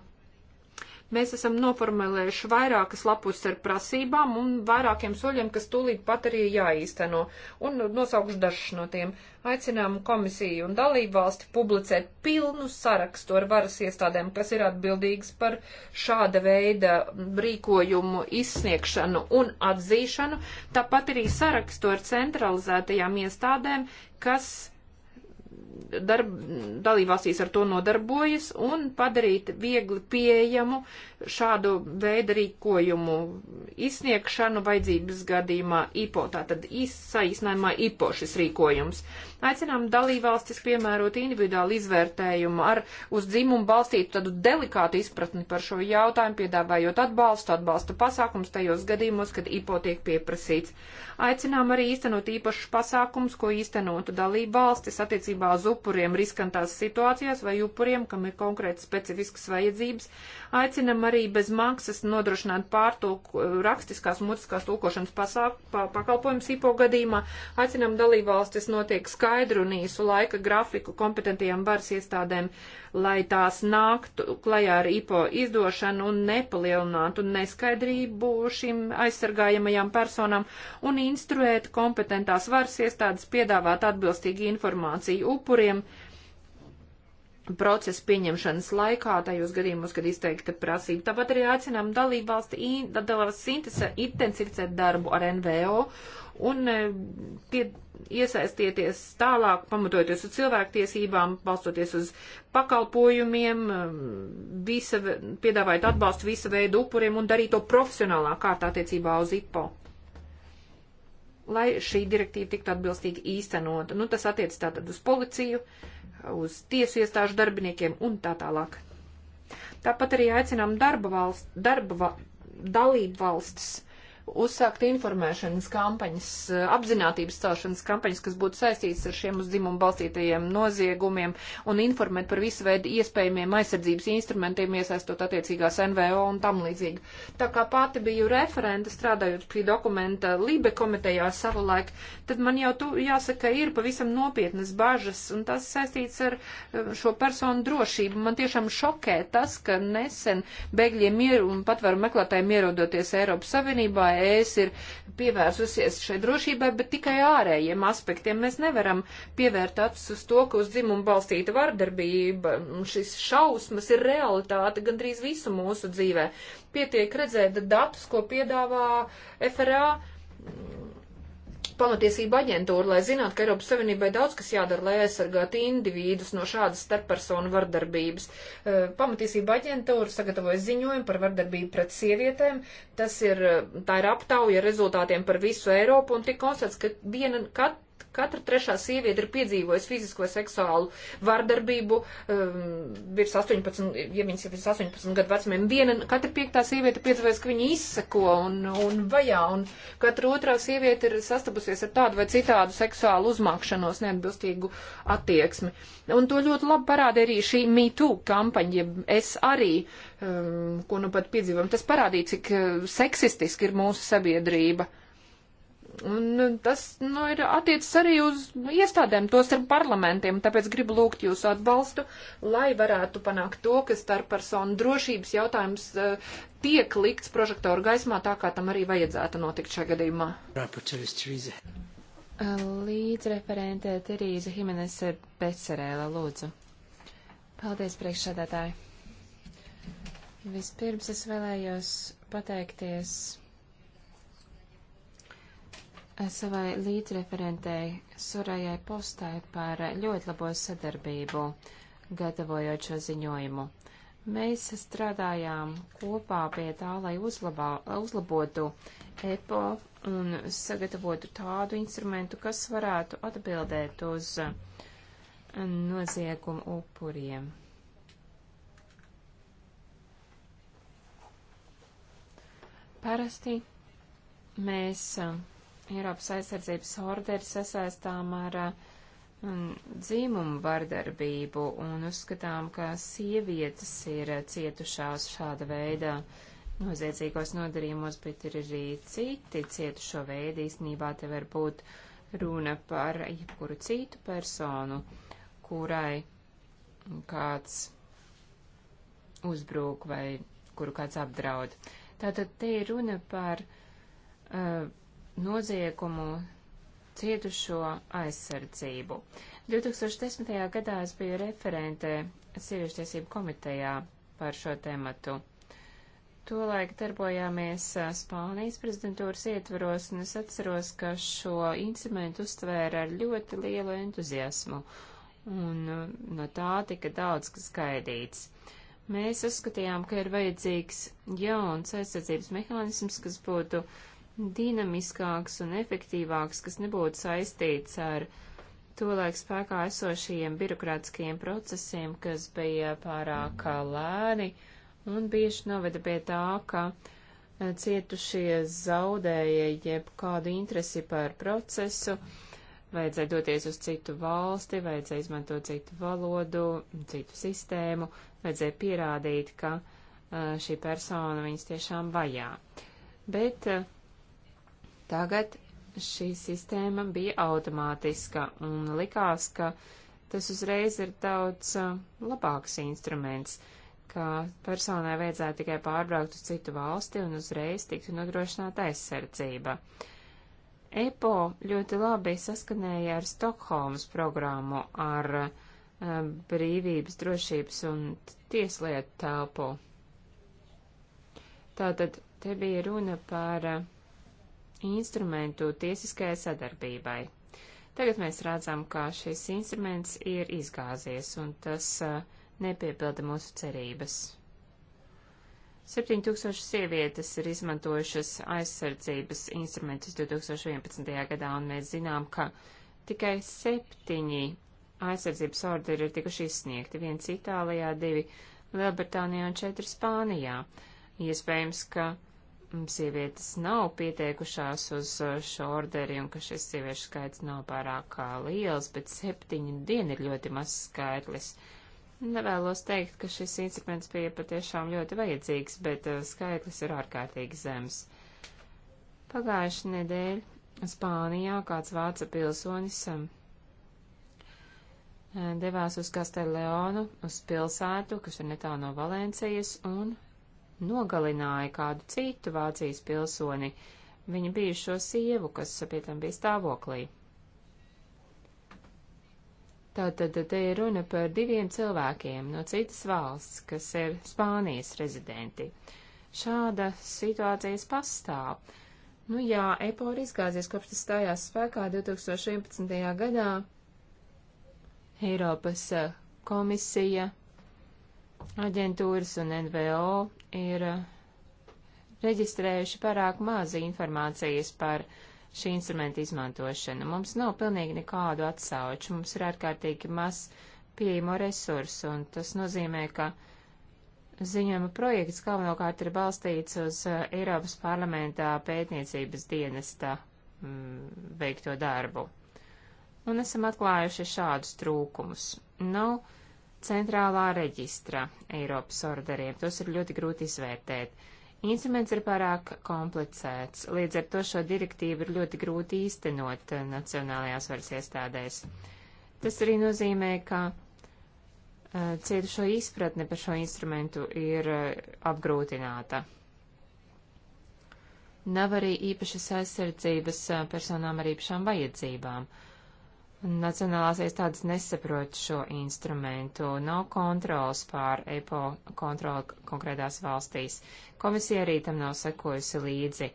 Mēs esam noformulējuši vairākas lapus ar prasībām un vairākiem soļiem, kas tūlīt pat arī jāīsteno. Un nosaukšu dažus no tiem. Aicinām komisiju un dalību valsti publicēt pilnu sarakstu ar varas iestādēm, kas ir atbildīgas par šāda veida rīkojumu izsniegšanu un atzīšanu. Tāpat arī sarakstu ar centralizētajām iestādēm, kas darb, dalībvalstīs ar to nodarbojas un padarīt viegli pieejamu šādu veidu rīkojumu izsniegšanu vajadzības gadījumā IPO, tātad saīsinājumā IPO šis rīkojums. Aicinām dalībvalstis piemērot individuālu izvērtējumu ar uz dzimumu balstītu tādu delikātu izpratni par šo jautājumu, piedāvājot atbalstu, atbalsta pasākums tajos gadījumos, kad IPO tiek pieprasīts. Aicinām arī īstenot īpašus pasākums, ko īstenotu dalībvalstis attiecībā uz upuriem riskantās situācijās vai upuriem, kam ir konkrēti specifiskas vajadzības, Aicinam arī bez maksas nodrošināt pārtulk rakstiskās mutiskās tulkošanas pasāk, pa, pakalpojums IPO gadījumā. Aicinam dalībvalstis notiek skaidru un īsu laika grafiku kompetentajām varas iestādēm, lai tās nāktu klajā ar IPO izdošanu un nepalielinātu neskaidrību šīm aizsargājamajām personām un instruēt kompetentās varas iestādes piedāvāt atbilstīgu informāciju upuriem procesa pieņemšanas laikā, tajos gadījumos, kad izteikta prasība. Tāpat arī aicinām dalībvalsti intensificēt darbu ar NVO un tie, e, iesaistieties tālāk, pamatojoties uz cilvēktiesībām, balstoties uz pakalpojumiem, e, visa, piedāvājot atbalstu visa veida upuriem un darīt to profesionālā kārtā attiecībā uz IPO lai šī direktīva tiktu atbilstīgi īstenota. Nu, tas attiec tātad uz policiju, uz tiesu iestāžu darbiniekiem un tā tālāk. Tāpat arī aicinām darba, valst, darba va, dalību valstis uzsākt informēšanas kampaņas, eh, apzinātības celšanas kampaņas, kas būtu saistītas ar šiem uz dzimumu balstītajiem noziegumiem un informēt par visu veidu iespējamiem aizsardzības instrumentiem, iesaistot attiecīgās NVO un tam līdzīgi. Tā kā pati biju referente strādājot pie dokumenta Libe komitejā savulaik, tad man jau tu, jāsaka, ir pavisam nopietnas bažas un tas saistīts ar eh, šo personu drošību. Man tiešām šokē tas, ka nesen bēgļiem ir un patvaru meklētājiem ierodoties Eiropas Savienībā, ES ir pievērsusies šai drošībai, bet tikai ārējiem aspektiem. Mēs nevaram pievērt acis uz to, ka uz dzimumu balstīta vardarbība, šis šausmas ir realitāte gandrīz visu mūsu dzīvē. Pietiek redzēt datus, ko piedāvā FRA pamatiesība aģentūra, lai zinātu, ka Eiropas Savienībai daudz kas jādara, lai aizsargātu individus no šādas starppersonu vardarbības. Eh, pamatiesība aģentūra sagatavoja ziņojumu par vardarbību pret sievietēm. Tas ir, eh, tā ir aptauja rezultātiem par visu Eiropu un tik konstatēts, ka viena, kat, Katra trešā sieviete ir piedzīvojusi fizisko seksuālu vardarbību um, virs 18, ja viņas ir virs 18 gadu vecumiem. Viena, katra piektā sieviete piedzīvojusi, ka viņa izseko un, un vajā, un katra otrā sieviete ir sastapusies ar tādu vai citādu seksuālu uzmākšanos neatbilstīgu attieksmi. Un to ļoti labi parāda arī šī MeToo kampaņa, ja es arī, um, ko nu pat piedzīvojam. Tas parādīja, cik uh, seksistiski ir mūsu sabiedrība. Uh, Un tas nu, ir attiecis arī uz iestādēm, tos ar parlamentiem, tāpēc gribu lūgt jūsu atbalstu, lai varētu panākt to, ka starp personu drošības jautājums uh, tiek likts prožektoru gaismā, tā kā tam arī vajadzētu notikt šajā gadījumā. Eh, līdzreferente Terīza Himenese Becerēla, lūdzu. Paldies, priekšsēdētāji. Vispirms es vēlējos pateikties savai līdzreferentei Sorajai Postai par ļoti labo sadarbību, gatavojot šo ziņojumu. Mēs strādājām kopā pie tā, lai uzlabā, uzlabotu EPO un sagatavotu tādu instrumentu, kas varētu atbildēt uz noziegumu upuriem. Parasti mēs uh, Eiropas aizsardzības orderi sasaistām ar eh, mm, dzīmumu vardarbību un uzskatām, ka sievietes ir eh, cietušās šāda veida noziedzīgos nodarījumos, bet ir arī citi cietušo veidi. Īsnībā te var būt runa par jebkuru citu personu, kurai kāds uzbrūk vai kuru kāds apdraud. Tātad te ir runa par uh, noziegumu cietušo aizsardzību. 2010. gadā es biju referente sieviešu tiesību komitejā par šo tematu. Tolaik darbojāmies Spānijas prezidentūras ietvaros, un es atceros, ka šo incidentu uztvēra ar ļoti lielu entuziasmu, un no tā tika daudz kas gaidīts. Mēs uzskatījām, ka ir vajadzīgs jauns aizsardzības mehānisms, kas būtu uh, dinamiskāks un efektīvāks, kas nebūtu saistīts ar tolaik spēkā esošajiem birokrātiskajiem procesiem, kas bija pārāk lēni un bieži noveda pie tā, ka eh, cietušie zaudēja jebkādu interesi par procesu, vajadzēja doties uz citu valsti, vajadzēja izmantot citu valodu, citu sistēmu, vajadzēja pierādīt, ka eh, šī persona viņas tiešām vajā. Bet uh, Tagad šī sistēma bija automātiska un likās, ka tas uzreiz ir daudz uh, labāks instruments, ka personai vajadzētu tikai pārbraukt uz citu valsti un uzreiz tiktu nodrošināta aizsardzība. EPO ļoti labi saskanēja ar Stokholmas programmu, ar uh, brīvības, drošības un tieslietu telpu. Tātad te bija runa par uh, instrumentu tiesiskajai sadarbībai. Tagad mēs redzam, ka šis instruments ir izgāzies, un tas nepiepilda mūsu cerības. 7000 sievietes ir izmantojušas aizsardzības instrumentus 2011. gadā, un mēs zinām, ka tikai septiņi aizsardzības orderi ir tikuši izsniegti, viens Itālijā, divi Lielbritānijā un četri Spānijā. Iespējams, ka sievietes nav pieteikušās uz eh, šo orderi un ka šis sieviešu skaits nav pārāk eh, liels, bet septiņi dieni ir ļoti mazs skaitlis. Nevēlos teikt, ka šis instruments bija patiešām ļoti vajadzīgs, bet eh, skaitlis ir ārkārtīgi zems. Pagājuši nedēļ Spānijā kāds vāca pilsonis devās uz Kastelleonu, uz pilsētu, kas ir netālu no Valencijas, un nogalināja kādu citu Vācijas pilsoni, viņa bijušo sievu, kas pie tam bija stāvoklī. Tātad te ir runa par diviem cilvēkiem no citas valsts, kas ir Spānijas rezidenti. Šāda situācijas pastāv. Nu jā, EPO ir izgāzies kopš tas stājās spēkā 2011. gadā. Eiropas eh, komisija aģentūras un NVO ir uh, reģistrējuši pārāk mazi informācijas par šī instrumenta izmantošanu. Mums nav pilnīgi nekādu atsauču, mums ir ārkārtīgi maz pieejamo resursu, un tas nozīmē, ka ziņojuma projekts galvenokārt ir balstīts uz uh, Eiropas parlamentā pētniecības dienesta mm, veikto darbu. Un esam atklājuši šādus trūkumus. Nav centrālā reģistra Eiropas orderiem. Tos ir ļoti grūti izvērtēt. Instruments ir pārāk komplicēts, līdz ar to šo direktīvu ir ļoti grūti īstenot eh, nacionālajās varas iestādēs. Tas arī nozīmē, ka uh, cietušo izpratne par šo instrumentu ir uh, apgrūtināta. Nav arī īpašas aizsardzības personām ar īpašām vajadzībām. Uh, Nacionālās iestādes nesaprot šo instrumentu, nav kontrols pār EPO kontroli konkrētās valstīs. Komisija arī tam nav sekojusi līdzi.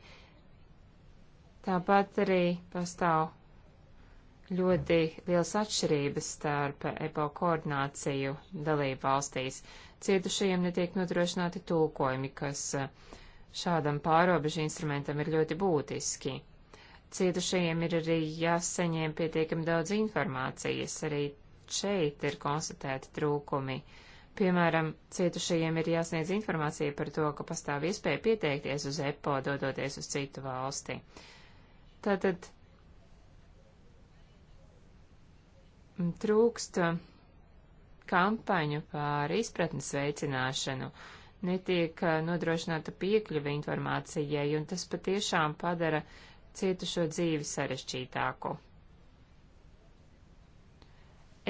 Tāpat arī pastāv ļoti liels atšķirības starp EPO koordināciju dalību valstīs. Cietušajiem netiek nodrošināti tulkojumi, kas eh, šādam pārobežu instrumentam ir ļoti būtiski. Cietušajiem ir arī jāsaņem pietiekami daudz informācijas, arī šeit ir konstatēti trūkumi. Piemēram, cietušajiem ir jāsniedz informācija par to, ka pastāv iespēja pieteikties uz EPO, dodoties uz citu valsti. Tātad trūkst kampaņu pār izpratnes veicināšanu, netiek nodrošināta piekļuva informācijai, un tas patiešām padara uh, cietušo dzīvi sarešķītāku.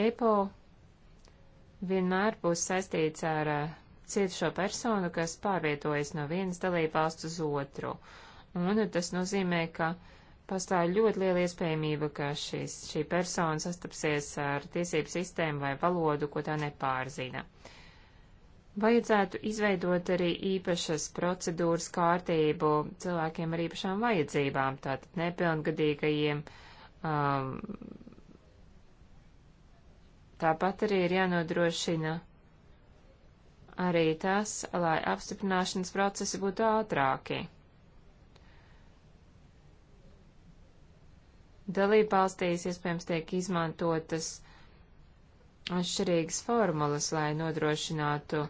EPO vienmēr būs saistīts ar eh, cietušo personu, kas pārvietojas no vienas dalībvalsts uz otru, un tas nozīmē, ka pastāv ļoti liela iespējamība, ka šis, šī persona sastapsies ar tiesību sistēmu vai valodu, ko tā nepārzina. Uh, Vajadzētu izveidot arī īpašas procedūras kārtību cilvēkiem ar īpašām vajadzībām, tātad nepilngadīgajiem. Um, tāpat arī ir jānodrošina arī tas, lai apstiprināšanas procesi būtu ātrāki. Dalībvalstīs iespējams tiek izmantotas atšķirīgas formulas, lai nodrošinātu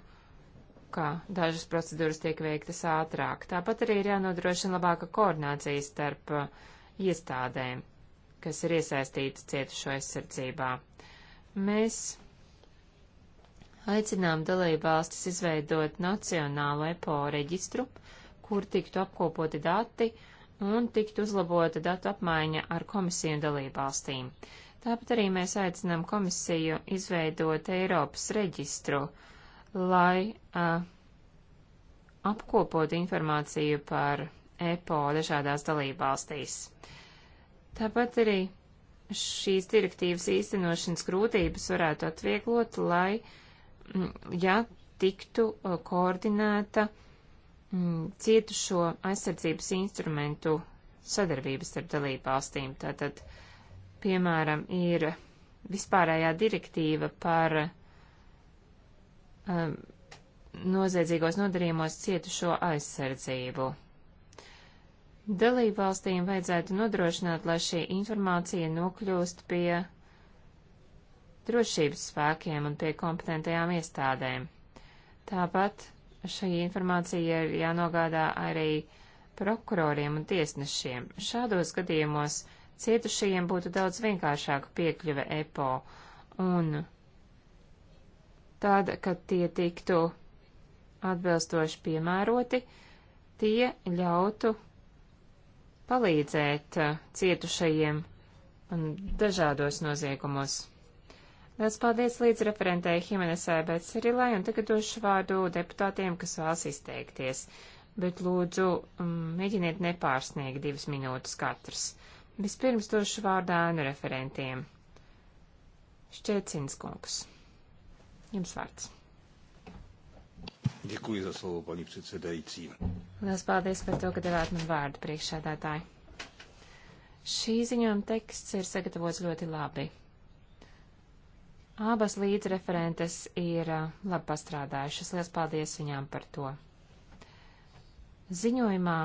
ka dažas procedūras tiek veiktas ātrāk. Tāpat arī ir jānodrošina labāka koordinācija starp uh, iestādēm, kas ir iesaistītas cietušo aizsardzībā. Mēs aicinām dalībvalstis izveidot nacionālu EPO reģistru, kur tiktu apkopoti dati un tiktu uzlabota datu apmaiņa ar komisiju un dalībvalstīm. Tāpat arī mēs aicinām komisiju izveidot Eiropas reģistru, uh, lai uh, apkopot informāciju par EPO dažādās dalībvalstīs. Tāpat arī šīs direktīvas īstenošanas grūtības varētu atvieglot, lai, ja tiktu koordinēta cietušo aizsardzības instrumentu sadarbības starp dalībvalstīm. Tātad, piemēram, ir vispārējā direktīva par um, noziedzīgos nodarījumos cietušo aizsardzību. Dalībvalstīm vajadzētu nodrošināt, lai šī informācija nokļūst pie drošības spēkiem un pie kompetentajām iestādēm. Tāpat šī informācija ir jānogādā arī prokuroriem un tiesnešiem. Šādos gadījumos cietušajiem būtu daudz vienkāršāka piekļuve EPO un tad, kad tie tiktu atbilstoši piemēroti, tie ļautu palīdzēt uh, cietušajiem dažādos noziegumos. Liels paldies līdz referentēji Himenesai Betserilai, un tagad došu vārdu deputātiem, kas vēlas izteikties, bet lūdzu mm, mēģiniet nepārsniegt divas minūtes katrs. Vispirms došu vārdu ēnu referentiem. Šķēcinskungs. kungs. Jums vārds. Děkuji za slovo, paní předsedající. Lielas paldies par to, ka devāt man vārdu priekšsēdētāji. Šī ziņojuma teksts ir sagatavots ļoti labi. Abas līdzreferentes ir uh, labi pastrādājušas. Lielas paldies viņām par to. Ziņojumā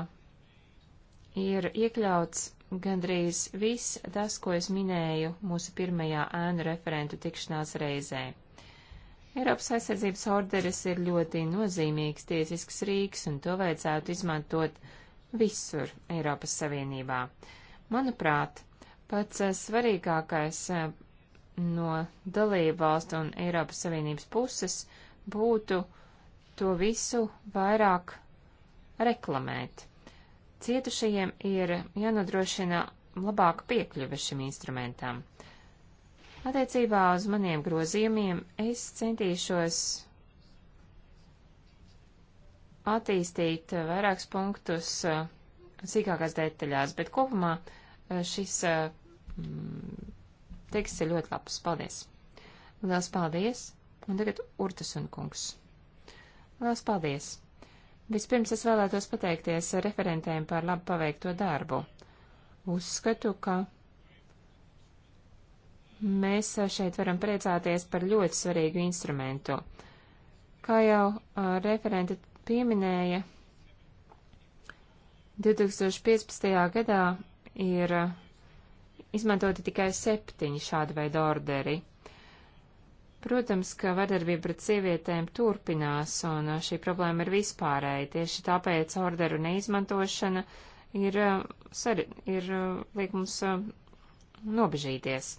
ir iekļauts gandrīz viss tas, ko es minēju mūsu pirmajā ēnu referentu tikšanās reizē. Eiropas aizsardzības orderis ir ļoti nozīmīgs tiesisks rīks, un to vajadzētu izmantot visur Eiropas Savienībā. Manuprāt, pats eh, svarīgākais eh, no dalību valstu un Eiropas Savienības puses būtu to visu vairāk reklamēt. Cietušajiem ir jānodrošina labāka piekļuve šim instrumentam. Attiecībā uz maniem grozījumiem es centīšos attīstīt eh, vairākus punktus eh, sīkākās detaļās, bet kopumā eh, šis mm, teksts ir ļoti labs. Paldies! Lielas paldies! Un tagad Urtas un kungs. Lielas paldies! Vispirms es vēlētos pateikties referentēm par labu paveikto darbu. Uzskatu, ka Mēs šeit varam priecāties par ļoti svarīgu instrumentu. Kā jau uh, referente pieminēja, 2015. gadā ir uh, izmantoti tikai septiņi šāda veida orderi. Protams, ka vardarbība pret sievietēm turpinās, un šī problēma ir vispārēja. Tieši tāpēc orderu neizmantošana ir, sar, ir liek mums nobežīties.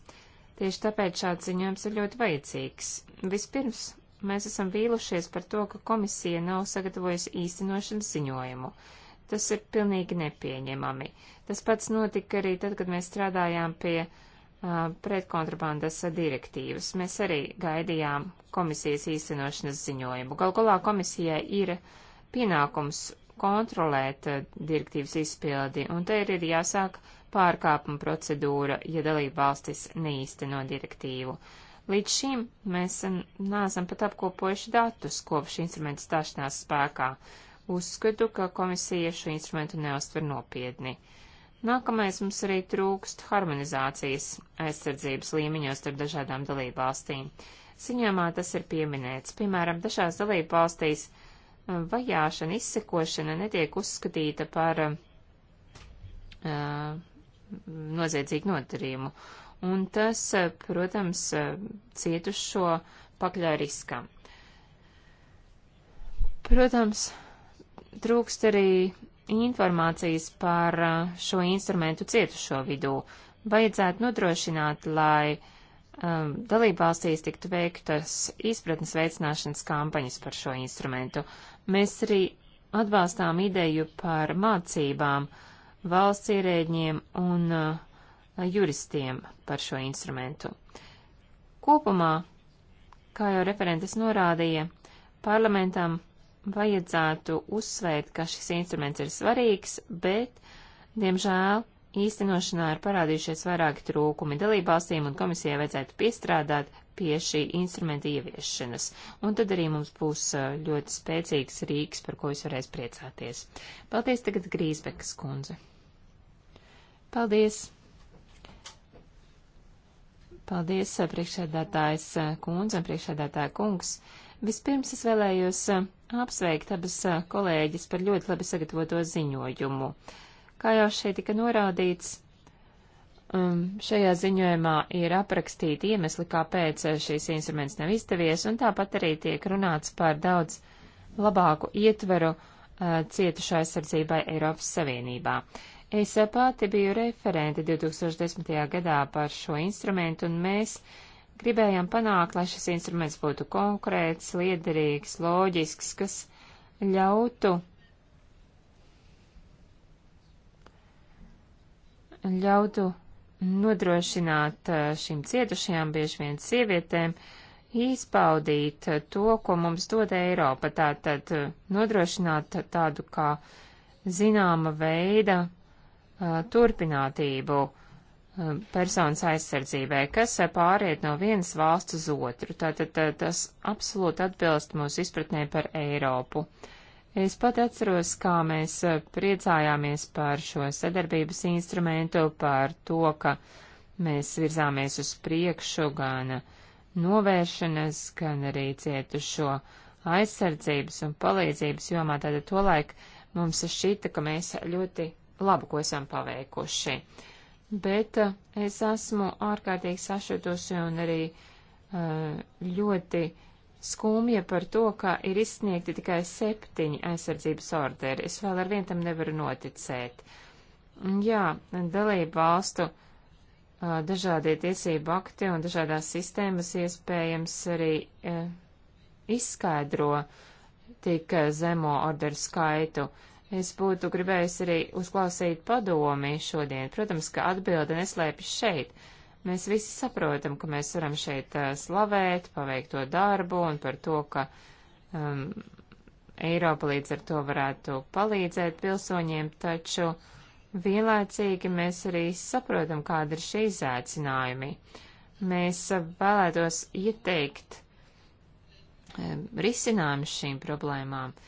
Tieši tāpēc šāds ziņojums ir ļoti vajadzīgs. Vispirms mēs esam vīlušies par to, ka komisija nav sagatavojusi īstenošanas ziņojumu. Tas ir pilnīgi nepieņemami. Tas pats notika arī tad, kad mēs strādājām pie uh, pretkontrabandas direktīvas. Mēs arī gaidījām komisijas īstenošanas ziņojumu. Galgulā komisijai ir pienākums kontrolēt uh, direktīvas izpildi, un te ir, ir jāsāk uh, pārkāpuma procedūra, ja dalība valstis neīsteno direktīvu. Līdz šim mēs neesam pat apkopojuši datus kopš instrumenta stāšanās spēkā. Uzskatu, ka komisija šo instrumentu neustver nopietni. Nākamais mums arī trūkst harmonizācijas aizsardzības līmeņos starp dažādām dalību valstīm. Ziņojumā tas ir pieminēts. Piemēram, dažās dalību valstīs uh, vajāšana, izsekošana netiek uzskatīta par uh, noziedzīgu notarījumu. Un tas, protams, cietušo pakļauj riskam. Protams, trūkst arī informācijas par uh, šo instrumentu cietušo vidū. Vajadzētu nodrošināt, lai um, dalībvalstīs tiktu veiktas izpratnes veicināšanas kampaņas par šo instrumentu. Mēs arī atbalstām ideju par mācībām uh, valsts ierēģiem un uh, juristiem par šo instrumentu. Kopumā, kā jau referentes norādīja, parlamentam vajadzētu uzsvērt, ka šis instruments ir svarīgs, bet, diemžēl, īstenošanā ir parādījušies vairāki trūkumi. Dalībvalstīm un komisijai vajadzētu piestrādāt pie šī instrumenta ieviešanas, un tad arī mums būs uh, ļoti spēcīgs rīks, par ko jūs varēs priecāties. Paldies tagad Grīsbekas kundze. Paldies! Paldies, eh, priekšsēdētājs eh, kundze un priekšsēdētāja kungs. Vispirms es vēlējos eh, apsveikt abas kolēģis par ļoti labi sagatavoto ziņojumu. Kā jau šeit tika norādīts, um, šajā ziņojumā ir aprakstīti iemesli, kāpēc šīs instruments nav izdevies, un tāpat arī tiek runāts par daudz labāku ietveru cietušā aizsardzībai Eiropas Savienībā. Es pati biju referente 2010. gadā par šo instrumentu, un mēs gribējām panākt, lai šis instruments būtu konkrēts, liederīgs, loģisks, kas ļautu ļautu nodrošināt eh, šīm cietušajām, bieži vien sievietēm, izpaudīt to, ko mums dod Eiropa, tātad nodrošināt tādu kā zināma veida Uh, turpinātību uh, personas aizsardzībai, kas uh, pāriet no vienas valsts uz otru. Tātad tas absolūti atbilst mūsu izpratnē par Eiropu. Es pat atceros, kā mēs priecājāmies par šo sadarbības instrumentu, par to, ka mēs virzāmies uz priekšu gan novēršanas, gan arī cietušo aizsardzības un palīdzības jomā. Tātad tolaik mums šķita, ka mēs ļoti labu, ko esam paveikuši. Bet eh, es esmu ārkārtīgi sašutusi un arī eh, ļoti skumja par to, ka ir izsniegti tikai septiņi aizsardzības orderi. Es vēl ar vien tam nevaru noticēt. Jā, dalību valstu eh, dažādie tiesību akti un dažādās sistēmas iespējams arī izskaidro tik zemo orderu skaitu. Es būtu gribējis arī uzklausīt padomi šodien. Protams, ka atbilde neslēpjas šeit. Mēs visi saprotam, ka mēs varam šeit slavēt, paveikt to darbu un par to, ka um, Eiropa līdz ar to varētu palīdzēt pilsoņiem, taču vienlaicīgi mēs arī saprotam, kāda ir šī izaicinājumi. Mēs vēlētos ieteikt um, risinājumus šīm problēmām,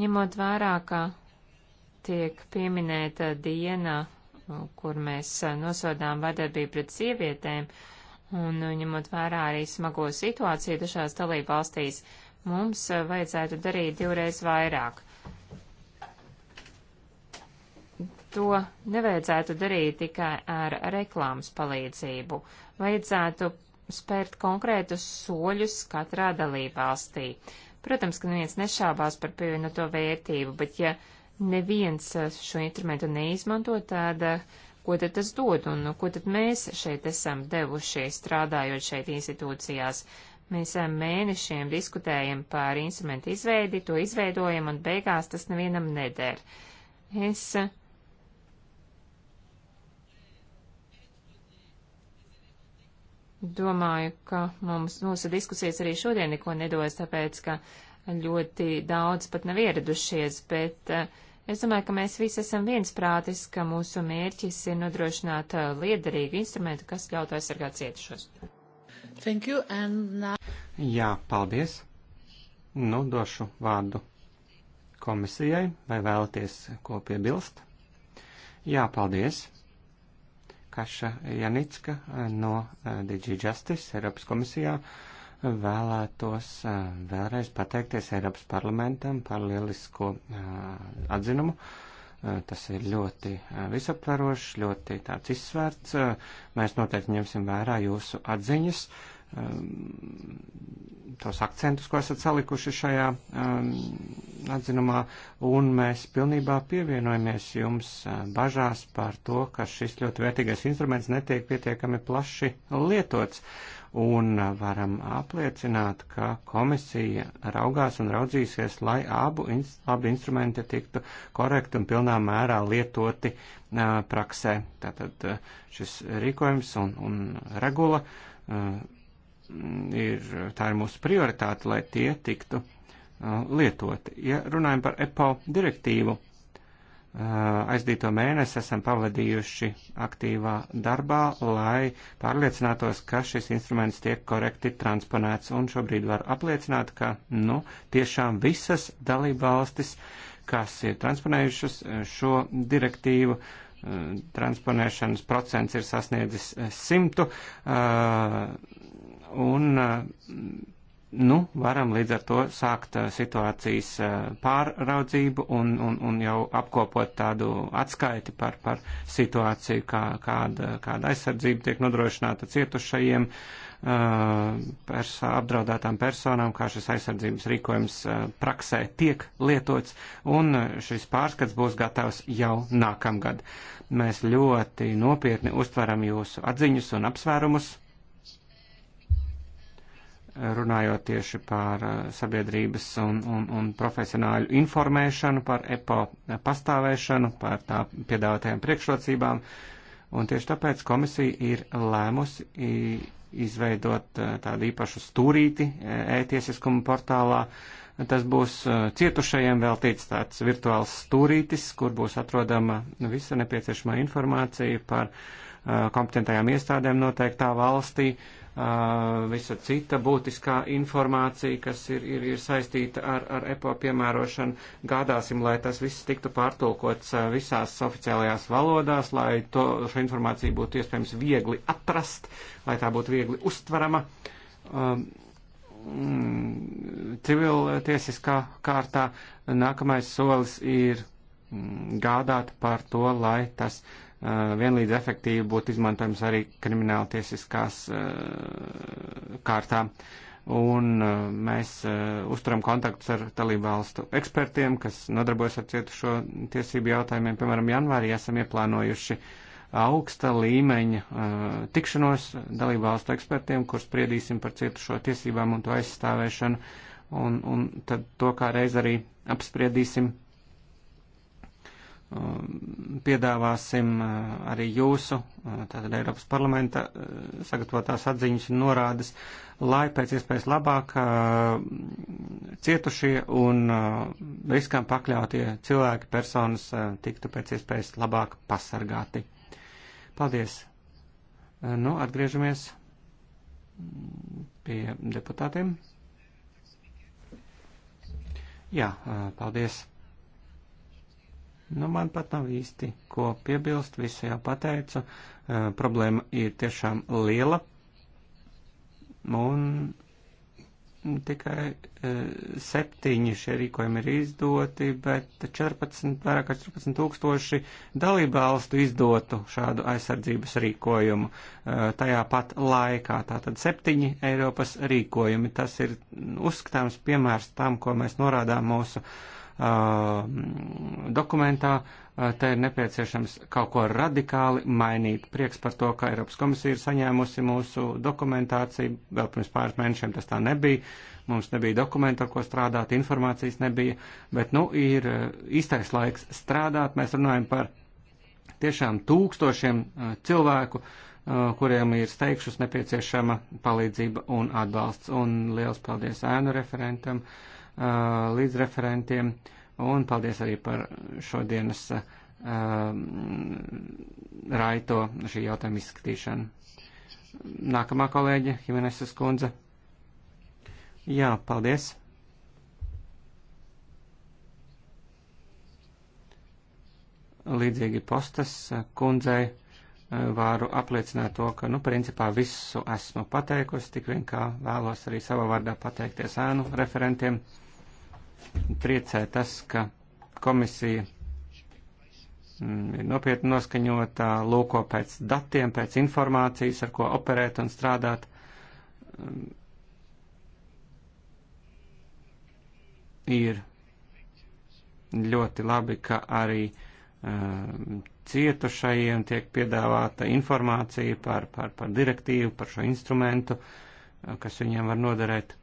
ņemot vērā, ka tiek pieminēta diena, uh, kur mēs uh, nosodām vardarbību pret sievietēm, un uh, ņemot vērā arī smago situāciju dažās dalību valstīs, mums vajadzētu darīt divreiz vairāk. To nevajadzētu darīt tikai ar reklāmas palīdzību. Vajadzētu spērt konkrētus soļus katrā dalībvalstī. Protams, ka neviens nešābās par pievienoto vērtību, bet ja uh, neviens eh, šo instrumentu neizmanto, tad eh, ko tad tas dod un ko tad mēs šeit esam devuši strādājot šeit institūcijās? Mēs eh, mēnešiem diskutējam par instrumentu izveidi, to izveidojam un beigās tas nevienam neder. Es domāju, ka mums mūsu diskusijas arī šodien neko nedos, tāpēc, ka ļoti daudz pat nav ieradušies, bet uh, Es domāju, ka mēs visi esam viensprātis, ka mūsu mērķis ir nodrošināt uh, liederīgu instrumentu, kas ļautu aizsargāt cietušos. Thank you, and now... Jā, paldies. Nu, došu vārdu komisijai, vai vēlaties ko piebilst? Jā, paldies. Kaša Janicka uh, no uh, DG Justice Eiropas komisijā. Uh, vēlētos vēlreiz pateikties Eiropas parlamentam par lielisko atzinumu. Tas ir ļoti visaptvarošs, ļoti tāds izsvērts. Mēs noteikti ņemsim vērā jūsu atziņas. Uh, Ehm, tos akcentus, ko esat salikuši šajā um, atzinumā, un mēs pilnībā pievienojamies jums ehm, bažās par to, ka šis ļoti vērtīgais instruments netiek pietiekami plaši lietots, un varam apliecināt, ka komisija raugās un raudzīsies, lai abu, abi instrumenti tiktu korekti un pilnā mērā lietoti uh, praksē. Tātad šis rīkojums un, un regula. Uh, Mm, ir, tā ir mūsu prioritāte, lai tie tiktu uh, lietoti. Ja runājam par EPO direktīvu, uh, aizdīto mēnesi esam pavadījuši aktīvā darbā, lai pārliecinātos, ka šis instruments tiek korekti transponēts. Un šobrīd var apliecināt, ka nu, tiešām visas dalībvalstis, kas ir transponējušas uh, šo direktīvu, transponēšanas procents ir sasniedzis simtu un, eh, nu, varam līdz ar to sākt eh, situācijas eh, pārraudzību un, un, un jau apkopot tādu atskaiti par, par situāciju, kā, kāda, kāda aizsardzība tiek nodrošināta cietušajiem perso, apdraudētām personām, kā šis aizsardzības rīkojums praksē tiek lietots, un šis pārskats būs gatavs jau nākamgad. Mēs ļoti nopietni uztveram jūsu atziņas un apsvērumus runājot tieši par eh, sabiedrības un, un, un profesionāļu informēšanu, par EPO pastāvēšanu, par tā piedāvātajām priekšrocībām. Un tieši tāpēc komisija ir lēmusi izveidot eh, tādu īpašu stūrīti eh, e-tiesiskuma portālā. Tas būs cietušajiem veltīts tāds virtuāls stūrītis, kur būs atrodama visa nepieciešamā informācija par kompetentajām iestādēm noteiktā valstī, uh, visa cita būtiskā informācija, kas ir, ir, ir saistīta ar, ar EPO piemērošanu. Gādāsim, lai tas viss tiktu pārtulkots visās oficiālajās valodās, lai to, šo informāciju būtu iespējams viegli atrast, lai tā būtu viegli uztverama. Um, Civiltiesiskā kārtā nākamais solis ir mm, gādāt par to, lai tas uh, Uh, vienlīdz efektīvi būtu izmantojams arī krimināla tiesiskās uh, kārtā. Un uh, mēs uzturam kontaktus ar dalību valstu ekspertiem, kas nodarbojas ar cietušo tiesību jautājumiem. Piemēram, janvārī esam ieplānojuši augsta līmeņa tikšanos dalību valstu ekspertiem, kur spriedīsim par cietušo tiesībām un to aizstāvēšanu. Un, un tad to kā reiz arī apspriedīsim Um, piedāvāsim uh, arī jūsu, uh, tātad Eiropas parlamenta uh, sagatavotās atziņas un norādes, lai pēc iespējas labāk cietušie un riskam pakļautie cilvēki, personas tiktu pēc iespējas labāk pasargāti. Paldies! Nu, atgriežamies pie deputātiem. Jā, paldies! Nu, man pat nav īsti ko piebilst, visu jau pateicu. Uh, problēma ir tiešām liela. Un tikai uh, septiņi šie rīkojumi ir izdoti, bet 14, vairāk kā 14 tūkstoši dalībvalstu izdotu šādu aizsardzības rīkojumu uh, tajā pat laikā. Tātad septiņi Eiropas rīkojumi. Tas ir uzskatāms piemērs tam, ko mēs norādām mūsu uh, Uh, dokumentā. Uh, te ir nepieciešams kaut ko radikāli mainīt. Prieks par to, ka Eiropas komisija ir saņēmusi mūsu dokumentāciju. Vēl pirms pāris mēnešiem tas tā nebija. Mums nebija dokumentu, ar ko strādāt, informācijas nebija. Bet, nu, ir uh, īstais laiks strādāt. Mēs runājam par tiešām tūkstošiem cilvēku, kuriem ir steigšus nepieciešama palīdzība un atbalsts. Un liels paldies ēnu referentam. Uh, Uh, līdzreferentiem un paldies arī par šodienas um, raito šī jautājuma izskatīšanu. Nākamā kolēģe, Jimenezes kundze. Jā, paldies. Līdzīgi postas kundzei uh, varu apliecināt to, ka, nu, principā visu esmu pateikusi, tik vien kā vēlos arī savā vārdā pateikties ēnu referentiem. Triecē tas, ka komisija mm, ir nopietni noskaņota, lūko pēc datiem, pēc informācijas, ar ko operēt un strādāt. Mm, ir ļoti labi, ka arī uh, cietušajiem tiek piedāvāta informācija par, par, par direktīvu, par šo instrumentu, kas viņiem var noderēt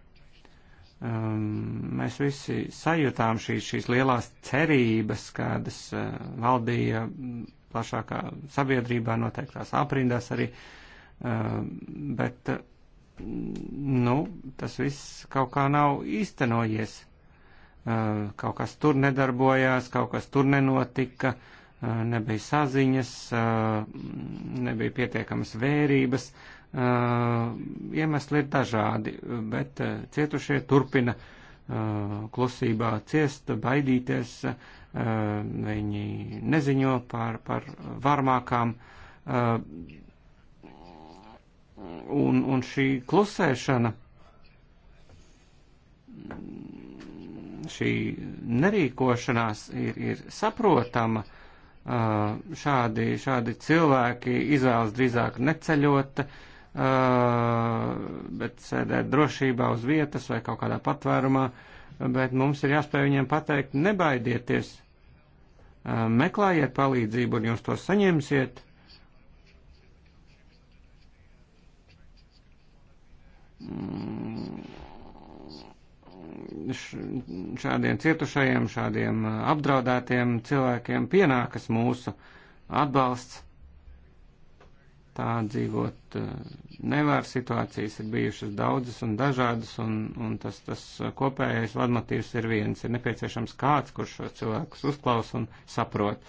um, mēs visi sajūtām šīs, šīs lielās cerības, kādas uh, valdīja plašākā sabiedrībā, noteiktās aprindās arī, uh, bet, uh, nu, tas viss kaut kā nav īstenojies. Uh, kaut kas tur nedarbojās, kaut kas tur nenotika, uh, nebija saziņas, uh, nebija pietiekamas vērības. Uh, Eh, iemesli ir dažādi, bet eh, cietušie turpina eh, klusībā ciest, baidīties, viņi neziņo par, par varmākām. Un, un šī klusēšana, šī nerīkošanās ir, ir saprotama. Šādi, šādi cilvēki izvēlas drīzāk neceļot, uh, Uh, bet sēdēt drošībā uz vietas vai kaut kādā patvērumā, bet mums ir jāspēj viņiem pateikt, nebaidieties, uh, meklējiet palīdzību un jūs to saņemsiet. Mm. Šādiem cietušajiem, šādiem uh, apdraudētiem cilvēkiem pienākas mūsu atbalsts Tā dzīvot eh, nevar, situācijas ir bijušas daudzas un dažādas, un, un tas, tas eh, kopējais vadmatīvs ir viens. Ir nepieciešams kāds, kurš šos cilvēkus uzklaus un saprot.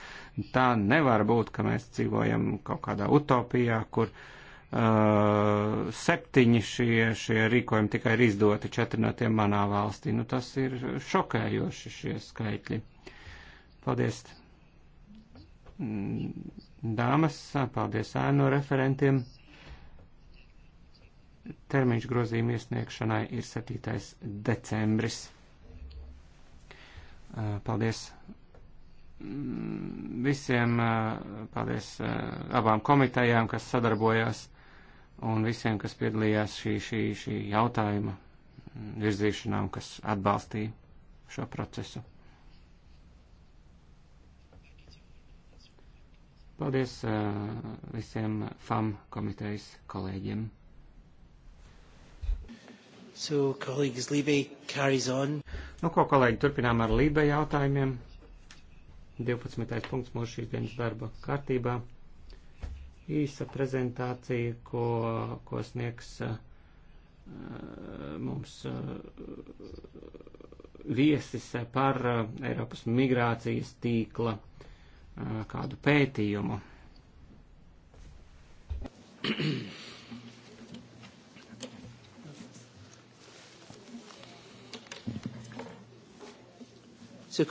Tā nevar būt, ka mēs dzīvojam kaut kādā utopijā, kur uh, septiņi šie, šie rīkojumi tikai ir izdoti, četri no tiem manā valstī. Nu, tas ir šokējoši šie skaitļi. Paldies! Mm, dāmas, paldies ēnu referentiem. Termiņš grozījuma iesniegšanai ir 7. decembris. Paldies mm, visiem, paldies abām komitejām, kas sadarbojās un visiem, kas piedalījās šī, šī, šī jautājuma virzīšanā un kas atbalstīja šo procesu. Paldies eh, visiem FAM komitejas kolēģiem. So, colleagues, Libe carries on. Nu, ko, kolēģi, turpinām ar Libe jautājumiem. 12. punkts mūsu šīs dienas darba kārtībā. Īsa prezentācija, ko, ko sniegs uh, mums uh, viesis par uh, Eiropas migrācijas tīkla uh, Uh, kādu pētījumu. So,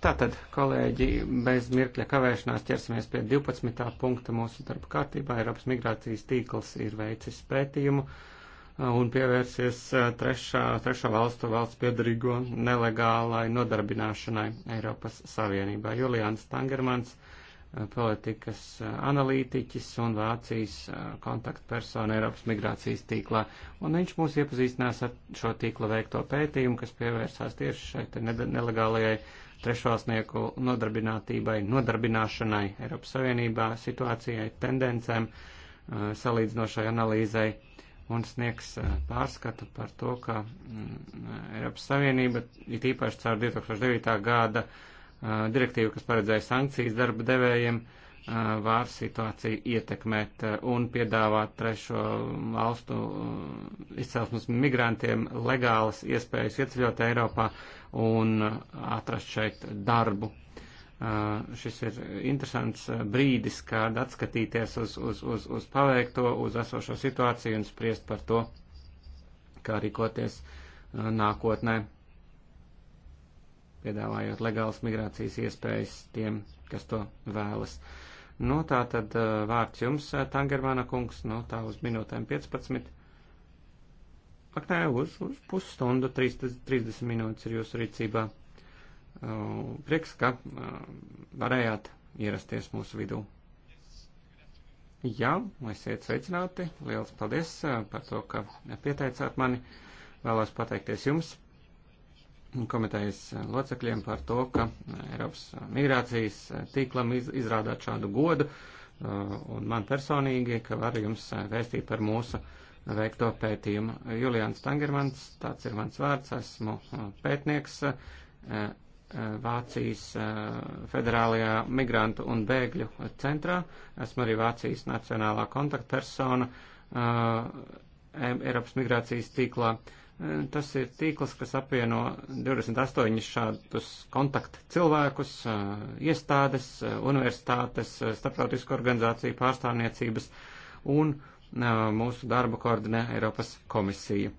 Tātad, kolēģi, bez mirkļa kavēšanās ķersimies pie 12. punkta mūsu darba kārtībā. Eiropas migrācijas tīkls ir veicis pētījumu. Uh, Uh, un pievērsties uh, trešā, trešā valstu valsts piedarīgo nelegālai nodarbināšanai Eiropas Savienībā. Julians Tangermans, uh, politikas analītiķis un Vācijas kontaktpersona Eiropas migrācijas tīklā. Un viņš mūs iepazīstinās ar šo tīkla veikto pētījumu, kas pievērsās tieši šai ne nelegālajai trešvalstnieku nodarbinātībai, nodarbināšanai Eiropas Savienībā, situācijai, tendencēm, salīdzinošai analīzai un sniegs eh, pārskatu par to, ka mm, Eiropas Savienība, it īpaši caur 2009. gada eh, direktīvu, kas paredzēja sankcijas darba devējiem, eh, var situāciju ietekmēt un piedāvāt trešo valstu izcelsmes migrantiem legālas iespējas ieceļot Eiropā un atrast šeit darbu šis ir interesants brīdis, kad atskatīties uz, uz, uz, uz paveikto, uz esošo situāciju un spriest par to, kā rīkoties nākotnē, piedāvājot legālas migrācijas iespējas tiem, kas to vēlas. Nu, tā tad vārds jums, Tangervāna kungs, nu, tā uz minūtēm 15. Ak, nē, uz, uz pusstundu 30, 30 minūtes ir jūsu rīcībā. Prieks, ka varējāt ierasties mūsu vidū. Jā, esiet sveicināti. Liels paldies par to, ka pieteicāt mani. Vēlos pateikties jums, komitejas locekļiem, par to, ka Eiropas migrācijas tīklam izrādāt šādu godu un man personīgi, ka varu jums vēstīt par mūsu veikto pētījumu. Julians Tangermans, tāds ir mans vārds, esmu pētnieks Vācijas eh, federālajā migrantu un bēgļu centrā. Esmu arī Vācijas nacionālā kontaktpersona eh, Eiropas migrācijas tīklā. Eh, tas ir tīkls, kas apvieno 28 šādus kontaktu cilvēkus, iestādes, universitātes, starptautisku organizāciju pārstāvniecības un mūsu darbu koordinē Eiropas komisija.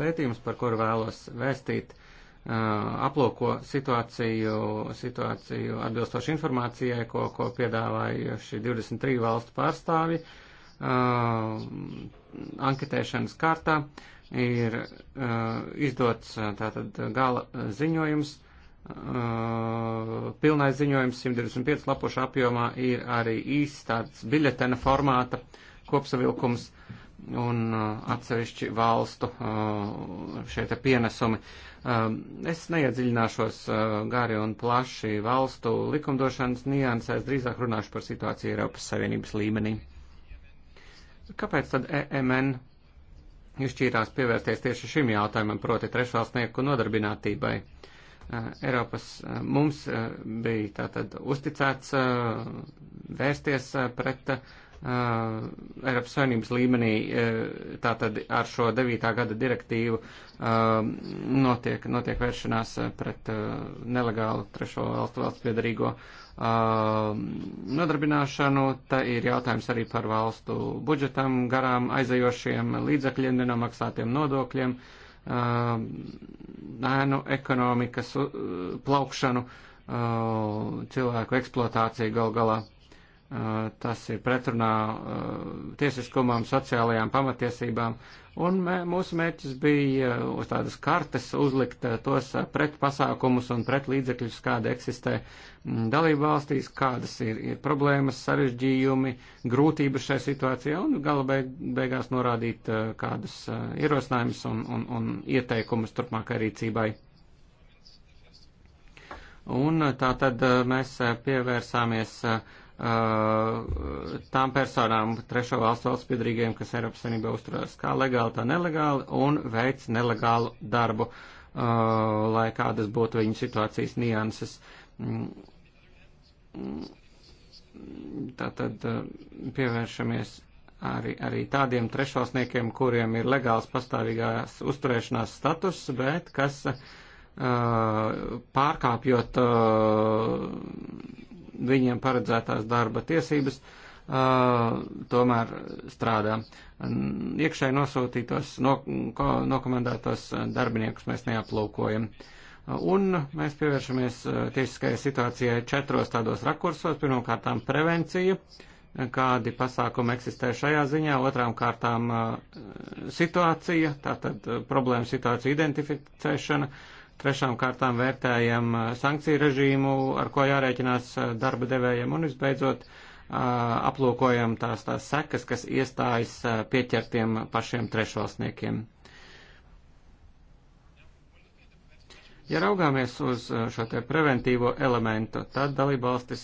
Pētījums, par kuru vēlos vēstīt, Uh, aplūko situāciju, situāciju atbilstoši informācijai, ko, ko piedāvājuši 23 valstu pārstāvi uh, anketēšanas kārtā. Ir uh, izdots tātad gala ziņojums, pilnais ziņojums 125 lapušu apjomā ir arī īsts tāds biļetena formāta kopsavilkums. Uh, un uh, atsevišķi valstu uh, šeit pienesumi. Um, es neiedziļināšos uh, gari un plaši valstu likumdošanas niansēs, drīzāk runāšu par situāciju Eiropas Savienības līmenī. Kāpēc tad EMN izšķīrās pievērsties tieši šim jautājumam, proti trešvalstnieku nodarbinātībai? Eiropas mums bija tātad uzticēts vērsties pret Uh, Eiropas Savienības līmenī uh, tātad ar šo 9. gada direktīvu uh, notiek, notiek vēršanās pret nelegālu trešo valstu valsts piedarīgo nodarbināšanu. Tā ir jautājums arī par valstu budžetam, garām aizajošiem līdzekļiem, nenomaksātiem nodokļiem, ēnu ekonomikas plaukšanu, cilvēku eksploatāciju gal galā. Eh, tas ir pretrunā eh, tiesiskumam, sociālajām pamatiesībām, un mē, mūsu mērķis bija eh, uz tādas kartes uzlikt tos pretpasākumus un pretlīdzekļus, kāda eksistē mm, dalību valstīs, kādas ir, ir problēmas, sarežģījumi, grūtības šai situācijā, un gala beig, beigās norādīt kādus ierosinājumus un, un, un ieteikumus turpmākai rīcībai. Un tā tad mēs pievērsāmies uh, Uh, tām personām, trešo valstu valsts piedrīgiem, kas Eiropas Savienībā uzturās kā legāli, tā nelegāli un veic nelegālu darbu, uh, lai kādas būtu viņu situācijas nianses. Tātad uh, pievēršamies arī, arī tādiem trešvalstniekiem, kuriem ir legāls pastāvīgās uzturēšanās status, bet kas pārkāpjot viņiem paredzētās darba tiesības, tomēr strādā. Iekšēji nosūtītos, no, ko, nokomendētos darbiniekus mēs neaplūkojam. Un mēs pievēršamies tiesiskajai situācijai četros tādos rakursos. Pirmkārtām prevencija, kādi pasākumi eksistē šajā ziņā, otrām kārtām situācija, tātad problēma situācija identificēšana, uh, Trešām kārtām vērtējam uh, sankciju režīmu, ar ko jārēķinās uh, darba devējiem un visbeidzot uh, aplūkojam tās, tās sekas, kas iestājas pieķertiem pašiem trešvalstniekiem. Ja raugāmies uz šo te preventīvo elementu, tad dalībvalstis,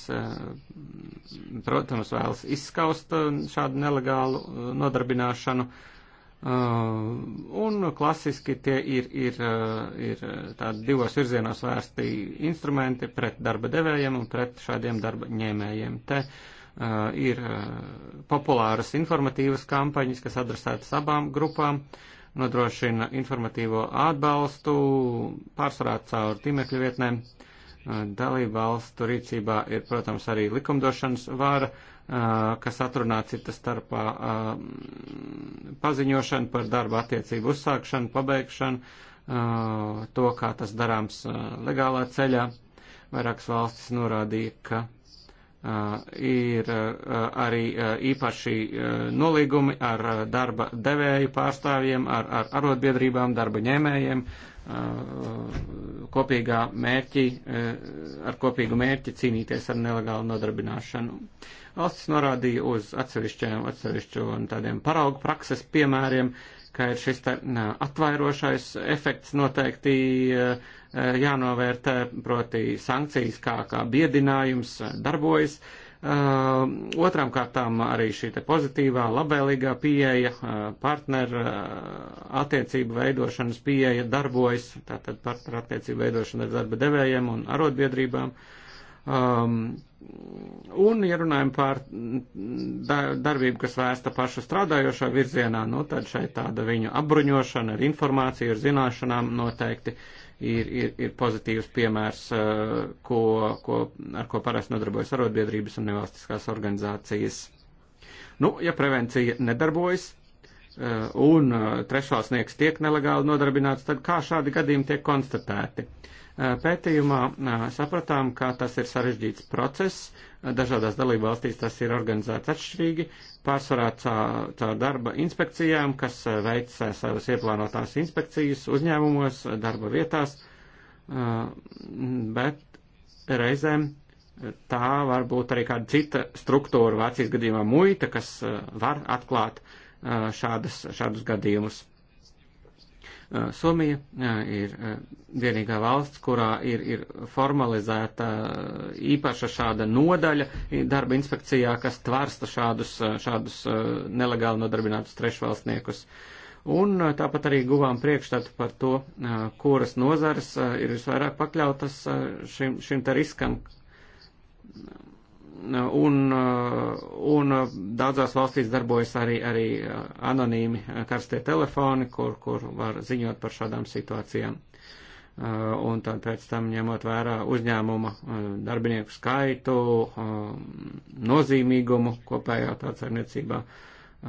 protams, vēlas izskaust šādu nelegālu nodarbināšanu, uh, Uh, un klasiski tie ir, ir, uh, ir uh, tādi divos virzienos vērsti instrumenti pret darba devējiem un pret šādiem darba ņēmējiem. Te ir populāras informatīvas kampaņas, kas adresētas abām grupām nodrošina informatīvo atbalstu pārsvarā caur tīmekļu vietnēm. Dalība valstu rīcībā ir, protams, arī likumdošanas vāra, kas atrunāts cita starpā paziņošana par darba attiecību uzsākšanu, pabeigšanu, to, kā tas darāms legālā ceļā. Vairākas valstis norādīja, ka ir arī īpaši nolīgumi ar darba devēju pārstāvjiem, ar, ar arotbiedrībām, darba ņēmējiem, kopīgā mērķi, ar kopīgu mērķi cīnīties ar nelegālu nodarbināšanu. Uh, Valsts norādīja uz atsevišķiem, atsevišķu un tādiem paraugu prakses piemēriem, ka ir šis tā, atvairošais efekts noteikti jānovērtē, proti sankcijas kā, kā biedinājums darbojas. Uh, otram kārtām arī šī pozitīvā, labvēlīgā pieeja, uh, partneru uh, attiecību veidošanas pieeja darbojas, tātad partneru attiecību veidošana ar darba devējiem un arotbiedrībām. Uh, Um, un, ja runājam par darbību, kas vērsta pašu strādājošā virzienā, nu, tad šeit tāda viņu apbruņošana ar informāciju, ar zināšanām noteikti ir, ir, ir pozitīvs piemērs, uh, ko, ko, ar ko parasti nodarbojas arotbiedrības un nevalstiskās organizācijas. Nu, ja prevencija nedarbojas, uh, un uh, trešvalstnieks tiek nelegāli nodarbināts, tad kā šādi gadījumi tiek konstatēti? Uh, Eh, pētījumā eh, sapratām, ka tas ir sarežģīts process, eh, dažādās dalībvalstīs tas ir organizēts atšķirīgi, pārsvarā caur darba inspekcijām, kas veic savas ieplānotās inspekcijas uzņēmumos, darba vietās, bet reizēm tā var būt arī kāda cita struktūra, Vācijas gadījumā muita, kas var atklāt šādas, šādus gadījumus. Uh, Somija uh, ir uh, vienīgā valsts, kurā ir, ir formalizēta īpaša šāda nodaļa darba inspekcijā, kas tvarsta šādus, šādus nelegāli nodarbinātus trešvalstniekus. Un tāpat arī guvām priekšstatu par to, kuras nozares ir visvairāk pakļautas šim, šim te riskam, un, un daudzās valstīs darbojas arī, arī anonīmi karstie telefoni, kur, kur var ziņot par šādām situācijām. Un tad pēc tam ņemot vērā uzņēmuma uh, darbinieku skaitu, um, nozīmīgumu kopējā tādsaimniecībā, uh,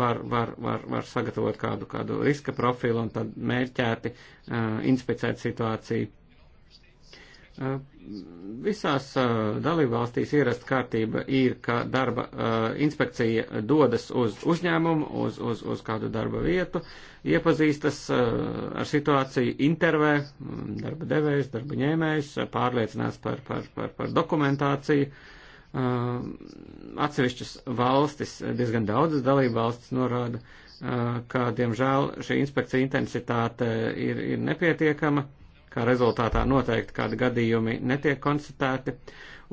var, var, var, var sagatavot kādu, kādu riska profilu un tad mērķēti uh, inspicēt situāciju Eh, visās eh, dalībvalstīs ierasta kārtība ir, ka darba eh, inspekcija dodas uz uzņēmumu, uz, uz, uz kādu darba vietu, iepazīstas ar situāciju, intervē mm, darba devējs, darba ņēmējs, pārliecinās par, par, par, par dokumentāciju. Atsevišķas valstis, diezgan daudzas dalībvalstis norāda, ka, diemžēl, šī inspekcija intensitāte ir, ir nepietiekama kā rezultātā noteikti kādi gadījumi netiek konstatēti,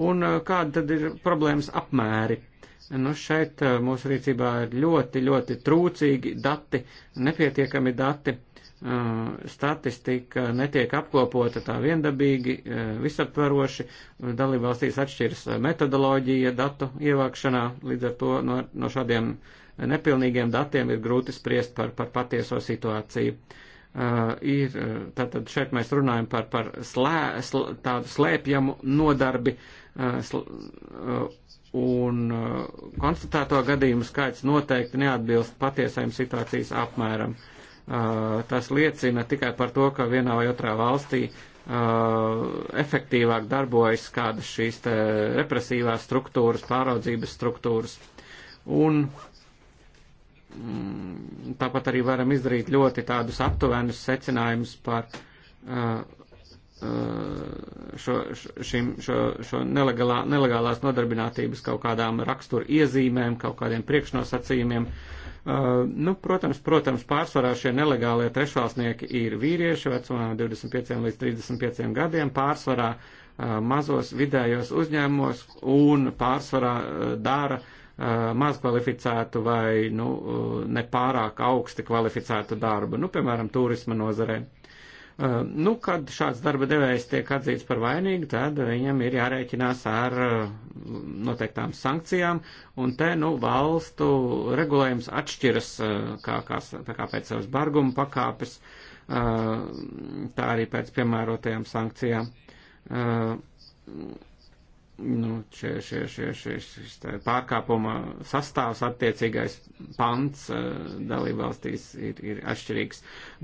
un uh, kāda tad ir problēmas apmēri. Nu, šeit uh, mūsu rīcībā ir ļoti, ļoti trūcīgi dati, nepietiekami dati, uh, statistika netiek apkopota tā viendabīgi, visaptvaroši, dalībvalstīs atšķiras metodoloģija datu ievākšanā, līdz ar to no, no šādiem nepilnīgiem datiem ir grūti spriest par, par patieso situāciju. Uh, Uh, ir, uh, tātad šeit mēs runājam par, par slē, sl, tādu slēpjamu nodarbi, uh, sl, uh, un uh, konstatēto gadījumu skaits noteikti neatbilst patiesajam situācijas apmēram. Uh, tas liecina tikai par to, ka vienā vai otrā valstī uh, efektīvāk darbojas kādas šīs represīvās struktūras, pāraudzības struktūras. Un uh, Mm, tāpat arī varam izdarīt ļoti tādus aptuvenus secinājumus par uh, uh šo, šim, šo, šo nelegālā, nelegālās nodarbinātības kaut kādām rakstura iezīmēm, kaut kādiem priekšnosacījumiem. Uh, nu, protams, protams, pārsvarā šie nelegālie trešvalstnieki ir vīrieši vecumā 25 līdz 35 gadiem, pārsvarā uh, mazos vidējos uzņēmumos un pārsvarā uh, dara uh, Uh, maz kvalificētu vai nu, uh, nepārāk augsti kvalificētu darbu, nu, piemēram, turisma nozarē. Uh, nu, kad šāds darba devējs tiek atzīts par vainīgu, tad viņam ir jārēķinās ar noteiktām sankcijām, un te, nu, valstu regulējums atšķiras kā, kā, kā pēc savas barguma pakāpes, tā arī pēc piemērotajām sankcijām nu, šie, šie, šie, šie, šis pārkāpuma sastāvs attiecīgais pants eh, dalībvalstīs ir, ir atšķirīgs.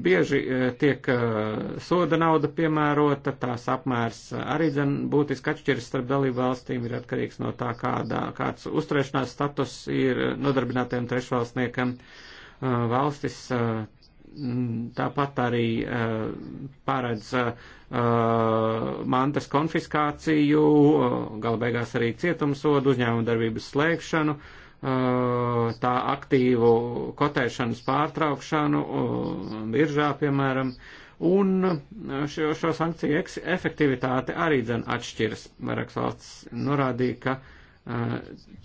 Bieži eh, tiek eh, soda nauda piemērota, tās apmērs arī dzen būtiski atšķiras starp dalībvalstīm, ir atkarīgs no tā, kādā, kāds uzturēšanās status ir nodarbinātiem trešvalstniekam. Valstis Tāpat arī eh, paredz eh, mantas konfiskāciju, eh, gala beigās arī cietumsodu, uzņēmuma darbības slēgšanu, tā aktīvu kotēšanas pārtraukšanu, biržā, piemēram, un šo, šo sankciju efektivitāte arī dzen atšķiras. Vairākas valsts norādīja, ka Eh,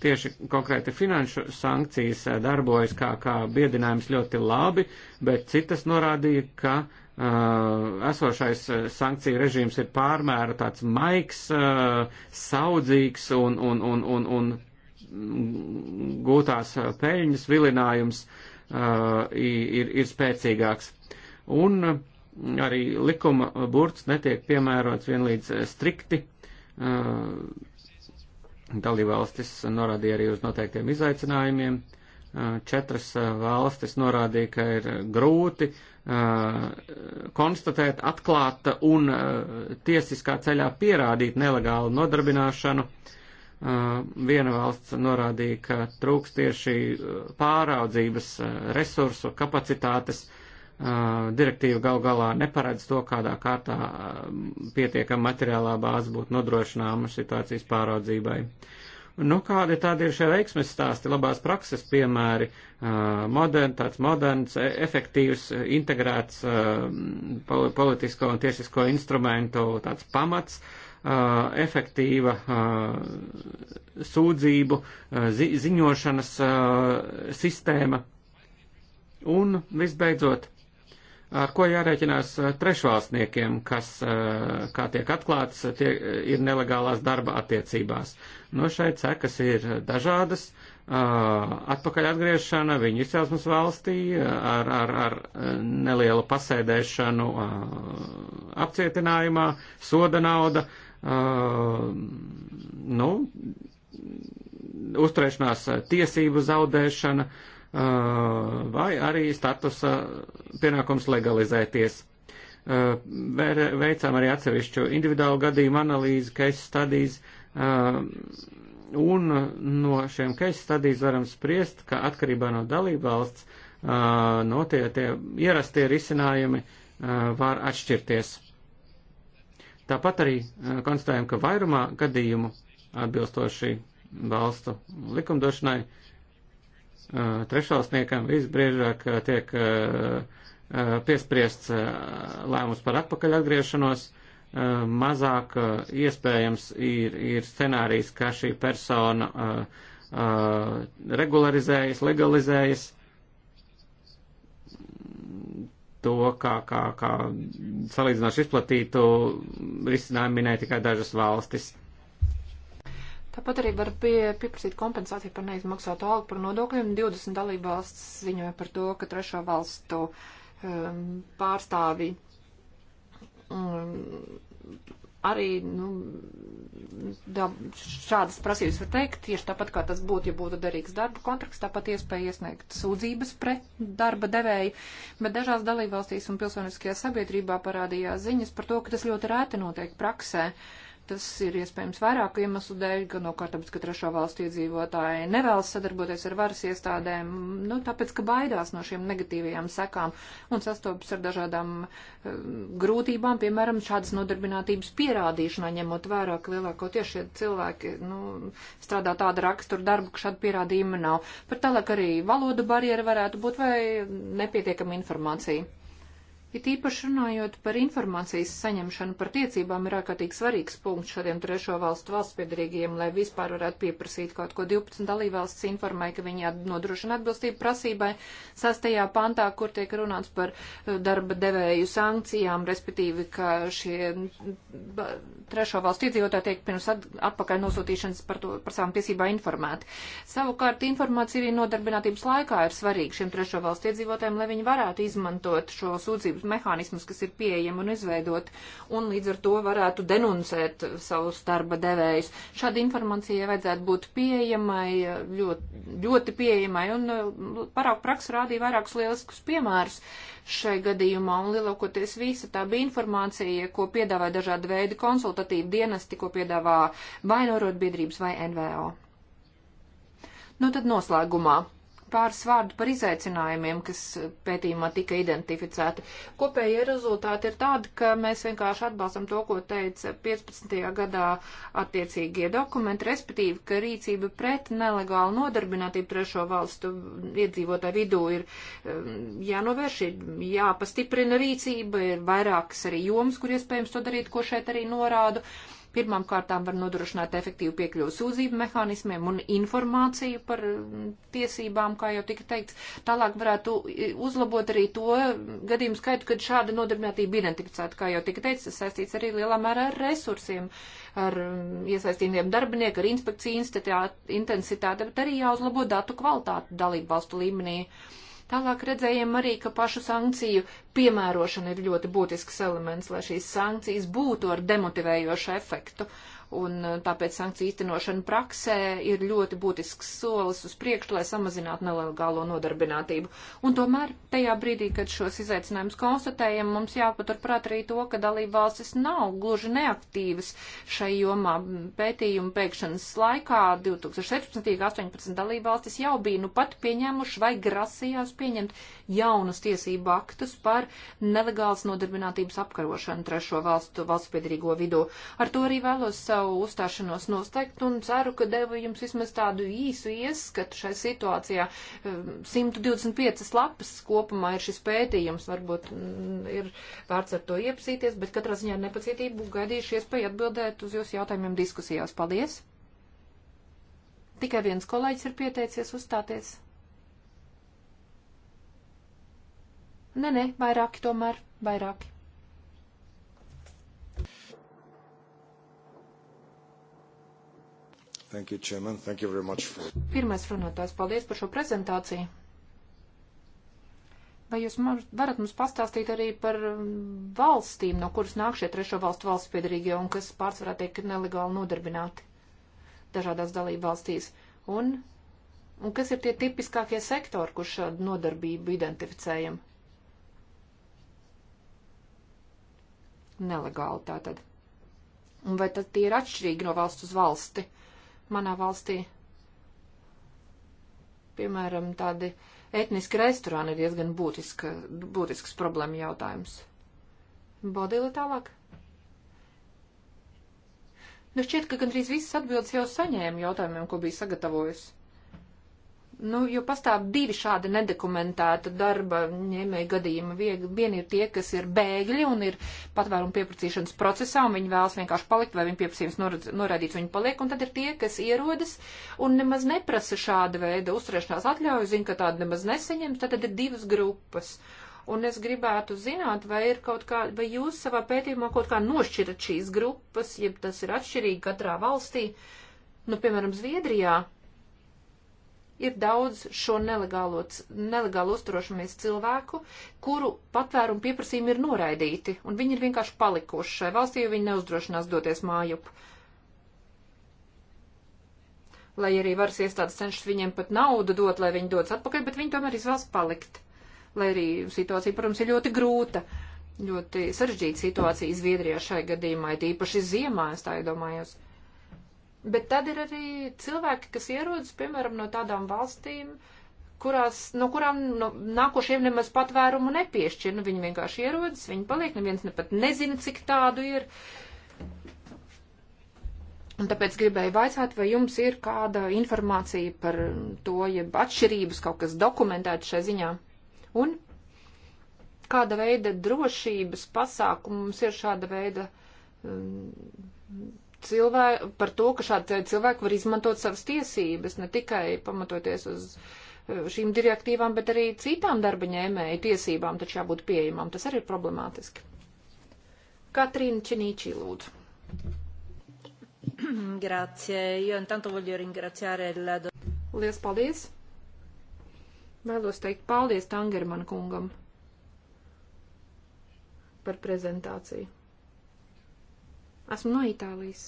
tieši konkrēti finanšu sankcijas eh, darbojas kā, kā biedinājums ļoti labi, bet citas norādīja, ka uh, esošais sankciju režīms ir pārmēra tāds maigs, uh, saudzīgs un, un, un, un, un gūtās peļņas vilinājums uh, ir, ir spēcīgāks. Un arī likuma burts netiek piemērots vienlīdz strikti. Uh, Dalībvalstis norādīja arī uz noteiktiem izaicinājumiem. Četras valstis norādīja, ka ir grūti konstatēt, atklāt un tiesiskā ceļā pierādīt nelegālu nodarbināšanu. Viena valsts norādīja, ka trūkst tieši pāraudzības resursu kapacitātes, uh, direktīva gal galā neparedz to, kādā kārtā pietiekama materiālā bāze būtu nodrošināma situācijas pāraudzībai. Nu, kādi tādi ir šie veiksmes stāsti, labās prakses piemēri, modern, tāds moderns, e, efektīvs, integrēts politisko un tiesisko instrumentu tāds pamats, efektīva sūdzību ziņošanas sistēma un visbeidzot ar ko jārēķinās eh, trešvalstniekiem, kas, eh, kā tiek atklāts, tie eh, ir nelegālās darba attiecībās. No šeit cekas ir dažādas. Atpakaļ atgriešana viņu izcelsmes valstī ar, ar, ar nelielu pasēdēšanu apcietinājumā, soda nauda. Nu, uzturēšanās tiesību zaudēšana, uh, Uh, vai arī statusa pienākums legalizēties. Uh, veicām arī atsevišķu individuālu gadījumu analīzi, case studies, uh, un no šiem case studies varam spriest, ka atkarībā no dalībvalsts no tie, tie ierastie risinājumi var atšķirties. Tāpat arī konstatējam, ka vairumā gadījumu atbilstoši valstu likumdošanai uh, Uh, trešvalstniekam visbiežāk uh, tiek uh, piespriests lēmums par atpakaļ atgriešanos, mazāk iespējams ir, ir scenārijs, ka šī persona regularizējas, legalizējas to, kā, kā, kā salīdzinoši izplatītu risinājumu minēja tikai dažas valstis. Tāpat arī var pie, pieprasīt kompensāciju par neizmaksātu algu par nodokļiem. 20 dalībvalsts ziņoja par to, ka trešo valstu um, pārstāvi um, arī nu, da, šādas prasības var teikt, tieši tāpat kā tas būtu, ja būtu derīgs darba kontrakts, tāpat iespēja iesniegt sūdzības pret darba devēju, bet dažās dalībvalstīs un pilsoniskajā sabiedrībā parādījās ziņas par to, ka tas ļoti rēti notiek praksē. Uh, tas ir iespējams vairāku iemeslu dēļ, gan no kārt tāpēc, ka trešo valstu iedzīvotāji nevēlas sadarboties ar varas iestādēm, nu, tāpēc, ka baidās no šiem negatīvajām sekām un sastopas ar dažādām uh, grūtībām, piemēram, šādas nodarbinātības pierādīšanā, ņemot vērā, ka lielākoties šie cilvēki, nu, strādā tāda rakstura darbu, ka šāda pierādījuma nav. Par tālāk arī valodu barjeru varētu būt vai nepietiekama informācija. It īpaši runājot par informācijas saņemšanu par tiecībām ir ārkārtīgi svarīgs punkts šādiem trešo valstu valsts piedarīgajiem, lai vispār varētu pieprasīt kaut ko. 12 dalībvalsts informēja, ka viņi nodrošina atbilstību prasībai 6. pantā, kur tiek runāts par uh, darba devēju sankcijām, respektīvi, ka šie mm, trešo valstu iedzīvotāji tiek pirms atpakaļ nosūtīšanas par, to, par savām tiesībām informēti. Savukārt informācija arī nodarbinātības laikā ir svarīga šiem trešo valstu iedzīvotājiem, lai viņi varētu izmantot šo sūdzību mehānismus, kas ir pieejami un izveidot, un līdz ar to varētu denuncēt savus darba devējus. Šāda informācija vajadzētu būt pieejamai, ļoti, ļoti pieejamai, un uh, parāk praksa rādīja vairākus lieliskus piemērus šai gadījumā, un lielākoties visa tā bija informācija, ko piedāvā dažādi veidi konsultatīvi dienesti, ko piedāvā vai norotbiedrības vai NVO. Nu tad noslēgumā pāris vārdu par izaicinājumiem, kas pētījumā tika identificēti. Kopējie rezultāti ir tādi, ka mēs vienkārši atbalstam to, ko teica 15. gadā attiecīgie dokumenti, respektīvi, ka rīcība pret nelegālu nodarbinātību trešo valstu iedzīvotāju vidū ir um, jānovērš, ir jāpastiprina rīcība, ir vairākas arī jomas, kur iespējams to darīt, ko šeit arī norādu. Uh, Pirmām kārtām var nodrošināt efektīvu piekļuvu sūdzību mehānismiem un informāciju par mm, tiesībām, kā jau tika teikts. Tālāk varētu e, uzlabot arī to gadījumu skaitu, kad šāda nodarbinātība identificēta, kā jau tika teikts, tas saistīts arī lielā mērā ar resursiem, ar mm, iesaistītiem darbinieku, ar inspekciju intensitāti, bet arī jāuzlabo datu kvalitāti dalību valstu līmenī. Uh, Tālāk redzējām arī, ka pašu sankciju piemērošana ir ļoti būtisks elements, lai šīs sankcijas būtu ar demotivējošu efektu un eh, tāpēc sankciju īstenošana praksē ir ļoti būtisks solis uz priekšu, lai samazinātu nelegālo nodarbinātību. Un tomēr tajā brīdī, kad šos izaicinājumus konstatējam, mums jāpaturprāt arī to, ka dalība valstis nav gluži neaktīvas šai jomā pētījumu pēkšanas laikā 2017. un 18 dalība valstis jau bija nu pat pieņēmuši vai grasījās pieņemt jaunus tiesību aktus par nelegālas nodarbinātības apkarošanu trešo valstu valsts piedarīgo vidū. Ar to arī vēlos savu eh, savu uzstāšanos nosteigt un ceru, ka devu jums vismaz tādu īsu ieskatu šai situācijā. 125 ehm, lapas kopumā ir šis pētījums, varbūt mm, ir vērts ar to iepazīties, bet katrā ziņā ar nepacietību gaidīšu iespēju atbildēt uz jūsu jautājumiem diskusijās. Paldies! Tikai viens kolēģis ir pieteicies uzstāties. Nē, nē, vairāki tomēr, vairāki. Thank you, Chairman. Thank you very much for... Pirmais runātājs, paldies par šo prezentāciju. Vai jūs varat mums pastāstīt arī par um, valstīm, no kuras nāk šie trešo valstu valsts piedarīgie un kas pārsvarā tiek nelegāli nodarbināti dažādās dalību valstīs? Un, un kas ir tie tipiskākie sektori, kur šādu nodarbību identificējam? Nelegāli tātad. Un vai tad tie ir atšķirīgi no valsts uz valsti? manā valstī. Piemēram, tādi etniski restorāni ir diezgan būtiska, būtisks problēma jautājums. Bodili tālāk. Nu šķiet, ka gandrīz visas atbildes jau saņēmu jautājumiem, ko bija sagatavojusi. Nu, jo pastāv divi šādi nedokumentēta darba ņēmēja gadījumi. Vieni ir tie, kas ir bēgļi un ir patvērumu pieprasīšanas procesā, un viņi vēlas vienkārši palikt, vai viņa pieprasījums noraidīts, viņi paliek, un tad ir tie, kas ierodas un nemaz neprasa šāda veida uzturēšanās atļauju, zina, ka tāda nemaz neseņems, tad, tad ir divas grupas. Un es gribētu zināt, vai ir kaut kā, vai jūs savā pētījumā kaut kā nošķirat šīs grupas, ja tas ir atšķirīgi katrā valstī, nu, piemēram, Zviedrijā ir daudz šo nelegālo, nelegālo uzturošamies cilvēku, kuru patvērumu pieprasījumi ir noraidīti, un viņi ir vienkārši palikuši šai valstī, jo viņi neuzdrošinās doties mājup. Lai arī varas iestādes cenšas viņiem pat naudu dot, lai viņi dodas atpakaļ, bet viņi tomēr izvēlas palikt. Lai arī situācija, protams, ir ļoti grūta ļoti sarežģīta situācija Zviedrijā šai gadījumā, it īpaši ziemā, es tā iedomājos. Ja Bet tad ir arī cilvēki, kas ierodas, piemēram, no tādām valstīm, kurās, no kurām no, nākošiem nemaz patvērumu nepiešķir. Nu, viņi vienkārši ierodas, viņi paliek, neviens ne pat nezina, cik tādu ir. Un tāpēc gribēju vaicāt, vai jums ir kāda informācija par to, jeb atšķirības kaut kas dokumentēts šai ziņā. Un kāda veida drošības pasākumu mums ir šāda veida um, cilvēku, par to, ka šādi cilvēki var izmantot savas tiesības, ne tikai pamatoties uz eh, šīm direktīvām, bet arī citām darba ņēmēju tiesībām, taču jābūt pieejamām. Tas arī ir problemātiski. Katrīna Čenīčī lūdzu. Grazie. Jo intanto voglio ringraziare il... Lies paldies. Vēlos teikt paldies Tangerman kungam par prezentāciju. Esmu no Itālijas.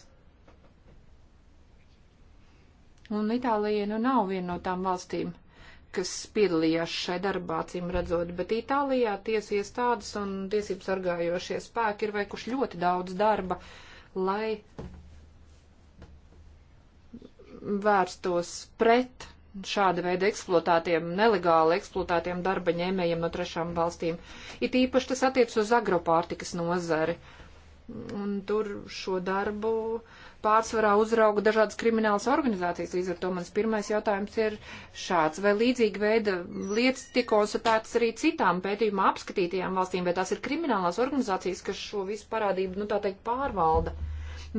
Un Itālija nu nav viena no tām valstīm, kas piedalījās šai darbā, cīm redzot, bet Itālijā tiesa iestādes un tiesības sargājošie spēki ir veikuši ļoti daudz darba, lai vērstos pret šāda veida eksploatātiem, nelegāli eksploatātiem darba ņēmējiem no trešām valstīm. It īpaši tas attiec uz agropārtikas nozari. Uh, un tur šo darbu pārsvarā uzrauga dažādas kriminālas organizācijas. Līdz ar to mans pirmais jautājums ir šāds. Vai līdzīga veida lietas tiek konstatētas arī citām pētījumā apskatītajām valstīm, vai tās ir kriminālās organizācijas, kas šo visu parādību, nu tā teikt, pārvalda?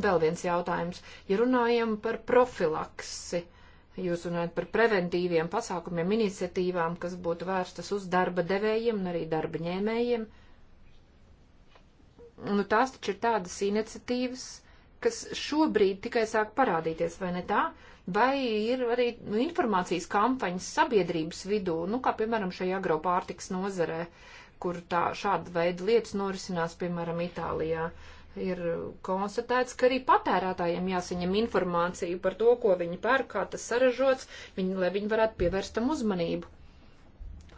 Vēl viens jautājums. Ja runājam par profilaksi, jūs runājat par preventīviem pasākumiem, iniciatīvām, kas būtu vērstas uz darba devējiem un arī darba ņēmējiem. Uh, nu, tās taču ir tādas iniciatīvas, kas šobrīd tikai sāk parādīties, vai ne tā? Vai ir arī nu, informācijas kampaņas sabiedrības vidū, nu, kā piemēram šajā agropārtiks nozarē, kur tā, šāda veida lietas norisinās, piemēram, Itālijā ir konstatēts, ka arī patērētājiem jāsaņem informācija par to, ko viņi pērk, kā tas saražots, viņi, lai viņi varētu pievērst tam uzmanību.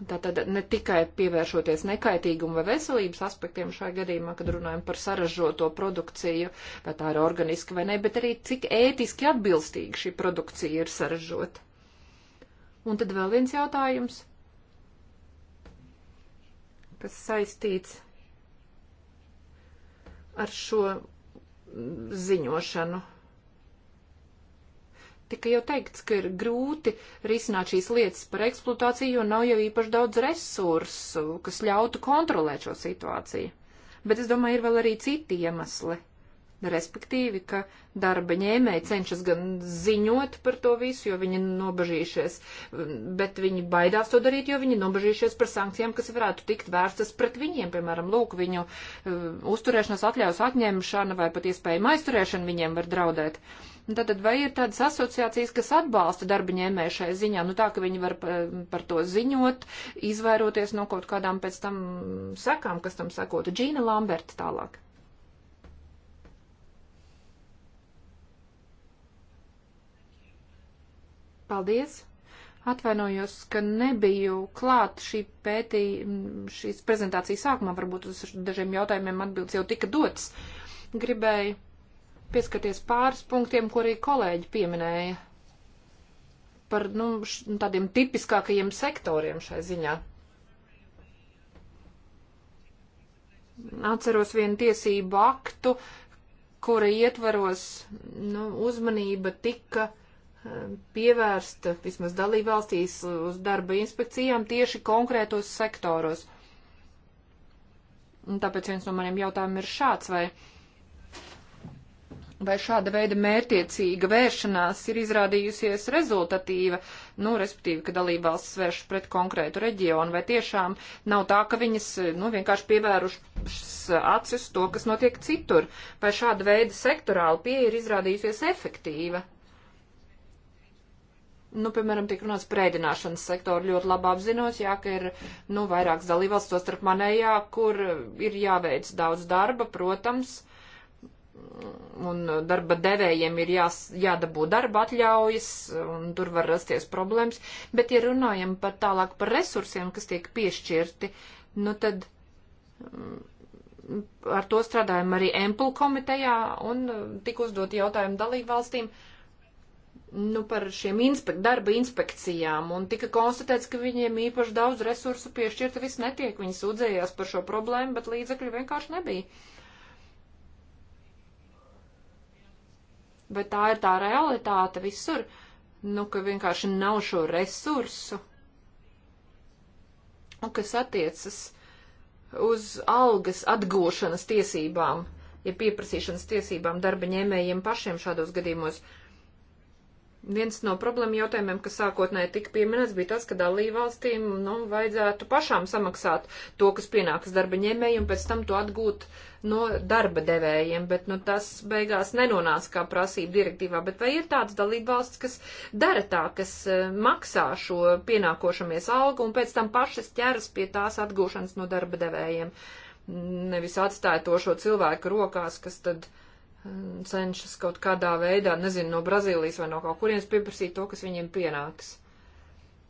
Tātad ne tikai pievēršoties nekaitīgumu vai veselības aspektiem šajā gadījumā, kad runājam par saražoto produkciju, vai tā ir organiska vai ne, bet arī cik ētiski atbilstīgi šī produkcija ir saražota. Un tad vēl viens jautājums, kas saistīts ar šo ziņošanu Tika jau teikts, ka ir grūti risināt šīs lietas par eksploatāciju, jo nav jau īpaši daudz resursu, kas ļautu kontrolēt šo situāciju. Bet es domāju, ir vēl arī citi iemesli. Respektīvi, ka darba ņēmēji cenšas gan ziņot par to visu, jo viņi nobežījušies, bet viņi baidās to darīt, jo viņi nobežījušies par sankcijām, kas varētu tikt vērstas pret viņiem. Piemēram, lūk, viņu uh, uzturēšanas atļaus atņemšana vai pat iespējama aizturēšana viņiem var draudēt. Tātad vai ir tādas asociācijas, kas atbalsta darba ņēmēju šai ziņā, nu tā, ka viņi var uh, par to ziņot, izvairoties no kaut kādām pēc tam sekām, kas tam sakota? Džīna Lamberta tālāk. Paldies! Atvainojos, ka nebiju klāt šī pētī, šīs prezentācijas sākumā, varbūt uz dažiem jautājumiem atbildes jau tika dots. Gribēju pieskaties pāris punktiem, ko arī kolēģi pieminēja par nu, š, tādiem tipiskākajiem sektoriem šai ziņā. Atceros vienu tiesību aktu, kura ietvaros nu, uzmanība tika uh, Um, pievērsta vismaz dalībvalstīs uz darba inspekcijām tieši konkrētos sektoros. Un tāpēc viens no maniem jautājumiem ir šāds, vai, vai šāda veida mērtiecīga vēršanās ir izrādījusies rezultatīva, nu, respektīvi, ka dalībvalsts vērš pret konkrētu reģionu, vai tiešām nav tā, ka viņas, nu, vienkārši pievērušas acis to, kas notiek citur, vai šāda veida sektorāla pieeja ir izrādījusies efektīva nu, piemēram, tiek runāts prēdināšanas sektoru ļoti labi apzinos, jā, ka ir, nu, vairākas dalībvalsts, to starp manējā, kur ir jāveic daudz darba, protams, un darba devējiem ir jās, jādabū darba atļaujas, un tur var rasties problēmas, bet, ja runājam par tālāk par resursiem, kas tiek piešķirti, nu, tad. Mm, ar to strādājam arī Empul komitejā un tik uzdot jautājumu dalību valstīm, uh, nu, par šiem inspek darba inspekcijām, un tika konstatēts, ka viņiem īpaši daudz resursu piešķirta viss netiek. Viņi sūdzējās par šo problēmu, bet līdzekļu vienkārši nebija. Bet tā ir tā realitāte visur, nu, ka vienkārši nav šo resursu. Un kas attiecas uz algas atgūšanas tiesībām, ja pieprasīšanas tiesībām darba ņēmējiem pašiem šādos gadījumos. Uh, Viens no problēma jautājumiem, kas sākotnēji tika pieminēts, bija tas, ka dalībvalstīm nu, vajadzētu pašām samaksāt to, kas pienākas darba ņēmēji, un pēc tam to atgūt no darba devējiem, bet nu, tas beigās nenonāca kā prasība direktīvā. Bet vai ir tāds dalībvalsts, kas dara tā, kas eh, maksā šo pienākošamies algu un pēc tam pašas ķeras pie tās atgūšanas no darba devējiem? Nevis atstāja to šo cilvēku rokās, kas tad. Uh, Mm, cenšas kaut kādā veidā, nezinu, no Brazīlijas vai no kaut kurienes pieprasīt to, kas viņiem pienāks.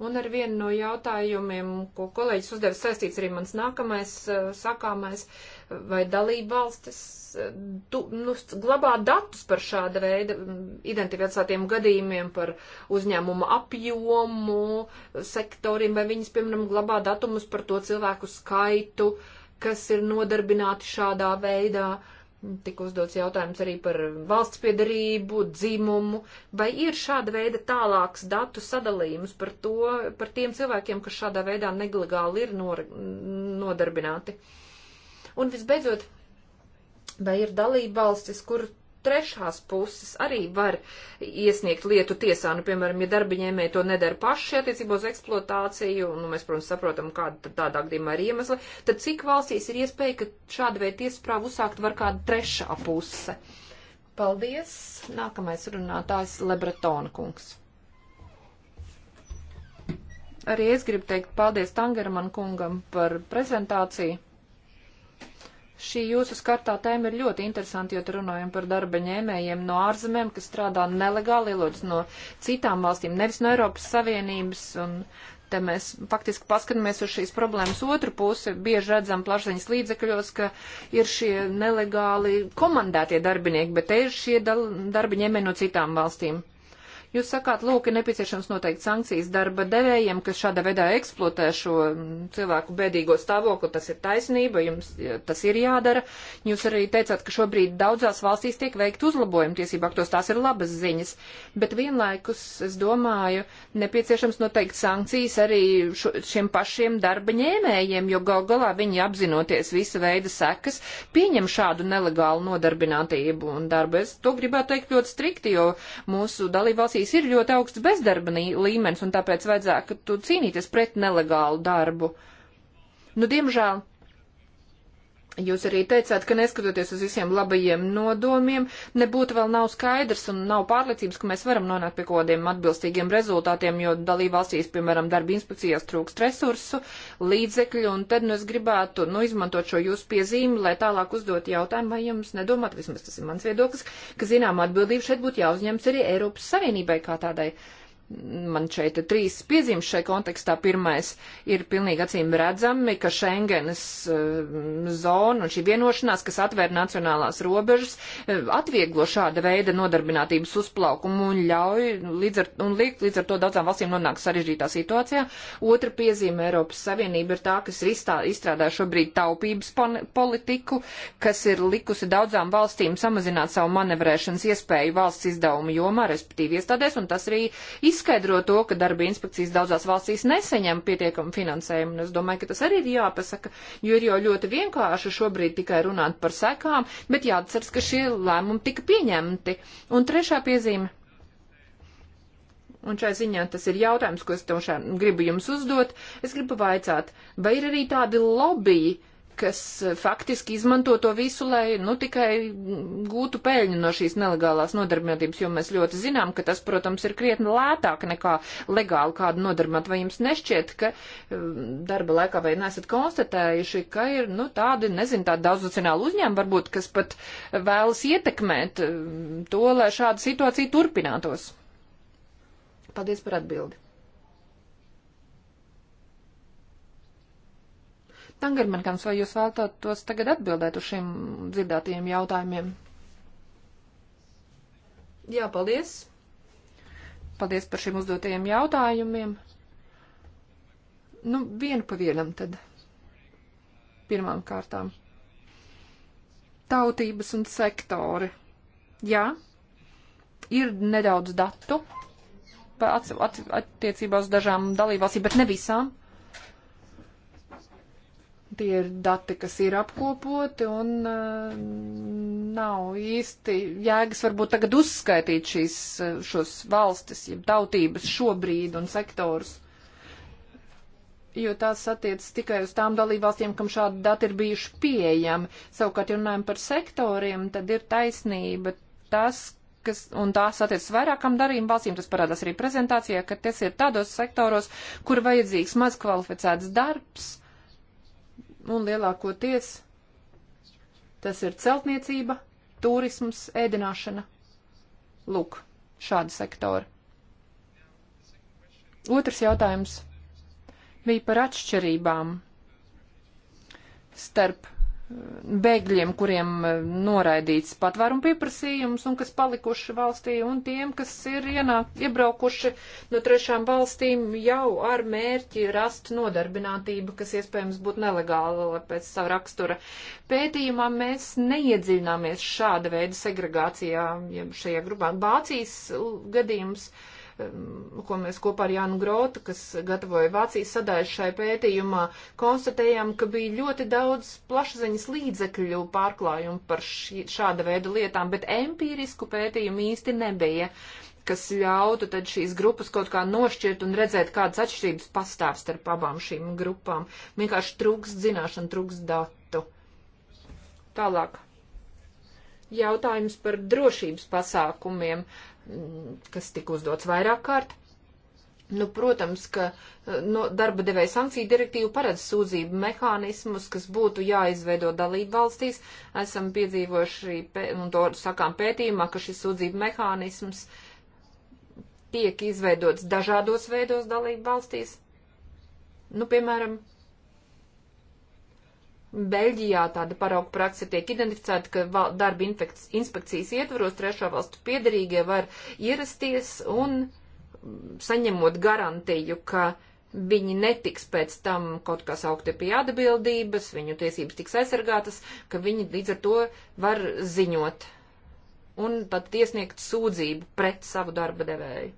Un ar vienu no jautājumiem, ko kolēģis uzdevis saistīts arī mans nākamais eh, sakāmais, vai dalība valstis tu, eh, nu, glabā datus par šāda veida mm, identificētiem gadījumiem, par uzņēmumu apjomu, sektoriem, vai viņas, piemēram, glabā datumus par to cilvēku skaitu, kas ir nodarbināti šādā veidā. Uh, Tik uzdots jautājums arī par valsts piedarību, dzimumu, vai ir šāda veida tālāks datu sadalījums par, to, par tiem cilvēkiem, kas šādā veidā nelegāli ir nor, nodarbināti. Un visbeidzot, vai ir dalība valstis, kur trešās puses arī var iesniegt lietu tiesā. Nu, piemēram, ja darbiņēmēji to nedara paši attiecībā uz eksploatāciju, nu, mēs, protams, saprotam, kāda tādā gadījumā ir iemesla, tad cik valstīs ir iespēja, ka šāda veida tiesasprāvu uzsākt var kāda trešā puse? Paldies! Nākamais runātājs Lebretona kungs. Arī es gribu teikt paldies Tangerman kungam par prezentāciju Šī jūsu skartā tēma ir ļoti interesanti, jo te runājam par darba ņēmējiem no ārzemēm, kas strādā nelegāli, lūdzu, no citām valstīm, nevis no Eiropas Savienības. Un te mēs faktiski paskatāmies uz šīs problēmas otru pusi. Bieži redzam plašsaņas līdzekļos, ka ir šie nelegāli komandētie darbinieki, bet te ir šie darba ņēmēji no citām valstīm. Jūs sakāt, lūk, ir nepieciešams noteikti sankcijas darba devējiem, kas šādā veidā eksploatē šo cilvēku bēdīgo stāvokli. Tas ir taisnība, jums tas ir jādara. Jūs arī teicāt, ka šobrīd daudzās valstīs tiek veikt uzlabojumi tiesību aktos. Tās ir labas ziņas. Bet vienlaikus, es domāju, nepieciešams noteikti sankcijas arī šo, šiem pašiem darba ņēmējiem, jo gal galā viņi apzinoties visa veida sekas, pieņem šādu nelegālu nodarbinātību un darbu. Es to gribētu teikt ļoti strikti, jo mūsu dalībvalstīs valstīs ir ļoti augsts bezdarba līmenis, un tāpēc vajadzētu cīnīties pret nelegālu darbu. Nu, diemžēl Jūs arī teicāt, ka neskatoties uz visiem labajiem nodomiem, nebūtu vēl nav skaidrs un nav pārliecības, ka mēs varam nonākt pie kaut kādiem atbilstīgiem rezultātiem, jo dalībvalstīs, piemēram, darba inspekcijās trūkst resursu, līdzekļu, un tad nu, es gribētu nu, izmantot šo jūsu piezīmi, lai tālāk uzdot jautājumu, vai jums nedomāt, vismaz tas ir mans viedoklis, ka zinām atbildību šeit būtu jāuzņems arī Eiropas Savienībai kā tādai. Uh, man šeit ir trīs piezīmes šai kontekstā. Pirmais ir pilnīgi acīm redzami, ka Schengenas eh, zona un šī vienošanās, kas atvēr nacionālās robežas, eh, atvieglo šāda veida nodarbinātības uzplaukumu un ļauj līdz ar, un liek līdz ar to daudzām valstīm nonākt sarežģītā situācijā. Otra piezīme Eiropas Savienība ir tā, kas ir izstrādā šobrīd taupības politiku, kas ir likusi daudzām valstīm samazināt savu manevrēšanas iespēju valsts izdevumu jomā, respektīvi iestādēs, un tas arī iz izskaidro to, ka darba inspekcijas daudzās valstīs neseņem pietiekamu finansējumu. Un es domāju, ka tas arī ir jāpasaka, jo ir jau ļoti vienkārši šobrīd tikai runāt par sekām, bet jāatceras, ka šie lēmumi tika pieņemti. Un trešā piezīme. Un šai ziņā tas ir jautājums, ko es tev šā gribu jums uzdot. Es gribu vaicāt, vai ir arī tādi lobby, uh, kas eh, faktiski izmanto to visu, lai nu tikai gūtu peļņu no šīs nelegālās nodarbinātības, jo mēs ļoti zinām, ka tas, protams, ir krietni lētāk nekā legāli kādu nodarbināt. Vai jums nešķiet, ka eh, darba laikā vai nesat konstatējuši, ka ir nu, tādi, nezinu, tādi daudznacionāli uzņēmumi varbūt, kas pat vēlas ietekmēt eh, to, lai šāda situācija turpinātos? Paldies par atbildi. Tangarmankams, vai jūs vēlatos tagad atbildēt uz šiem dzirdētajiem jautājumiem? Jā, paldies. Paldies par šiem uzdotajiem jautājumiem. Nu, vienu pa vienam tad. Pirmām kārtām. Tautības un sektori. Jā, ir nedaudz datu attiecībā uz dažām dalībvalstīm, bet ne visām. Tie ir dati, kas ir apkopoti un uh, nav īsti jēgas varbūt tagad uzskaitīt šīs, eh, šos valstis, jeb tautības šobrīd un sektors, jo tās attiec tikai uz tām dalībvalstīm, kam šādi dati ir bijuši pieejami. Savukārt, ja runājam par sektoriem, tad ir taisnība tas, kas, un tās attiecas vairākām darījuma valstīm, tas parādās arī prezentācijā, ka tas ir tādos sektoros, kur vajadzīgs maz kvalificēts darbs un lielākoties tas ir celtniecība, turisms, ēdināšana. Lūk, šādi sektori. Otrs jautājums bija par atšķirībām starp bēgļiem, kuriem e, noraidīts patvērumu pieprasījums un kas palikuši valstī, un tiem, kas ir ienāk, iebraukuši no trešām valstīm jau ar mērķi rast nodarbinātību, kas iespējams būtu nelegāla pēc savu rakstura. Pētījumā mēs neiedziļināmies šāda veida segregācijā, ja šajā grupā. Vācijas gadījums. Uh, ko mēs kopā ar Jānu Grotu, kas gatavoja Vācijas sadaļu šai pētījumā, konstatējām, ka bija ļoti daudz plašsaziņas līdzekļu pārklājumu par šī, šāda veida lietām, bet empīrisku pētījumu īsti nebija kas ļautu tad šīs grupas kaut kā nošķirt un redzēt, kādas atšķirības pastāv starp abām šīm grupām. Vienkārši trūkst zināšanu, trūkst datu. Tālāk. Jautājums par drošības pasākumiem. Uh, kas tika uzdots vairāk kārt. Nu, protams, ka eh, no, darba devēja sankcija direktīva paredz sūdzību mehānismus, kas būtu jāizveido dalību valstīs. Esam piedzīvojuši, un to sakām pētījumā, ka šis sūdzību mehānisms tiek izveidots dažādos veidos dalību valstīs. Nu, piemēram, Beļģijā tāda parauga praksa tiek identificēta, ka darba inspekcijas ietvaros trešo valstu piedarīgie var ierasties un mm, saņemot garantiju, ka viņi netiks pēc tam kaut kā saukti pie atbildības, viņu tiesības tiks aizsargātas, ka viņi līdz ar to var ziņot un pat iesniegt sūdzību pret savu darba devēju.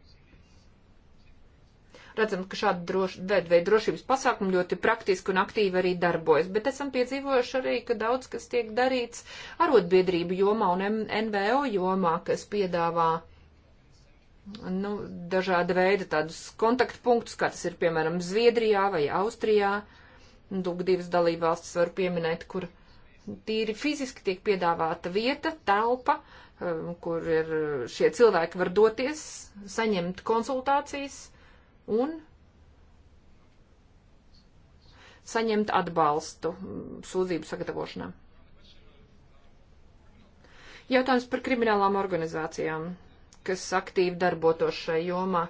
Redzam, ka šāda droš, veida drošības pasākumi ļoti praktiski un aktīvi arī darbojas, bet esam piedzīvojuši arī, ka daudz kas tiek darīts arotbiedrību jomā un NVO jomā, kas piedāvā nu, dažāda veida tādus kontaktpunktus, kā tas ir piemēram Zviedrijā vai Austrijā. Nu, lūk, divas dalībvalstis var pieminēt, kur tīri fiziski tiek piedāvāta vieta, telpa, um, kur ir šie cilvēki var doties, saņemt konsultācijas, un saņemt atbalstu sūdzību sagatavošanā. Jautājums par kriminālām organizācijām, kas aktīvi darbotos šai jomā.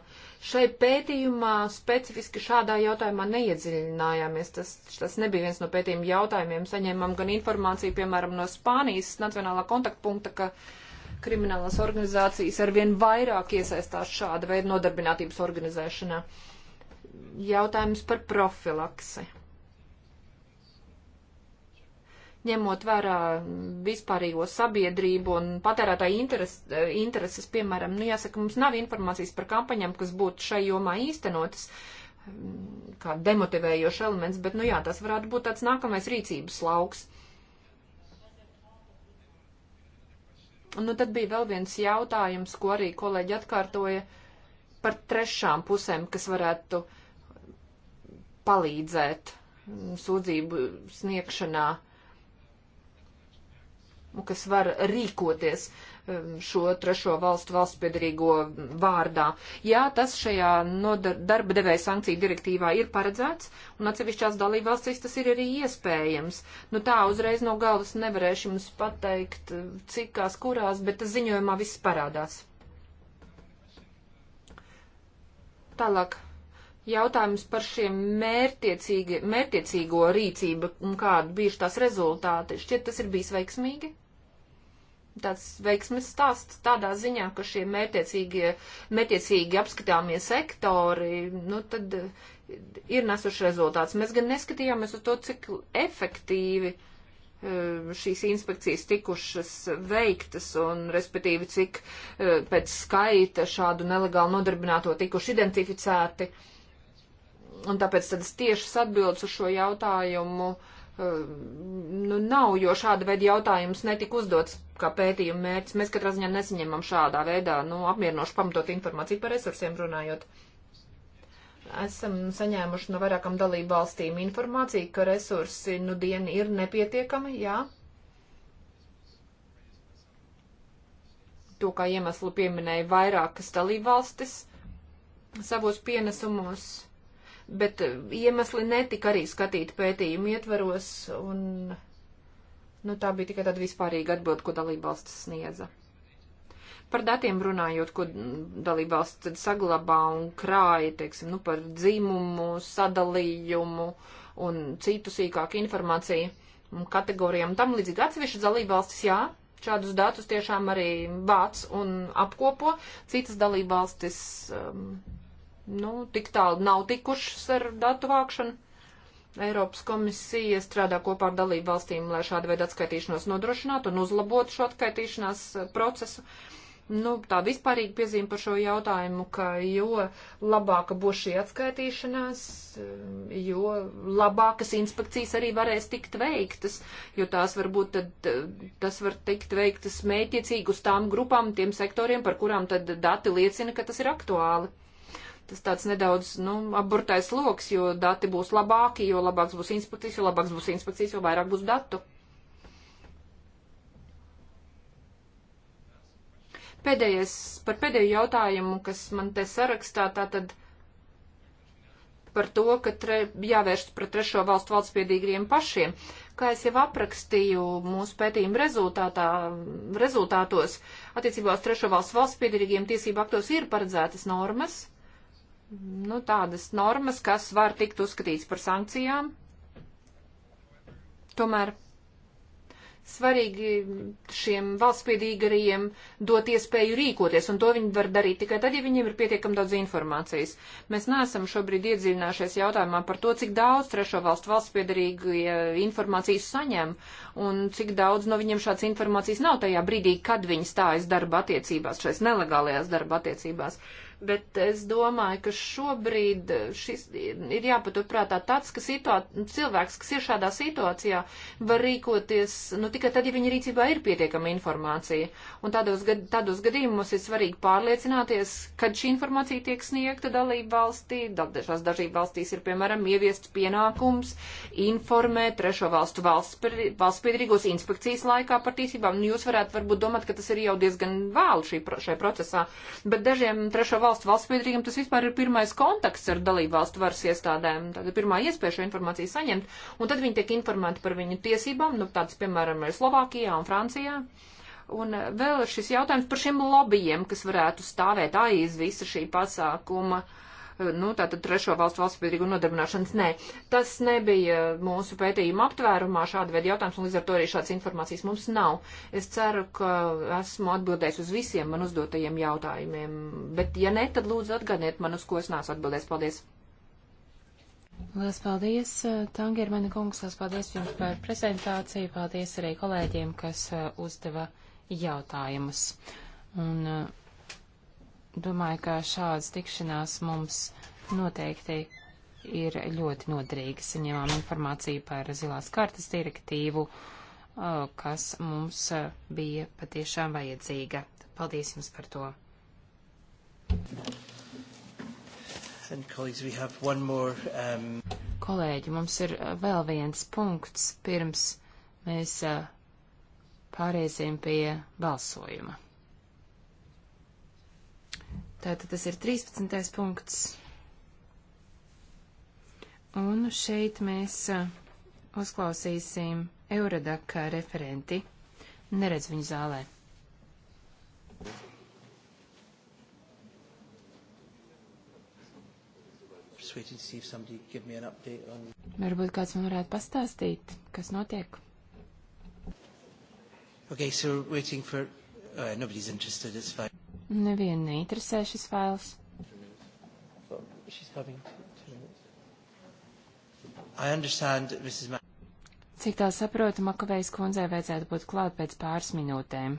Šai pētījumā specifiski šādā jautājumā neiedziļinājāmies. Tas, tas nebija viens no pētījuma jautājumiem. Saņēmām gan informāciju, piemēram, no Spānijas Nacionālā kontaktpunkta, ka uh, kriminālās organizācijas arvien vairāk iesaistās šāda veida nodarbinātības organizēšanā. Jautājums par profilaksi. Ņemot vērā vispārīgo sabiedrību un patērētāju interes, intereses, piemēram, nu jāsaka, mums nav informācijas par kampaņām, kas būtu šai jomā īstenotas, kā demotivējošs elements, bet, nu jā, tas varētu būt tāds nākamais rīcības lauks Un nu, tad bija vēl viens jautājums, ko arī kolēģi atkārtoja par trešām pusēm, kas varētu palīdzēt sūdzību sniegšanā, kas var rīkoties. Um, šo trešo valstu valstspiedarīgo vārdā. Jā, tas šajā nodar, darba devēja sankciju direktīvā ir paredzēts, un atsevišķās dalībvalstīs tas ir arī iespējams. Nu tā uzreiz no galvas nevarēšu jums pateikt, uh, cikās kurās, bet tas ziņojumā viss parādās. Tālāk jautājums par šiem mērtiecīgo rīcību un kāda bijuši tās rezultāti. Šķiet, tas ir bijis veiksmīgi tāds veiksmes stāsts tādā ziņā, ka šie mērķiecīgi, mērķiecīgi apskatāmie sektori, nu tad eh, ir nesuši rezultāts. Mēs gan neskatījāmies uz to, cik efektīvi eh, šīs inspekcijas tikušas veiktas un, respektīvi, cik eh, pēc skaita šādu nelegālu nodarbināto tikuši identificēti. Un tāpēc tādas tiešas atbildes uz šo jautājumu uh, nu, nav, jo šāda veida jautājums netika uzdots kā pētījuma mērķis. Mēs katrā ziņā nesaņemam šādā veidā nu, apmierinošu pamatot informāciju par resursiem runājot. Esam saņēmuši no vairākam dalību valstīm informāciju, ka resursi nu dien ir nepietiekami, jā. To kā iemeslu pieminēja vairākas dalību valstis savos pienesumos bet eh, iemesli netika arī skatīti pētījumu ietvaros, un nu, tā bija tikai tāda vispārīga atbilde, ko dalībvalsts sniedza. Par datiem runājot, ko mm, dalībvalsts saglabā un krāja, teiksim, nu, par dzimumu, sadalījumu un citu sīkāku informāciju un kategorijām tam līdzīgi atsevišķas dalībvalstis, jā, šādus datus tiešām arī vāc un apkopo, citas dalībvalstis. Um, nu, tik tālu nav tikušas ar datu vākšanu. Eiropas komisija strādā kopā ar dalību valstīm, lai šāda veida atskaitīšanos nodrošinātu un uzlabotu šo atskaitīšanās eh, procesu. Nu, tā vispārīgi piezīme par šo jautājumu, ka jo labāka būs šī atskaitīšanās, eh, jo labākas inspekcijas arī varēs tikt veiktas, jo tās varbūt tad, eh, tas var tikt veiktas mētiecīgi uz tām grupām, tiem sektoriem, par kurām tad dati liecina, ka tas ir aktuāli tas tāds nedaudz, nu, apburtais loks, jo dati būs labāki, jo labāks būs inspekcijas, jo labāks būs inspekcijas, jo vairāk būs datu. Pēdējais, par pēdējo jautājumu, kas man te sarakstā, tā tad par to, ka tre, jāvērst pret trešo valstu valstspiedīgiem pašiem. Kā es jau aprakstīju mūsu pētījuma rezultātos, attiecībā uz trešo valstu valstspiedīgiem tiesību aktos ir paredzētas normas, nu, tādas normas, kas var tikt uzskatīts par sankcijām. Tomēr svarīgi šiem valstspiedīgariem dot iespēju rīkoties, un to viņi var darīt tikai tad, ja viņiem ir pietiekami daudz informācijas. Mēs neesam šobrīd iedzīvinājušies jautājumā par to, cik daudz trešo valstu valstspiedīgie informācijas saņem, un cik daudz no viņiem šāds informācijas nav tajā brīdī, kad viņi stājas darba attiecībās, šais nelegālajās darba attiecībās. Uh, bet es domāju, ka šobrīd šis ir jāpaturprātā tāds, ka situā... cilvēks, kas ir šādā situācijā, var rīkoties, nu, tikai tad, ja viņa rīcībā ir pietiekama informācija. Un tādos, gad... tādos gadījumos ir svarīgi pārliecināties, kad šī informācija tiek sniegta dalību valstī, dažās dažību valstīs ir, piemēram, ieviests pienākums informēt trešo valstu valsts, par... valsts piedrīgos inspekcijas laikā par tīsībām. Nu, jūs varētu varbūt domāt, ka tas ir jau diezgan vēlu šī... šai procesā, bet dažiem trešo valstu valstu valstspiedrīgam tas vispār ir pirmais kontakts ar dalību valstu varas iestādēm, tāda pirmā iespēja šo informāciju saņemt, un tad viņi tiek informēti par viņu tiesībām, nu tāds, piemēram, ir Slovākijā un Francijā. Un eh, vēl ir šis jautājums par šiem lobbyiem, kas varētu stāvēt aiz visa šī pasākuma. Uh, nu, tātad trešo valstu valsts piedarīgu nodarbināšanas. Nē, tas nebija mūsu pētījuma aptvērumā šāda veida jautājums, un līdz ar to arī šādas informācijas mums nav. Es ceru, ka esmu atbildējis uz visiem man uzdotajiem jautājumiem, bet ja ne, tad lūdzu atgādniet man, uz ko es neesmu atbildējis. Paldies! Lielas paldies, eh, Tangermena kungs, lielas paldies jums par prezentāciju, paldies arī kolēģiem, kas eh, uzdeva jautājumus. Un eh, Domāju, ka šādas tikšanās mums noteikti ir ļoti noderīgas. Saņēmām informāciju par zilās kartas direktīvu, kas mums bija patiešām vajadzīga. Paldies jums par to. More, um... Kolēģi, mums ir vēl viens punkts pirms mēs pāriesim pie balsojuma. Tātad tas ir 13. punkts. Un šeit mēs uzklausīsim Eurodaka referenti. Neredz viņu zālē. Varbūt kāds man varētu pastāstīt, kas notiek. Okay, so waiting for... Uh, nobody's interested, it's fine. Nevienu neinteresē šis fails. Cik tā saprotu, Makavejas kundzei vajadzētu būt klāt pēc pāris minūtēm.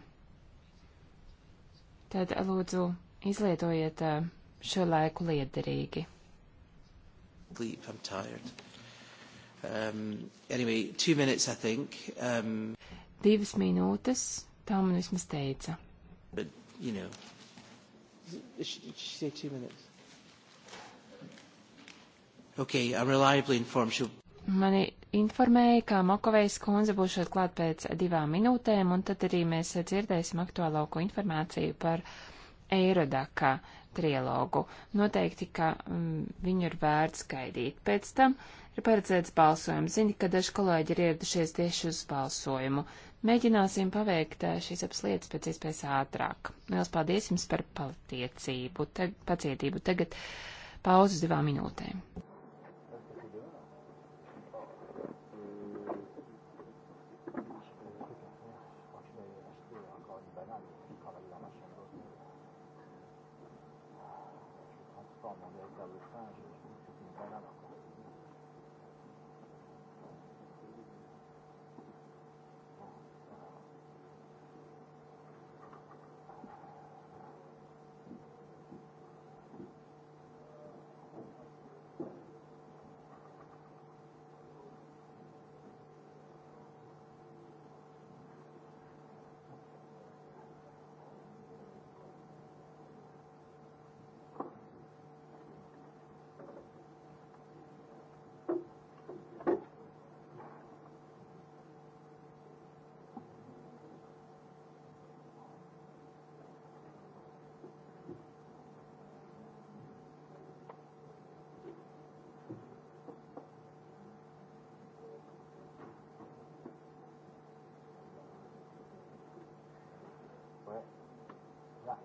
Tad, lūdzu, izlietojiet eh, šo laiku liederīgi. Sleep, I'm tired. Um, anyway, two minutes, I think. Um, Divas minūtes, tā man vismaz teica. But, you know, Did she, did she say two minutes? Okay, I'm reliably informed she'll... Mani informēja, ka Makovejas kundze būs šeit klāt pēc divām minūtēm, un tad arī mēs dzirdēsim aktuālāko informāciju par Eirodaka trilogu. Noteikti, ka mm, viņu ir vērts gaidīt. Pēc tam ir paredzēts balsojums. Zini, ka daži kolēģi ir ieradušies tieši uz balsojumu. Uh, Mēģināsim paveikt eh, šīs apslietas pēc iespējas ātrāk. Lielas paldies jums par paltiecību, te, pacietību. Tagad pauzes divām minūtēm.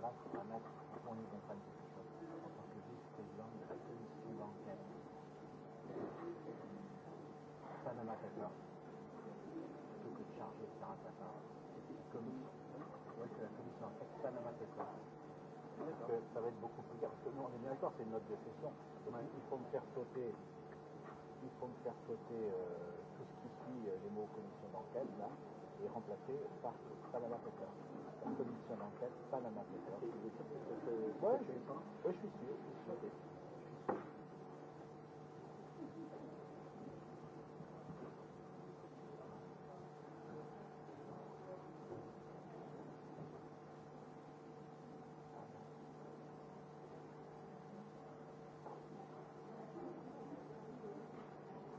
plaats waar net gewoon niet in kan zitten. Op een gezicht te lang, dat kun je te lang kennen. Zijn er maar te lang. Zoek het chargé staat er nou. Het is commis. Oui, c'est la commission extrêmement d'accord. Parce que ça va être beaucoup plus tard. Parce que nous, on est bien d'accord, c'est une note de session. Donc, ouais. il faut me faire sauter, il faut me faire sauter euh, tout ce qui suit euh, les mots commission d'enquête, là, et remplacer par Panama Paper la commission d'enquête Panama Paper. Ouais, je, ouais, je suis sûr. Je suis sûr.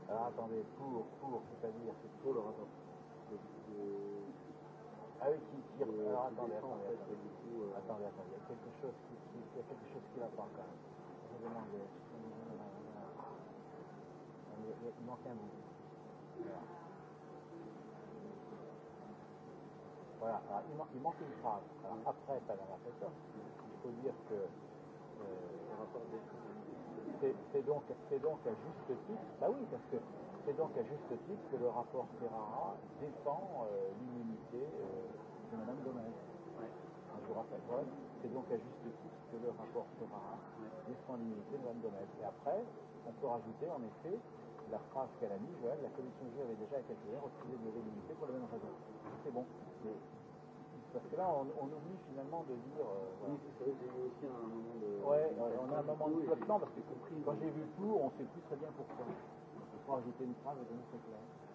Alors attendez, pour, pour, c'est-à-dire, c'est pour le rapport. De, de, Ah oui, qui, qui euh, alors, attendez, attendez, attendez. Du coup, euh... attendez, attendez, il y a quelque chose qui, qui, il y a quelque chose qui va pas quand même. Je vais demander. Il manque un bout. Voilà. voilà. Alors, il, man, il manque une phrase. Alors, mm. après, ça va faire ça. Il faut dire que euh, c'est donc, donc à juste titre. Bah oui, parce que C'est donc à juste titre que le rapport Ferrara défend euh, l'immunité euh, de Mme Gomez. Ouais. Je vous rappelle, ouais, c'est donc à juste titre que le rapport Ferrara ouais. défend l'immunité de Mme Gomez. Et après, on peut rajouter en effet la phrase qu'elle a mise, Joël, la commission juive avait déjà à quelques heures refusé de lever l'immunité pour la même raison. C'est bon. Mais, parce que là, on, on oublie finalement de dire. Euh, voilà. Oui, c'est vrai, j'ai eu aussi un moment de. Ouais, ouais on a un moment de flottement, parce que quand j'ai vu le flou, on ne sait plus très bien pourquoi probabil que une phrase et donner cette lettre.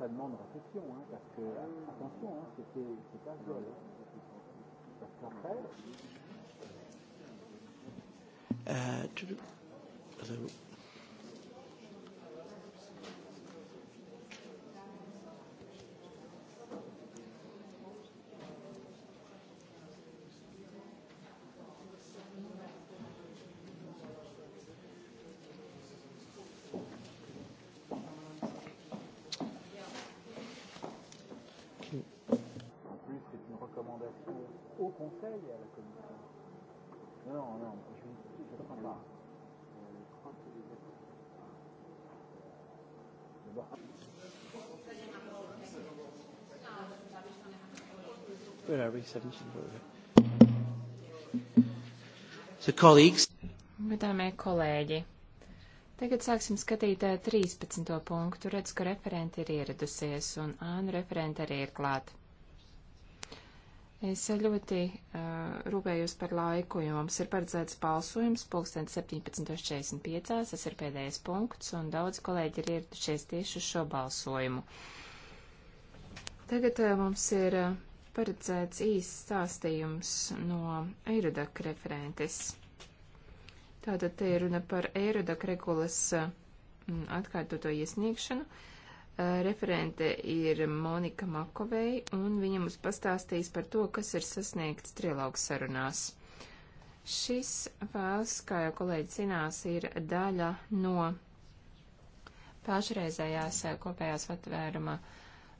ça demande réflexion, hein, parce que, euh, attention, hein, c'est pas viol. Hein. Parce qu'après. Euh, tu... Hello. au Conseil et à la Commission. Non, non, je ne crois pas. Je crois que les D'abord. Where are we? 17 So colleagues. Gadāmie kolēģi, Tagad sāksim skatīt 13. punktu. Redz, ka referenti ir ieradusies un ānu referenti arī ir klāt. Es ļoti uh, rūpējos par laiku, jo mums ir paredzēts balsojums pulksten 17.45. Tas ir pēdējais punkts, un daudz kolēģi ir ieradušies tieši uz šo balsojumu. Tagad uh, mums ir uh, paredzēts īsts stāstījums no Eirodak referentes. Tātad te ir runa par Eirodak regulas uh, atkārtoto iesniegšanu. Uh, Eh, referente ir Monika Makovei, un viņa mums pastāstīs par to, kas ir sasniegts trilogu sarunās. Šis fails, kā jau kolēģi zinās, ir daļa no pašreizējās eh, kopējās patvēruma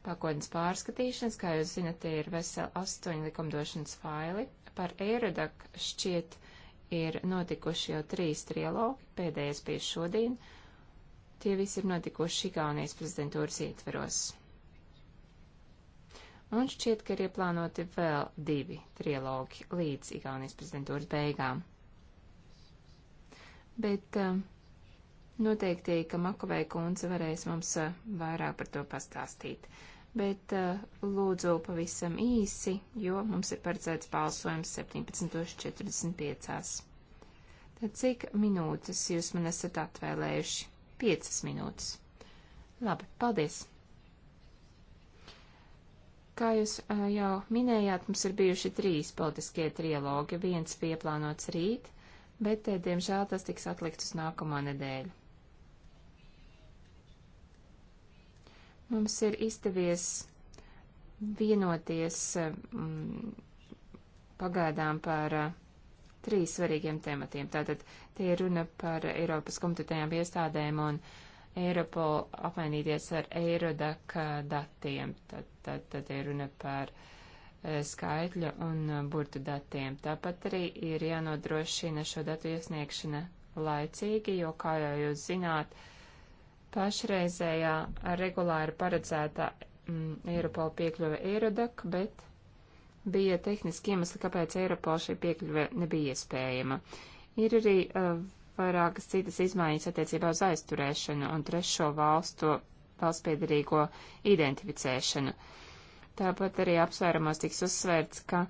pakotnes pārskatīšanas. Kā jūs zinat, tie ir veseli astoņi likumdošanas faili. Par Eirodak šķiet ir notikuši jau trīs trilogi, pēdējais bija šodien. Uh, Tie visi ir notikuši Igaunijas prezidentūras ietveros. Un šķiet, ka ir ieplānoti vēl divi trilogi līdz Igaunijas prezidentūras beigām. Bet eh, noteikti, ka Makovei kundze varēs mums eh, vairāk par to pastāstīt bet uh, lūdzu pavisam īsi, jo mums ir paredzēts balsojums 17.45. Tad cik minūtes jūs man esat atvēlējuši? piecas minūtes. Labi, paldies! Kā jūs jau minējāt, mums ir bijuši trīs politiskie trilogi. Viens bija plānots rīt, bet, diemžēl, tas tiks atlikts uz nākamo nedēļu. Mums ir izdevies vienoties pagaidām par trīs svarīgiem tematiem. Tātad tie ir runa par Eiropas komitētajām iestādēm un Eiropol apmainīties ar Eirodak datiem. Tad, tad, tad ir runa par eh, skaitļu un eh, burtu datiem. Tāpat arī ir jānodrošina šo datu iesniegšana laicīgi, jo, kā jau jūs zināt, pašreizējā regulāri paredzēta mm, Eiropola piekļuve Eirodak, bet bija tehniski iemesli, kāpēc Eiropā šī piekļuve nebija iespējama. Ir arī uh, vairākas citas izmaiņas attiecībā uz aizturēšanu un trešo valstu valstspiedarīgo identificēšanu. Tāpat arī apsvērumos tiks uzsvērts, ka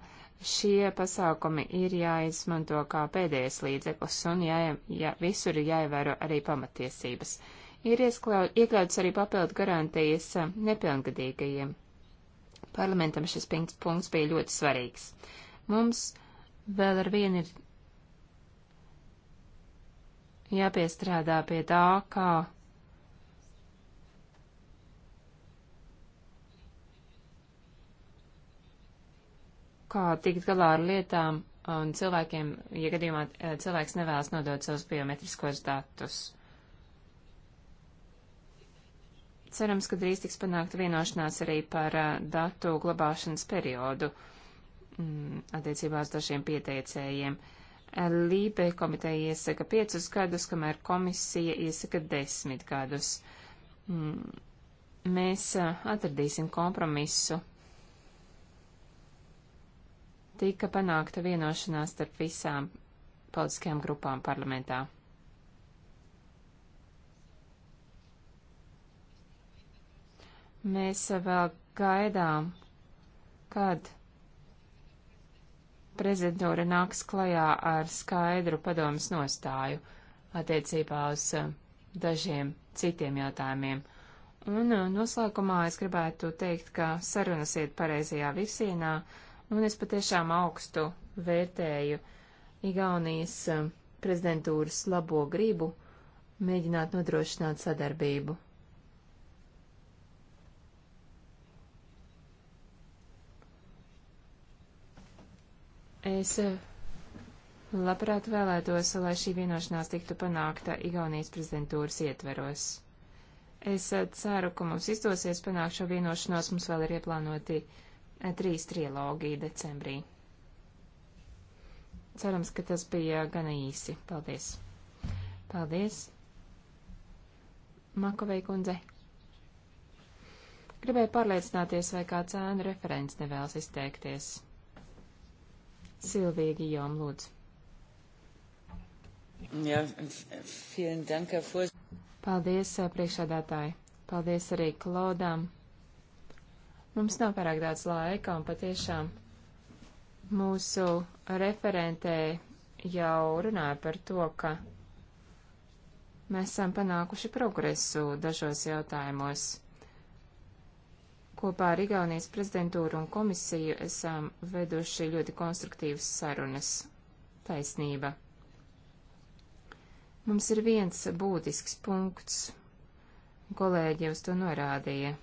šie pasākumi ir jāizmanto kā pēdējais līdzeklis un jā, jā, visur ir jāievēro arī pamatiesības. Ir iekļauts arī papildu garantijas eh, nepilngadīgajiem parlamentam šis punkts bija ļoti svarīgs. Mums vēl ar vienu ir jāpiestrādā pie tā, kā kā tikt galā ar lietām un cilvēkiem, ja gadījumā eh, cilvēks nevēlas nodot savus biometriskos datus. Cerams, ka drīz tiks panākta vienošanās arī par eh, datu glabāšanas periodu mm, attiecībās dažiem pieteicējiem. Eh, Lībe komiteja iesaka piecus gadus, kamēr komisija iesaka desmit gadus. Mm, mēs eh, atradīsim kompromisu. Tika panākta vienošanās starp visām politiskajām grupām parlamentā. Mēs vēl gaidām, kad prezidentūra nāks klajā ar skaidru padomas nostāju attiecībā uz eh, dažiem citiem jautājumiem. Un eh, noslēgumā es gribētu teikt, ka sarunas iet pareizajā virsienā, un es patiešām augstu vērtēju Igaunijas eh, prezidentūras labo gribu mēģināt nodrošināt sadarbību. Es eh, labprāt vēlētos, lai šī vienošanās tiktu panākta Igaunijas prezidentūras ietveros. Es eh, ceru, ka mums izdosies panākt šo vienošanos. Mums vēl ir ieplānoti eh, trīs trilogi decembrī. Cerams, ka tas bija gana īsi. Paldies! Paldies! Makovei kundze! Gribēju pārliecināties, vai kāds ēnu referents nevēlas izteikties. Silvija Gijom, lūdzu. Jā, vielen dank, Fos. Paldies, eh, priekšādātāji. Paldies arī Klodām. Mums nav pārāk daudz laika, un patiešām mūsu referentē jau runāja par to, ka mēs esam panākuši progresu dažos jautājumos. Kopā ar Igaunijas prezidentūru un komisiju esam veduši ļoti konstruktīvas sarunas. Taisnība. Mums ir viens būtisks punkts. Kolēģi uz to norādīja.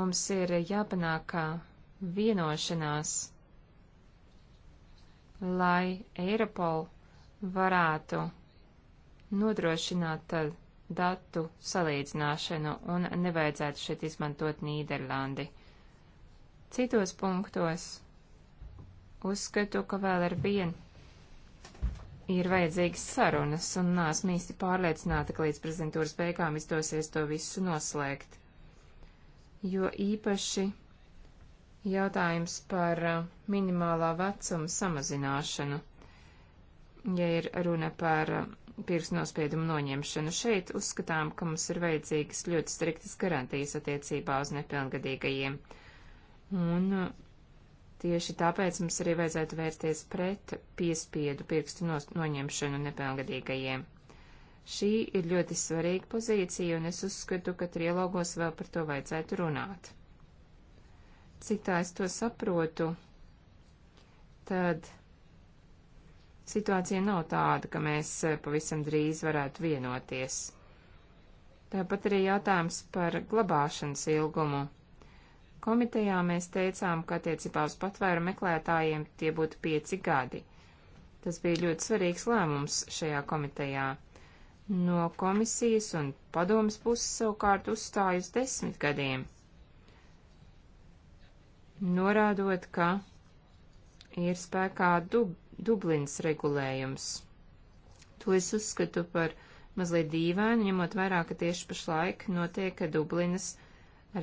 Mums ir jāpanāk vienošanās, lai Eiropol varētu nodrošināt tad uh, datu salīdzināšanu un nevajadzētu šeit izmantot Nīderlandi. Citos punktos uzskatu, ka vēl ar vienu ir vajadzīgas sarunas, un nāsmu īsti pārliecināta, ka līdz prezentūras beigām izdosies to visu noslēgt. Jo īpaši jautājums par uh, minimālā vecuma samazināšanu, ja ir runa par uh, pirksnospiedumu noņemšanu. Šeit uzskatām, ka mums ir vajadzīgas ļoti striktas garantijas attiecībā uz nepilngadīgajiem. Un uh, tieši tāpēc mums arī vajadzētu vērsties pret piespiedu pirkstu noņemšanu nepilngadīgajiem. Šī ir ļoti svarīga pozīcija, un es uzskatu, ka trilogos vēl par to vajadzētu runāt. Cik tā es to saprotu, tad situācija nav tāda, ka mēs e, pavisam drīz varētu vienoties. Tāpat arī jautājums par glabāšanas ilgumu. Komitejā mēs teicām, ka attiecībā uz patvēru meklētājiem tie būtu pieci gadi. Tas bija ļoti svarīgs lēmums šajā komitejā. No komisijas un padomas puses savukārt uzstāj uz desmit gadiem, norādot, ka ir spēkā dub Dublins regulējums. To es uzskatu par mazliet dīvainu, ņemot vairāk, ka tieši pašlaik notiek Dublinas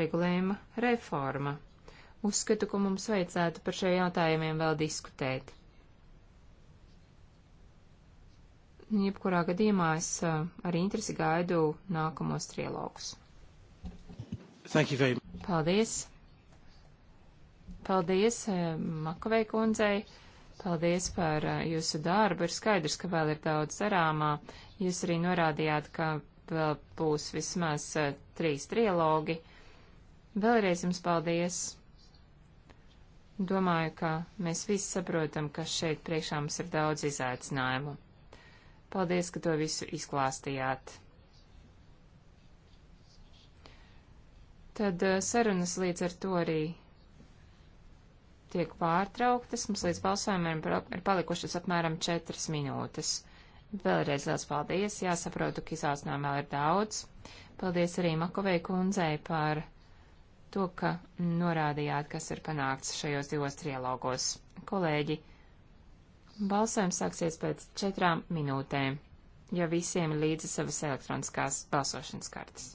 regulējuma reforma. Uzskatu, ka mums vajadzētu par šiem jautājumiem vēl diskutēt. Jebkurā gadījumā es uh, ar interesi gaidu nākamos trilogus. Paldies! Paldies uh, Makovei kundzei! Paldies par jūsu darbu. Ir skaidrs, ka vēl ir daudz darāmā. Jūs arī norādījāt, ka vēl būs vismaz trīs trilogi. Vēlreiz jums paldies. Domāju, ka mēs visi saprotam, ka šeit priekšā mums ir daudz izaicinājumu. Paldies, ka to visu izklāstījāt. Tad sarunas līdz ar to arī tiek pārtrauktas. Mums līdz balsojumiem ir palikušas apmēram 4 minūtes. Vēlreiz liels paldies. Jāsaprotu, ka izācinājumā vēl ir daudz. Paldies arī Makovei kundzei par to, ka norādījāt, kas ir panākts šajos divos trialogos. Kolēģi, balsojums sāksies pēc četrām minūtēm, ja visiem ir līdzi savas elektroniskās balsošanas kartes.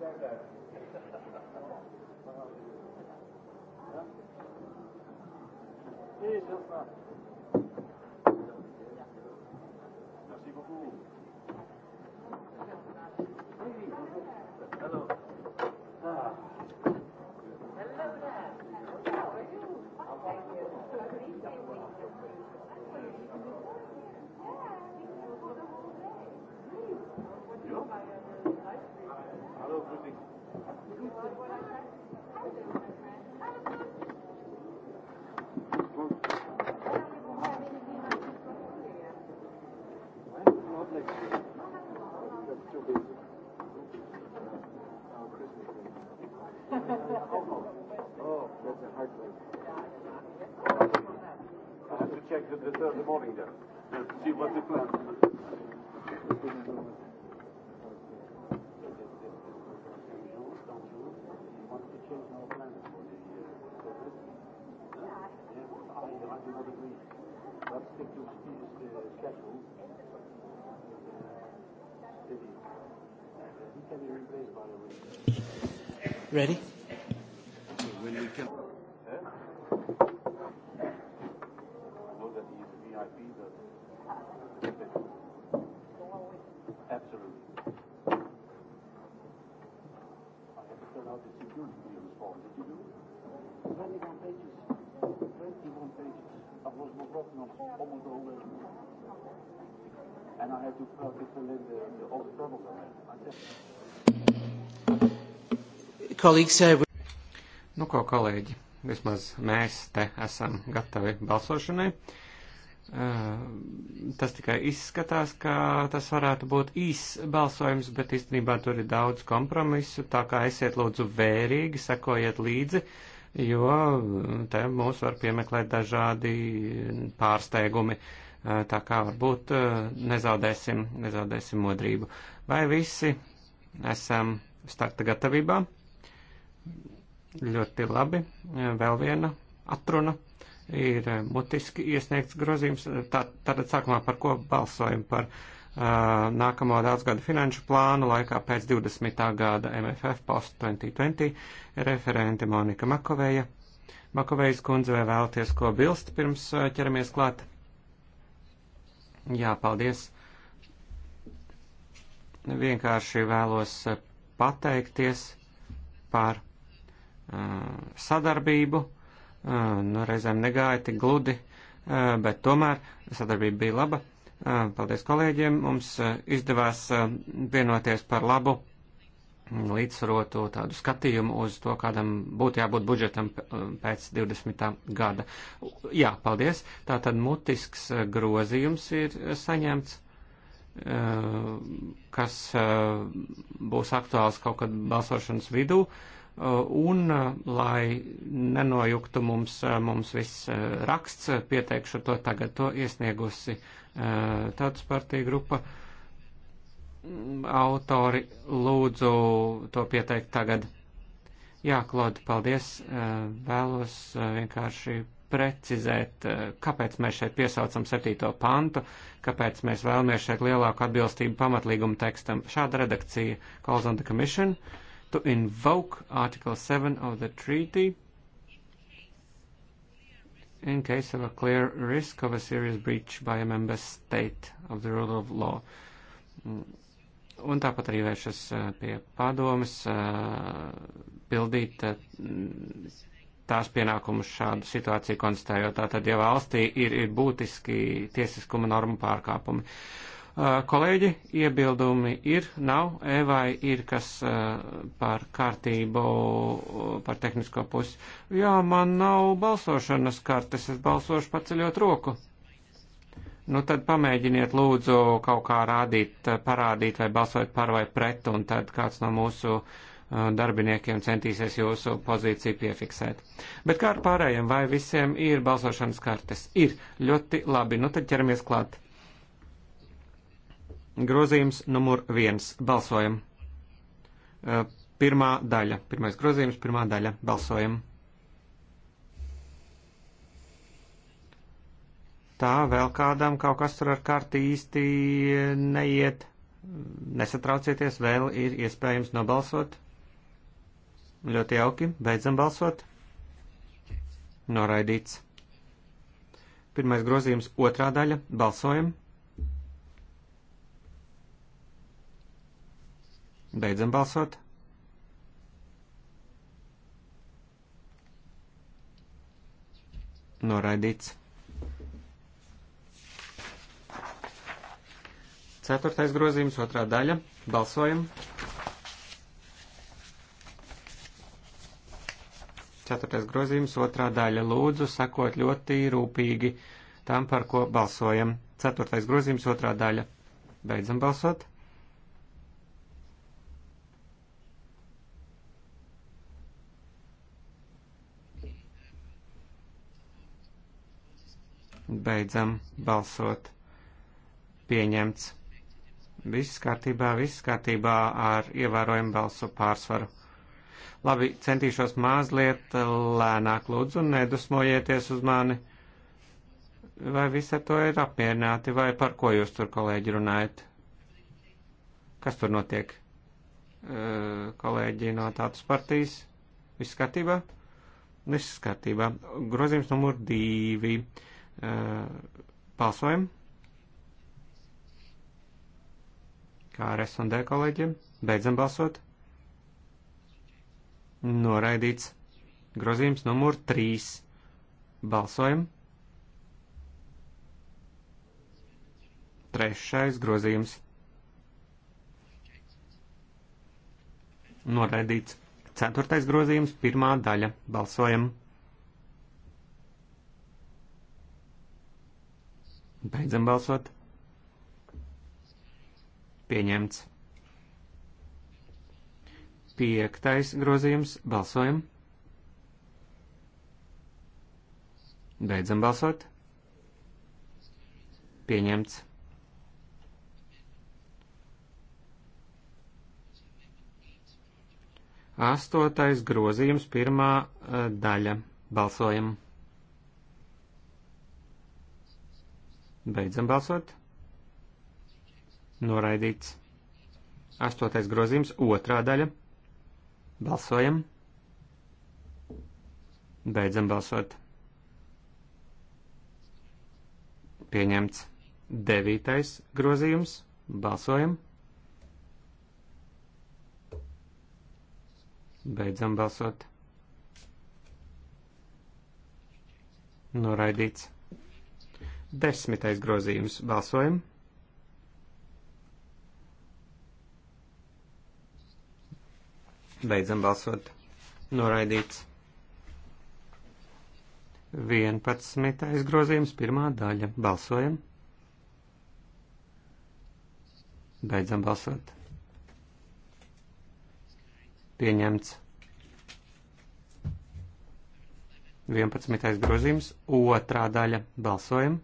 Merci beaucoup. Hello. Ah. Hello there. How are you? Thank you. Yeah. Thursday morning then. Yeah. See what the plan. Let's stick to the schedule. Steady. He can be replaced by a week. Ready? Tottenham om het over. And I had to plug it in the, the all the troubles I had. Colleagues, uh, Nu ko, kolēģi, vismaz mēs te esam gatavi balsošanai. Uh, tas tikai izskatās, ka tas varētu būt īss balsojums, bet īstenībā tur ir daudz kompromisu, tā kā esiet lūdzu vērīgi, sekojiet līdzi. Uh, jo mm, te mūs var piemeklēt dažādi pārsteigumi. Eh, tā kā varbūt eh, nezaudēsim, nezaudēsim modrību. Vai visi esam starta gatavībā? Ļoti labi. Eh, vēl viena atruna ir mutiski iesniegts grozījums. Tā, tātad sākumā par ko balsojam? Par uh, nākamo daudzgada finanšu plānu laikā pēc 20. gada MFF post 2020 referente Monika Makovēja. Makovējas kundze vai vēlaties ko bilst pirms ķeramies klāt? Jā, paldies. Vienkārši vēlos pateikties par sadarbību. Nu, reizēm negāja tik gludi, bet tomēr sadarbība bija laba Paldies kolēģiem. Mums izdevās vienoties par labu līdzsvarotu tādu skatījumu uz to, kādam būtu jābūt budžetam pēc 20. gada. Jā, paldies. Tātad mutisks grozījums ir saņemts, kas būs aktuāls kaut kad balsošanas vidū. Un, lai nenojuktu mums, mums viss raksts, pieteikšu to tagad, to iesniegusi tautas partija grupa. Mm, autori lūdzu to pieteikt tagad. Jā, Klod, paldies. Vēlos vienkārši precizēt, kāpēc mēs šeit piesaucam septīto pantu, kāpēc mēs vēlamies šeit lielāku atbilstību pamatlīguma tekstam. Šāda redakcija calls on the commission to invoke Article 7 of the treaty in case of a clear risk of a serious breach by a member state of the rule of law. Mm. Un tāpat arī vēršas uh, pie padomas uh, pildīt uh, tās pienākumus šādu situāciju konstatējot. Tātad, ja valstī ir, ir būtiski tiesiskuma norma pārkāpumi. Uh, Uh, kolēģi, iebildumi ir, nav, Evai ir kas uh, par kārtību, uh, par tehnisko pusi. Jā, man nav balsošanas kartes, es balsošu paceļot roku. Nu tad pamēģiniet lūdzu kaut kā rādīt, parādīt vai balsot par vai pret, un tad kāds no mūsu darbiniekiem centīsies jūsu pozīciju piefiksēt. Bet kā ar pārējiem, vai visiem ir balsošanas kartes? Ir, ļoti labi, nu tad ķeramies klāt. Grozījums numur viens. Balsojam. Pirmā daļa. Pirmais grozījums, pirmā daļa. Balsojam. Tā vēl kādam kaut kas tur ar kārti īsti neiet. Nesatraucieties, vēl ir iespējams nobalsot. Ļoti jauki, beidzam balsot. Noraidīts. Pirmais grozījums, otrā daļa, balsojam. Beidzam balsot. Noraidīts. Ceturtais grozījums, otrā daļa. Balsojam. Ceturtais grozījums, otrā daļa. Lūdzu, sakot ļoti rūpīgi tam, par ko balsojam. Ceturtais grozījums, otrā daļa. Beidzam balsot. Beidzam balsot. Pieņemts. Viss kārtībā, viss kārtībā ar ievērojumu balsu pārsvaru. Labi, centīšos mazliet lēnāk lūdzu un nedusmojieties uz mani. Vai visi ar to ir apmierināti, vai par ko jūs tur, kolēģi, runājat? Kas tur notiek? Kolēģi no tādas partijas? Viss kārtībā? Viss kārtībā. Grozījums numur divi. Balsojam. Kā ar S&D kolēģiem. Beidzam balsot. Noraidīts. Grozījums numur 3. Balsojam. Trešais grozījums. Noraidīts. Ceturtais grozījums, pirmā daļa. Balsojam. Beidzam balsot. Pieņemts. Piektais grozījums. Balsojam. Beidzam balsot. Pieņemts. Astotais grozījums pirmā eh, daļa. Balsojam. Beidzam balsot. Noraidīts. Astotais grozījums, otrā daļa. Balsojam. Beidzam balsot. Pieņemts. Devītais grozījums. Balsojam. Beidzam balsot. Noraidīts. Desmitais grozījums. Balsojam. Beidzam balsot. Noraidīts. 11. grozījums, pirmā daļa. Balsojam. Beidzam balsot. Pieņemts. 11. grozījums, otrā daļa. Balsojam.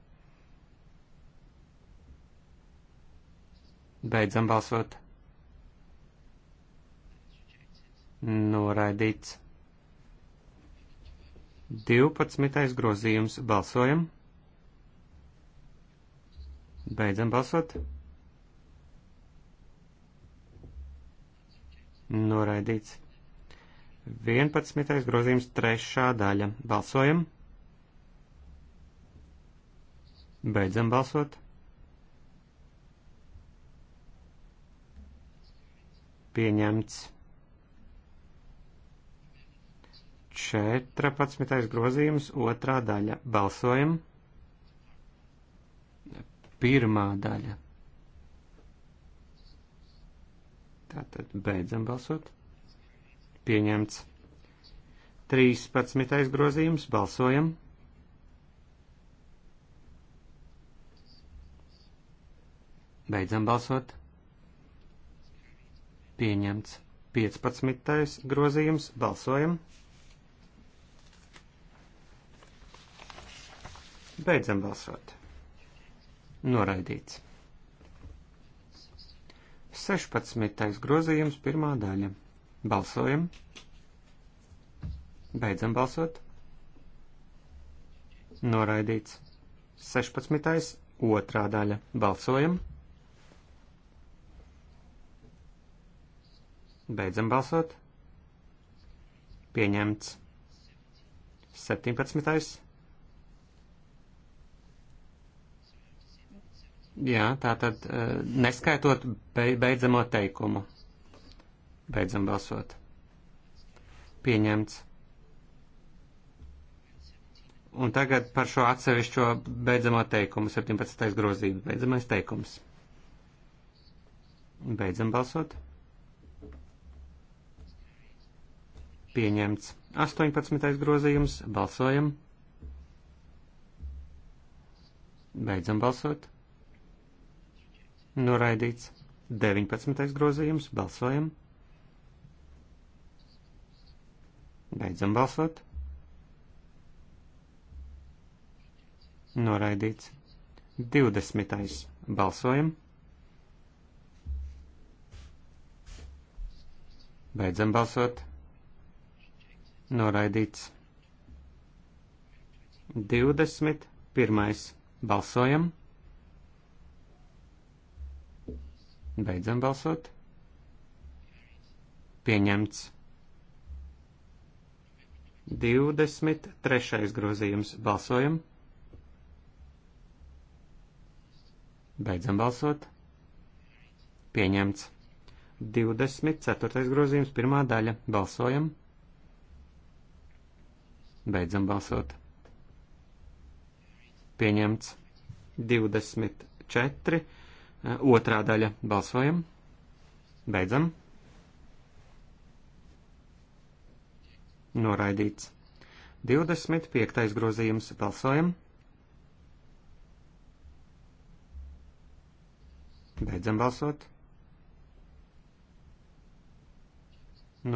Beidzam balsot. Noraidīts. 12. grozījums. Balsojam. Beidzam balsot. Noraidīts. 11. grozījums. Trešā daļa. Balsojam. Beidzam balsot. pieņemts. 14. grozījums, otrā daļa. Balsojam. Pirmā daļa. Tātad beidzam balsot. Pieņemts. 13. grozījums, balsojam. Beidzam balsot pieņemts. 15. grozījums, balsojam. Beidzam balsot. Noraidīts. 16. grozījums, pirmā daļa. Balsojam. Beidzam balsot. Noraidīts. 16. otrā daļa. Balsojam. Beidzam balsot. Pieņemts. 17. Jā, tā tad e, neskaitot beidzamo teikumu. Beidzam balsot. Pieņemts. Un tagad par šo atsevišķo beidzamo teikumu, 17. grozību, beidzamais teikums. Beidzam balsot. pieņemts. 18. grozījums. Balsojam. Beidzam balsot. Noraidīts. 19. grozījums. Balsojam. Beidzam balsot. Noraidīts. 20. Balsojam. Beidzam balsot. Noraidīts. 21. Balsojam. Beidzam balsot. Pieņemts. 23. grozījums. Balsojam. Beidzam balsot. Pieņemts. 24. grozījums. Pirmā daļa. Balsojam. Beidzam balsot. Pieņemts 24. Otrā daļa. Balsojam. Beidzam. Noraidīts. 25. grozījums. Balsojam. Beidzam balsot.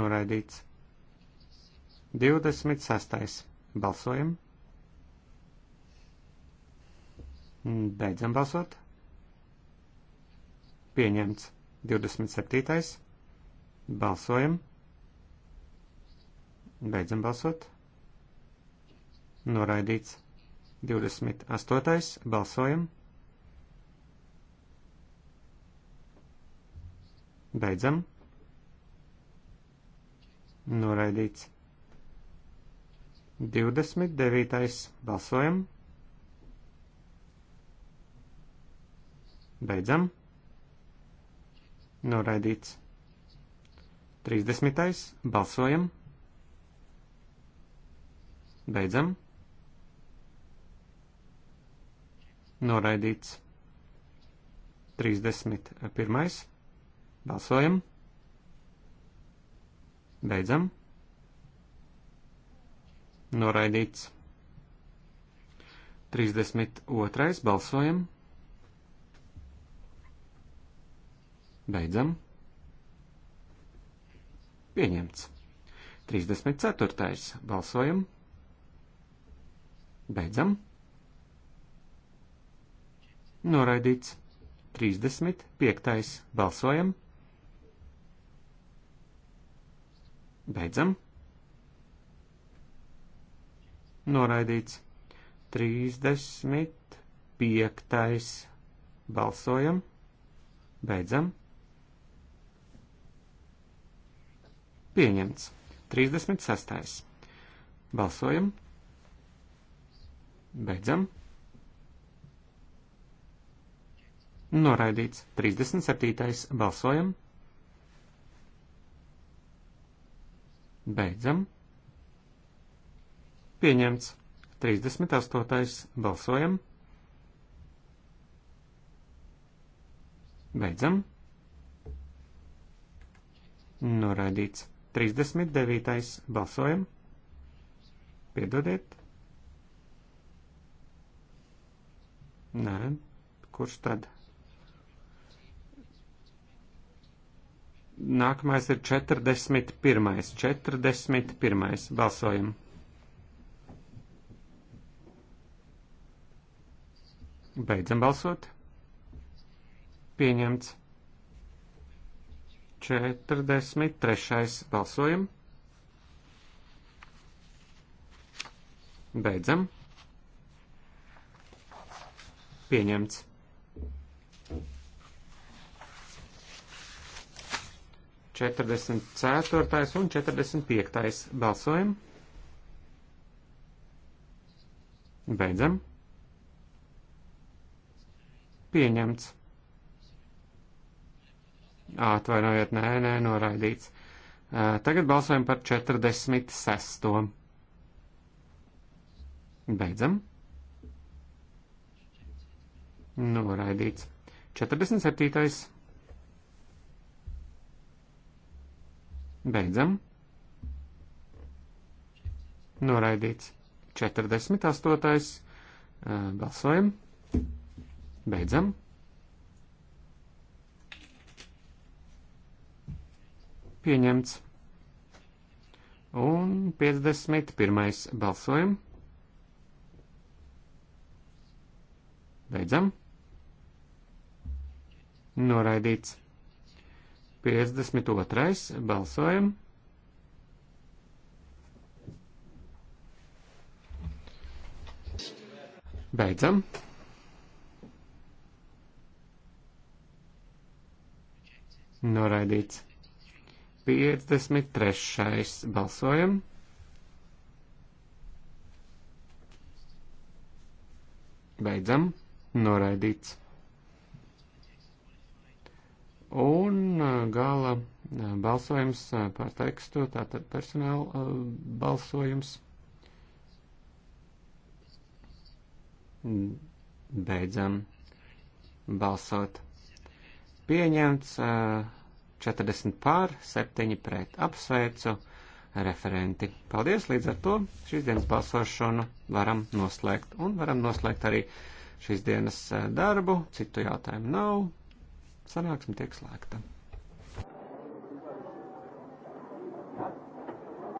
Noraidīts. 26. Balsojam. Beidzam balsot. Pieņemts. 27. Balsojam. Beidzam balsot. Noraidīts. 28. Balsojam. Beidzam. Noraidīts. 29. balsojam. Beidzam. Noraidīts. 30. balsojam. Beidzam. Noraidīts. 31. balsojam. Beidzam. Noraidīts. 32. Balsojam. Beidzam. Pieņemts. 34. Balsojam. Beidzam. Noraidīts. 35. Balsojam. Beidzam noraidīts. 35. balsojam, beidzam. Pieņemts. 36. Balsojam. Beidzam. Noraidīts. 37. Balsojam. Beidzam. Pieņemts. 38. Balsojam. Beidzam. Noraidīts. 39. Balsojam. Piedodiet. Nē, kurš tad? Nākamais ir 41. 41. Balsojam. Beidzam balsot. Pieņemts. 43. balsojam. Beidzam. Pieņemts. Četrdesmit ceturtais un četrdesmit piektais balsojam. Beidzam. Pieņemts. Atvainojiet, nē, nē, noraidīts. Tagad balsojam par 46. Beidzam. Noraidīts. 47. Beidzam. Noraidīts. 48. Balsojam. Beidzam. Pieņemts. Un 51. balsojam. Beidzam. Noraidīts. 52. balsojam. Beidzam. Noraidīts. 53. Balsojam. Beidzam. Noraidīts. Un uh, gala uh, balsojums uh, par tekstu, tātad personāla balsojums. Beidzam balsot pieņemts 40 pār, 7 pret. Apsveicu referenti. Paldies, līdz ar to šīs dienas balsošanu varam noslēgt un varam noslēgt arī šīs dienas darbu. Citu jautājumu nav. Sanāksim tiek slēgta.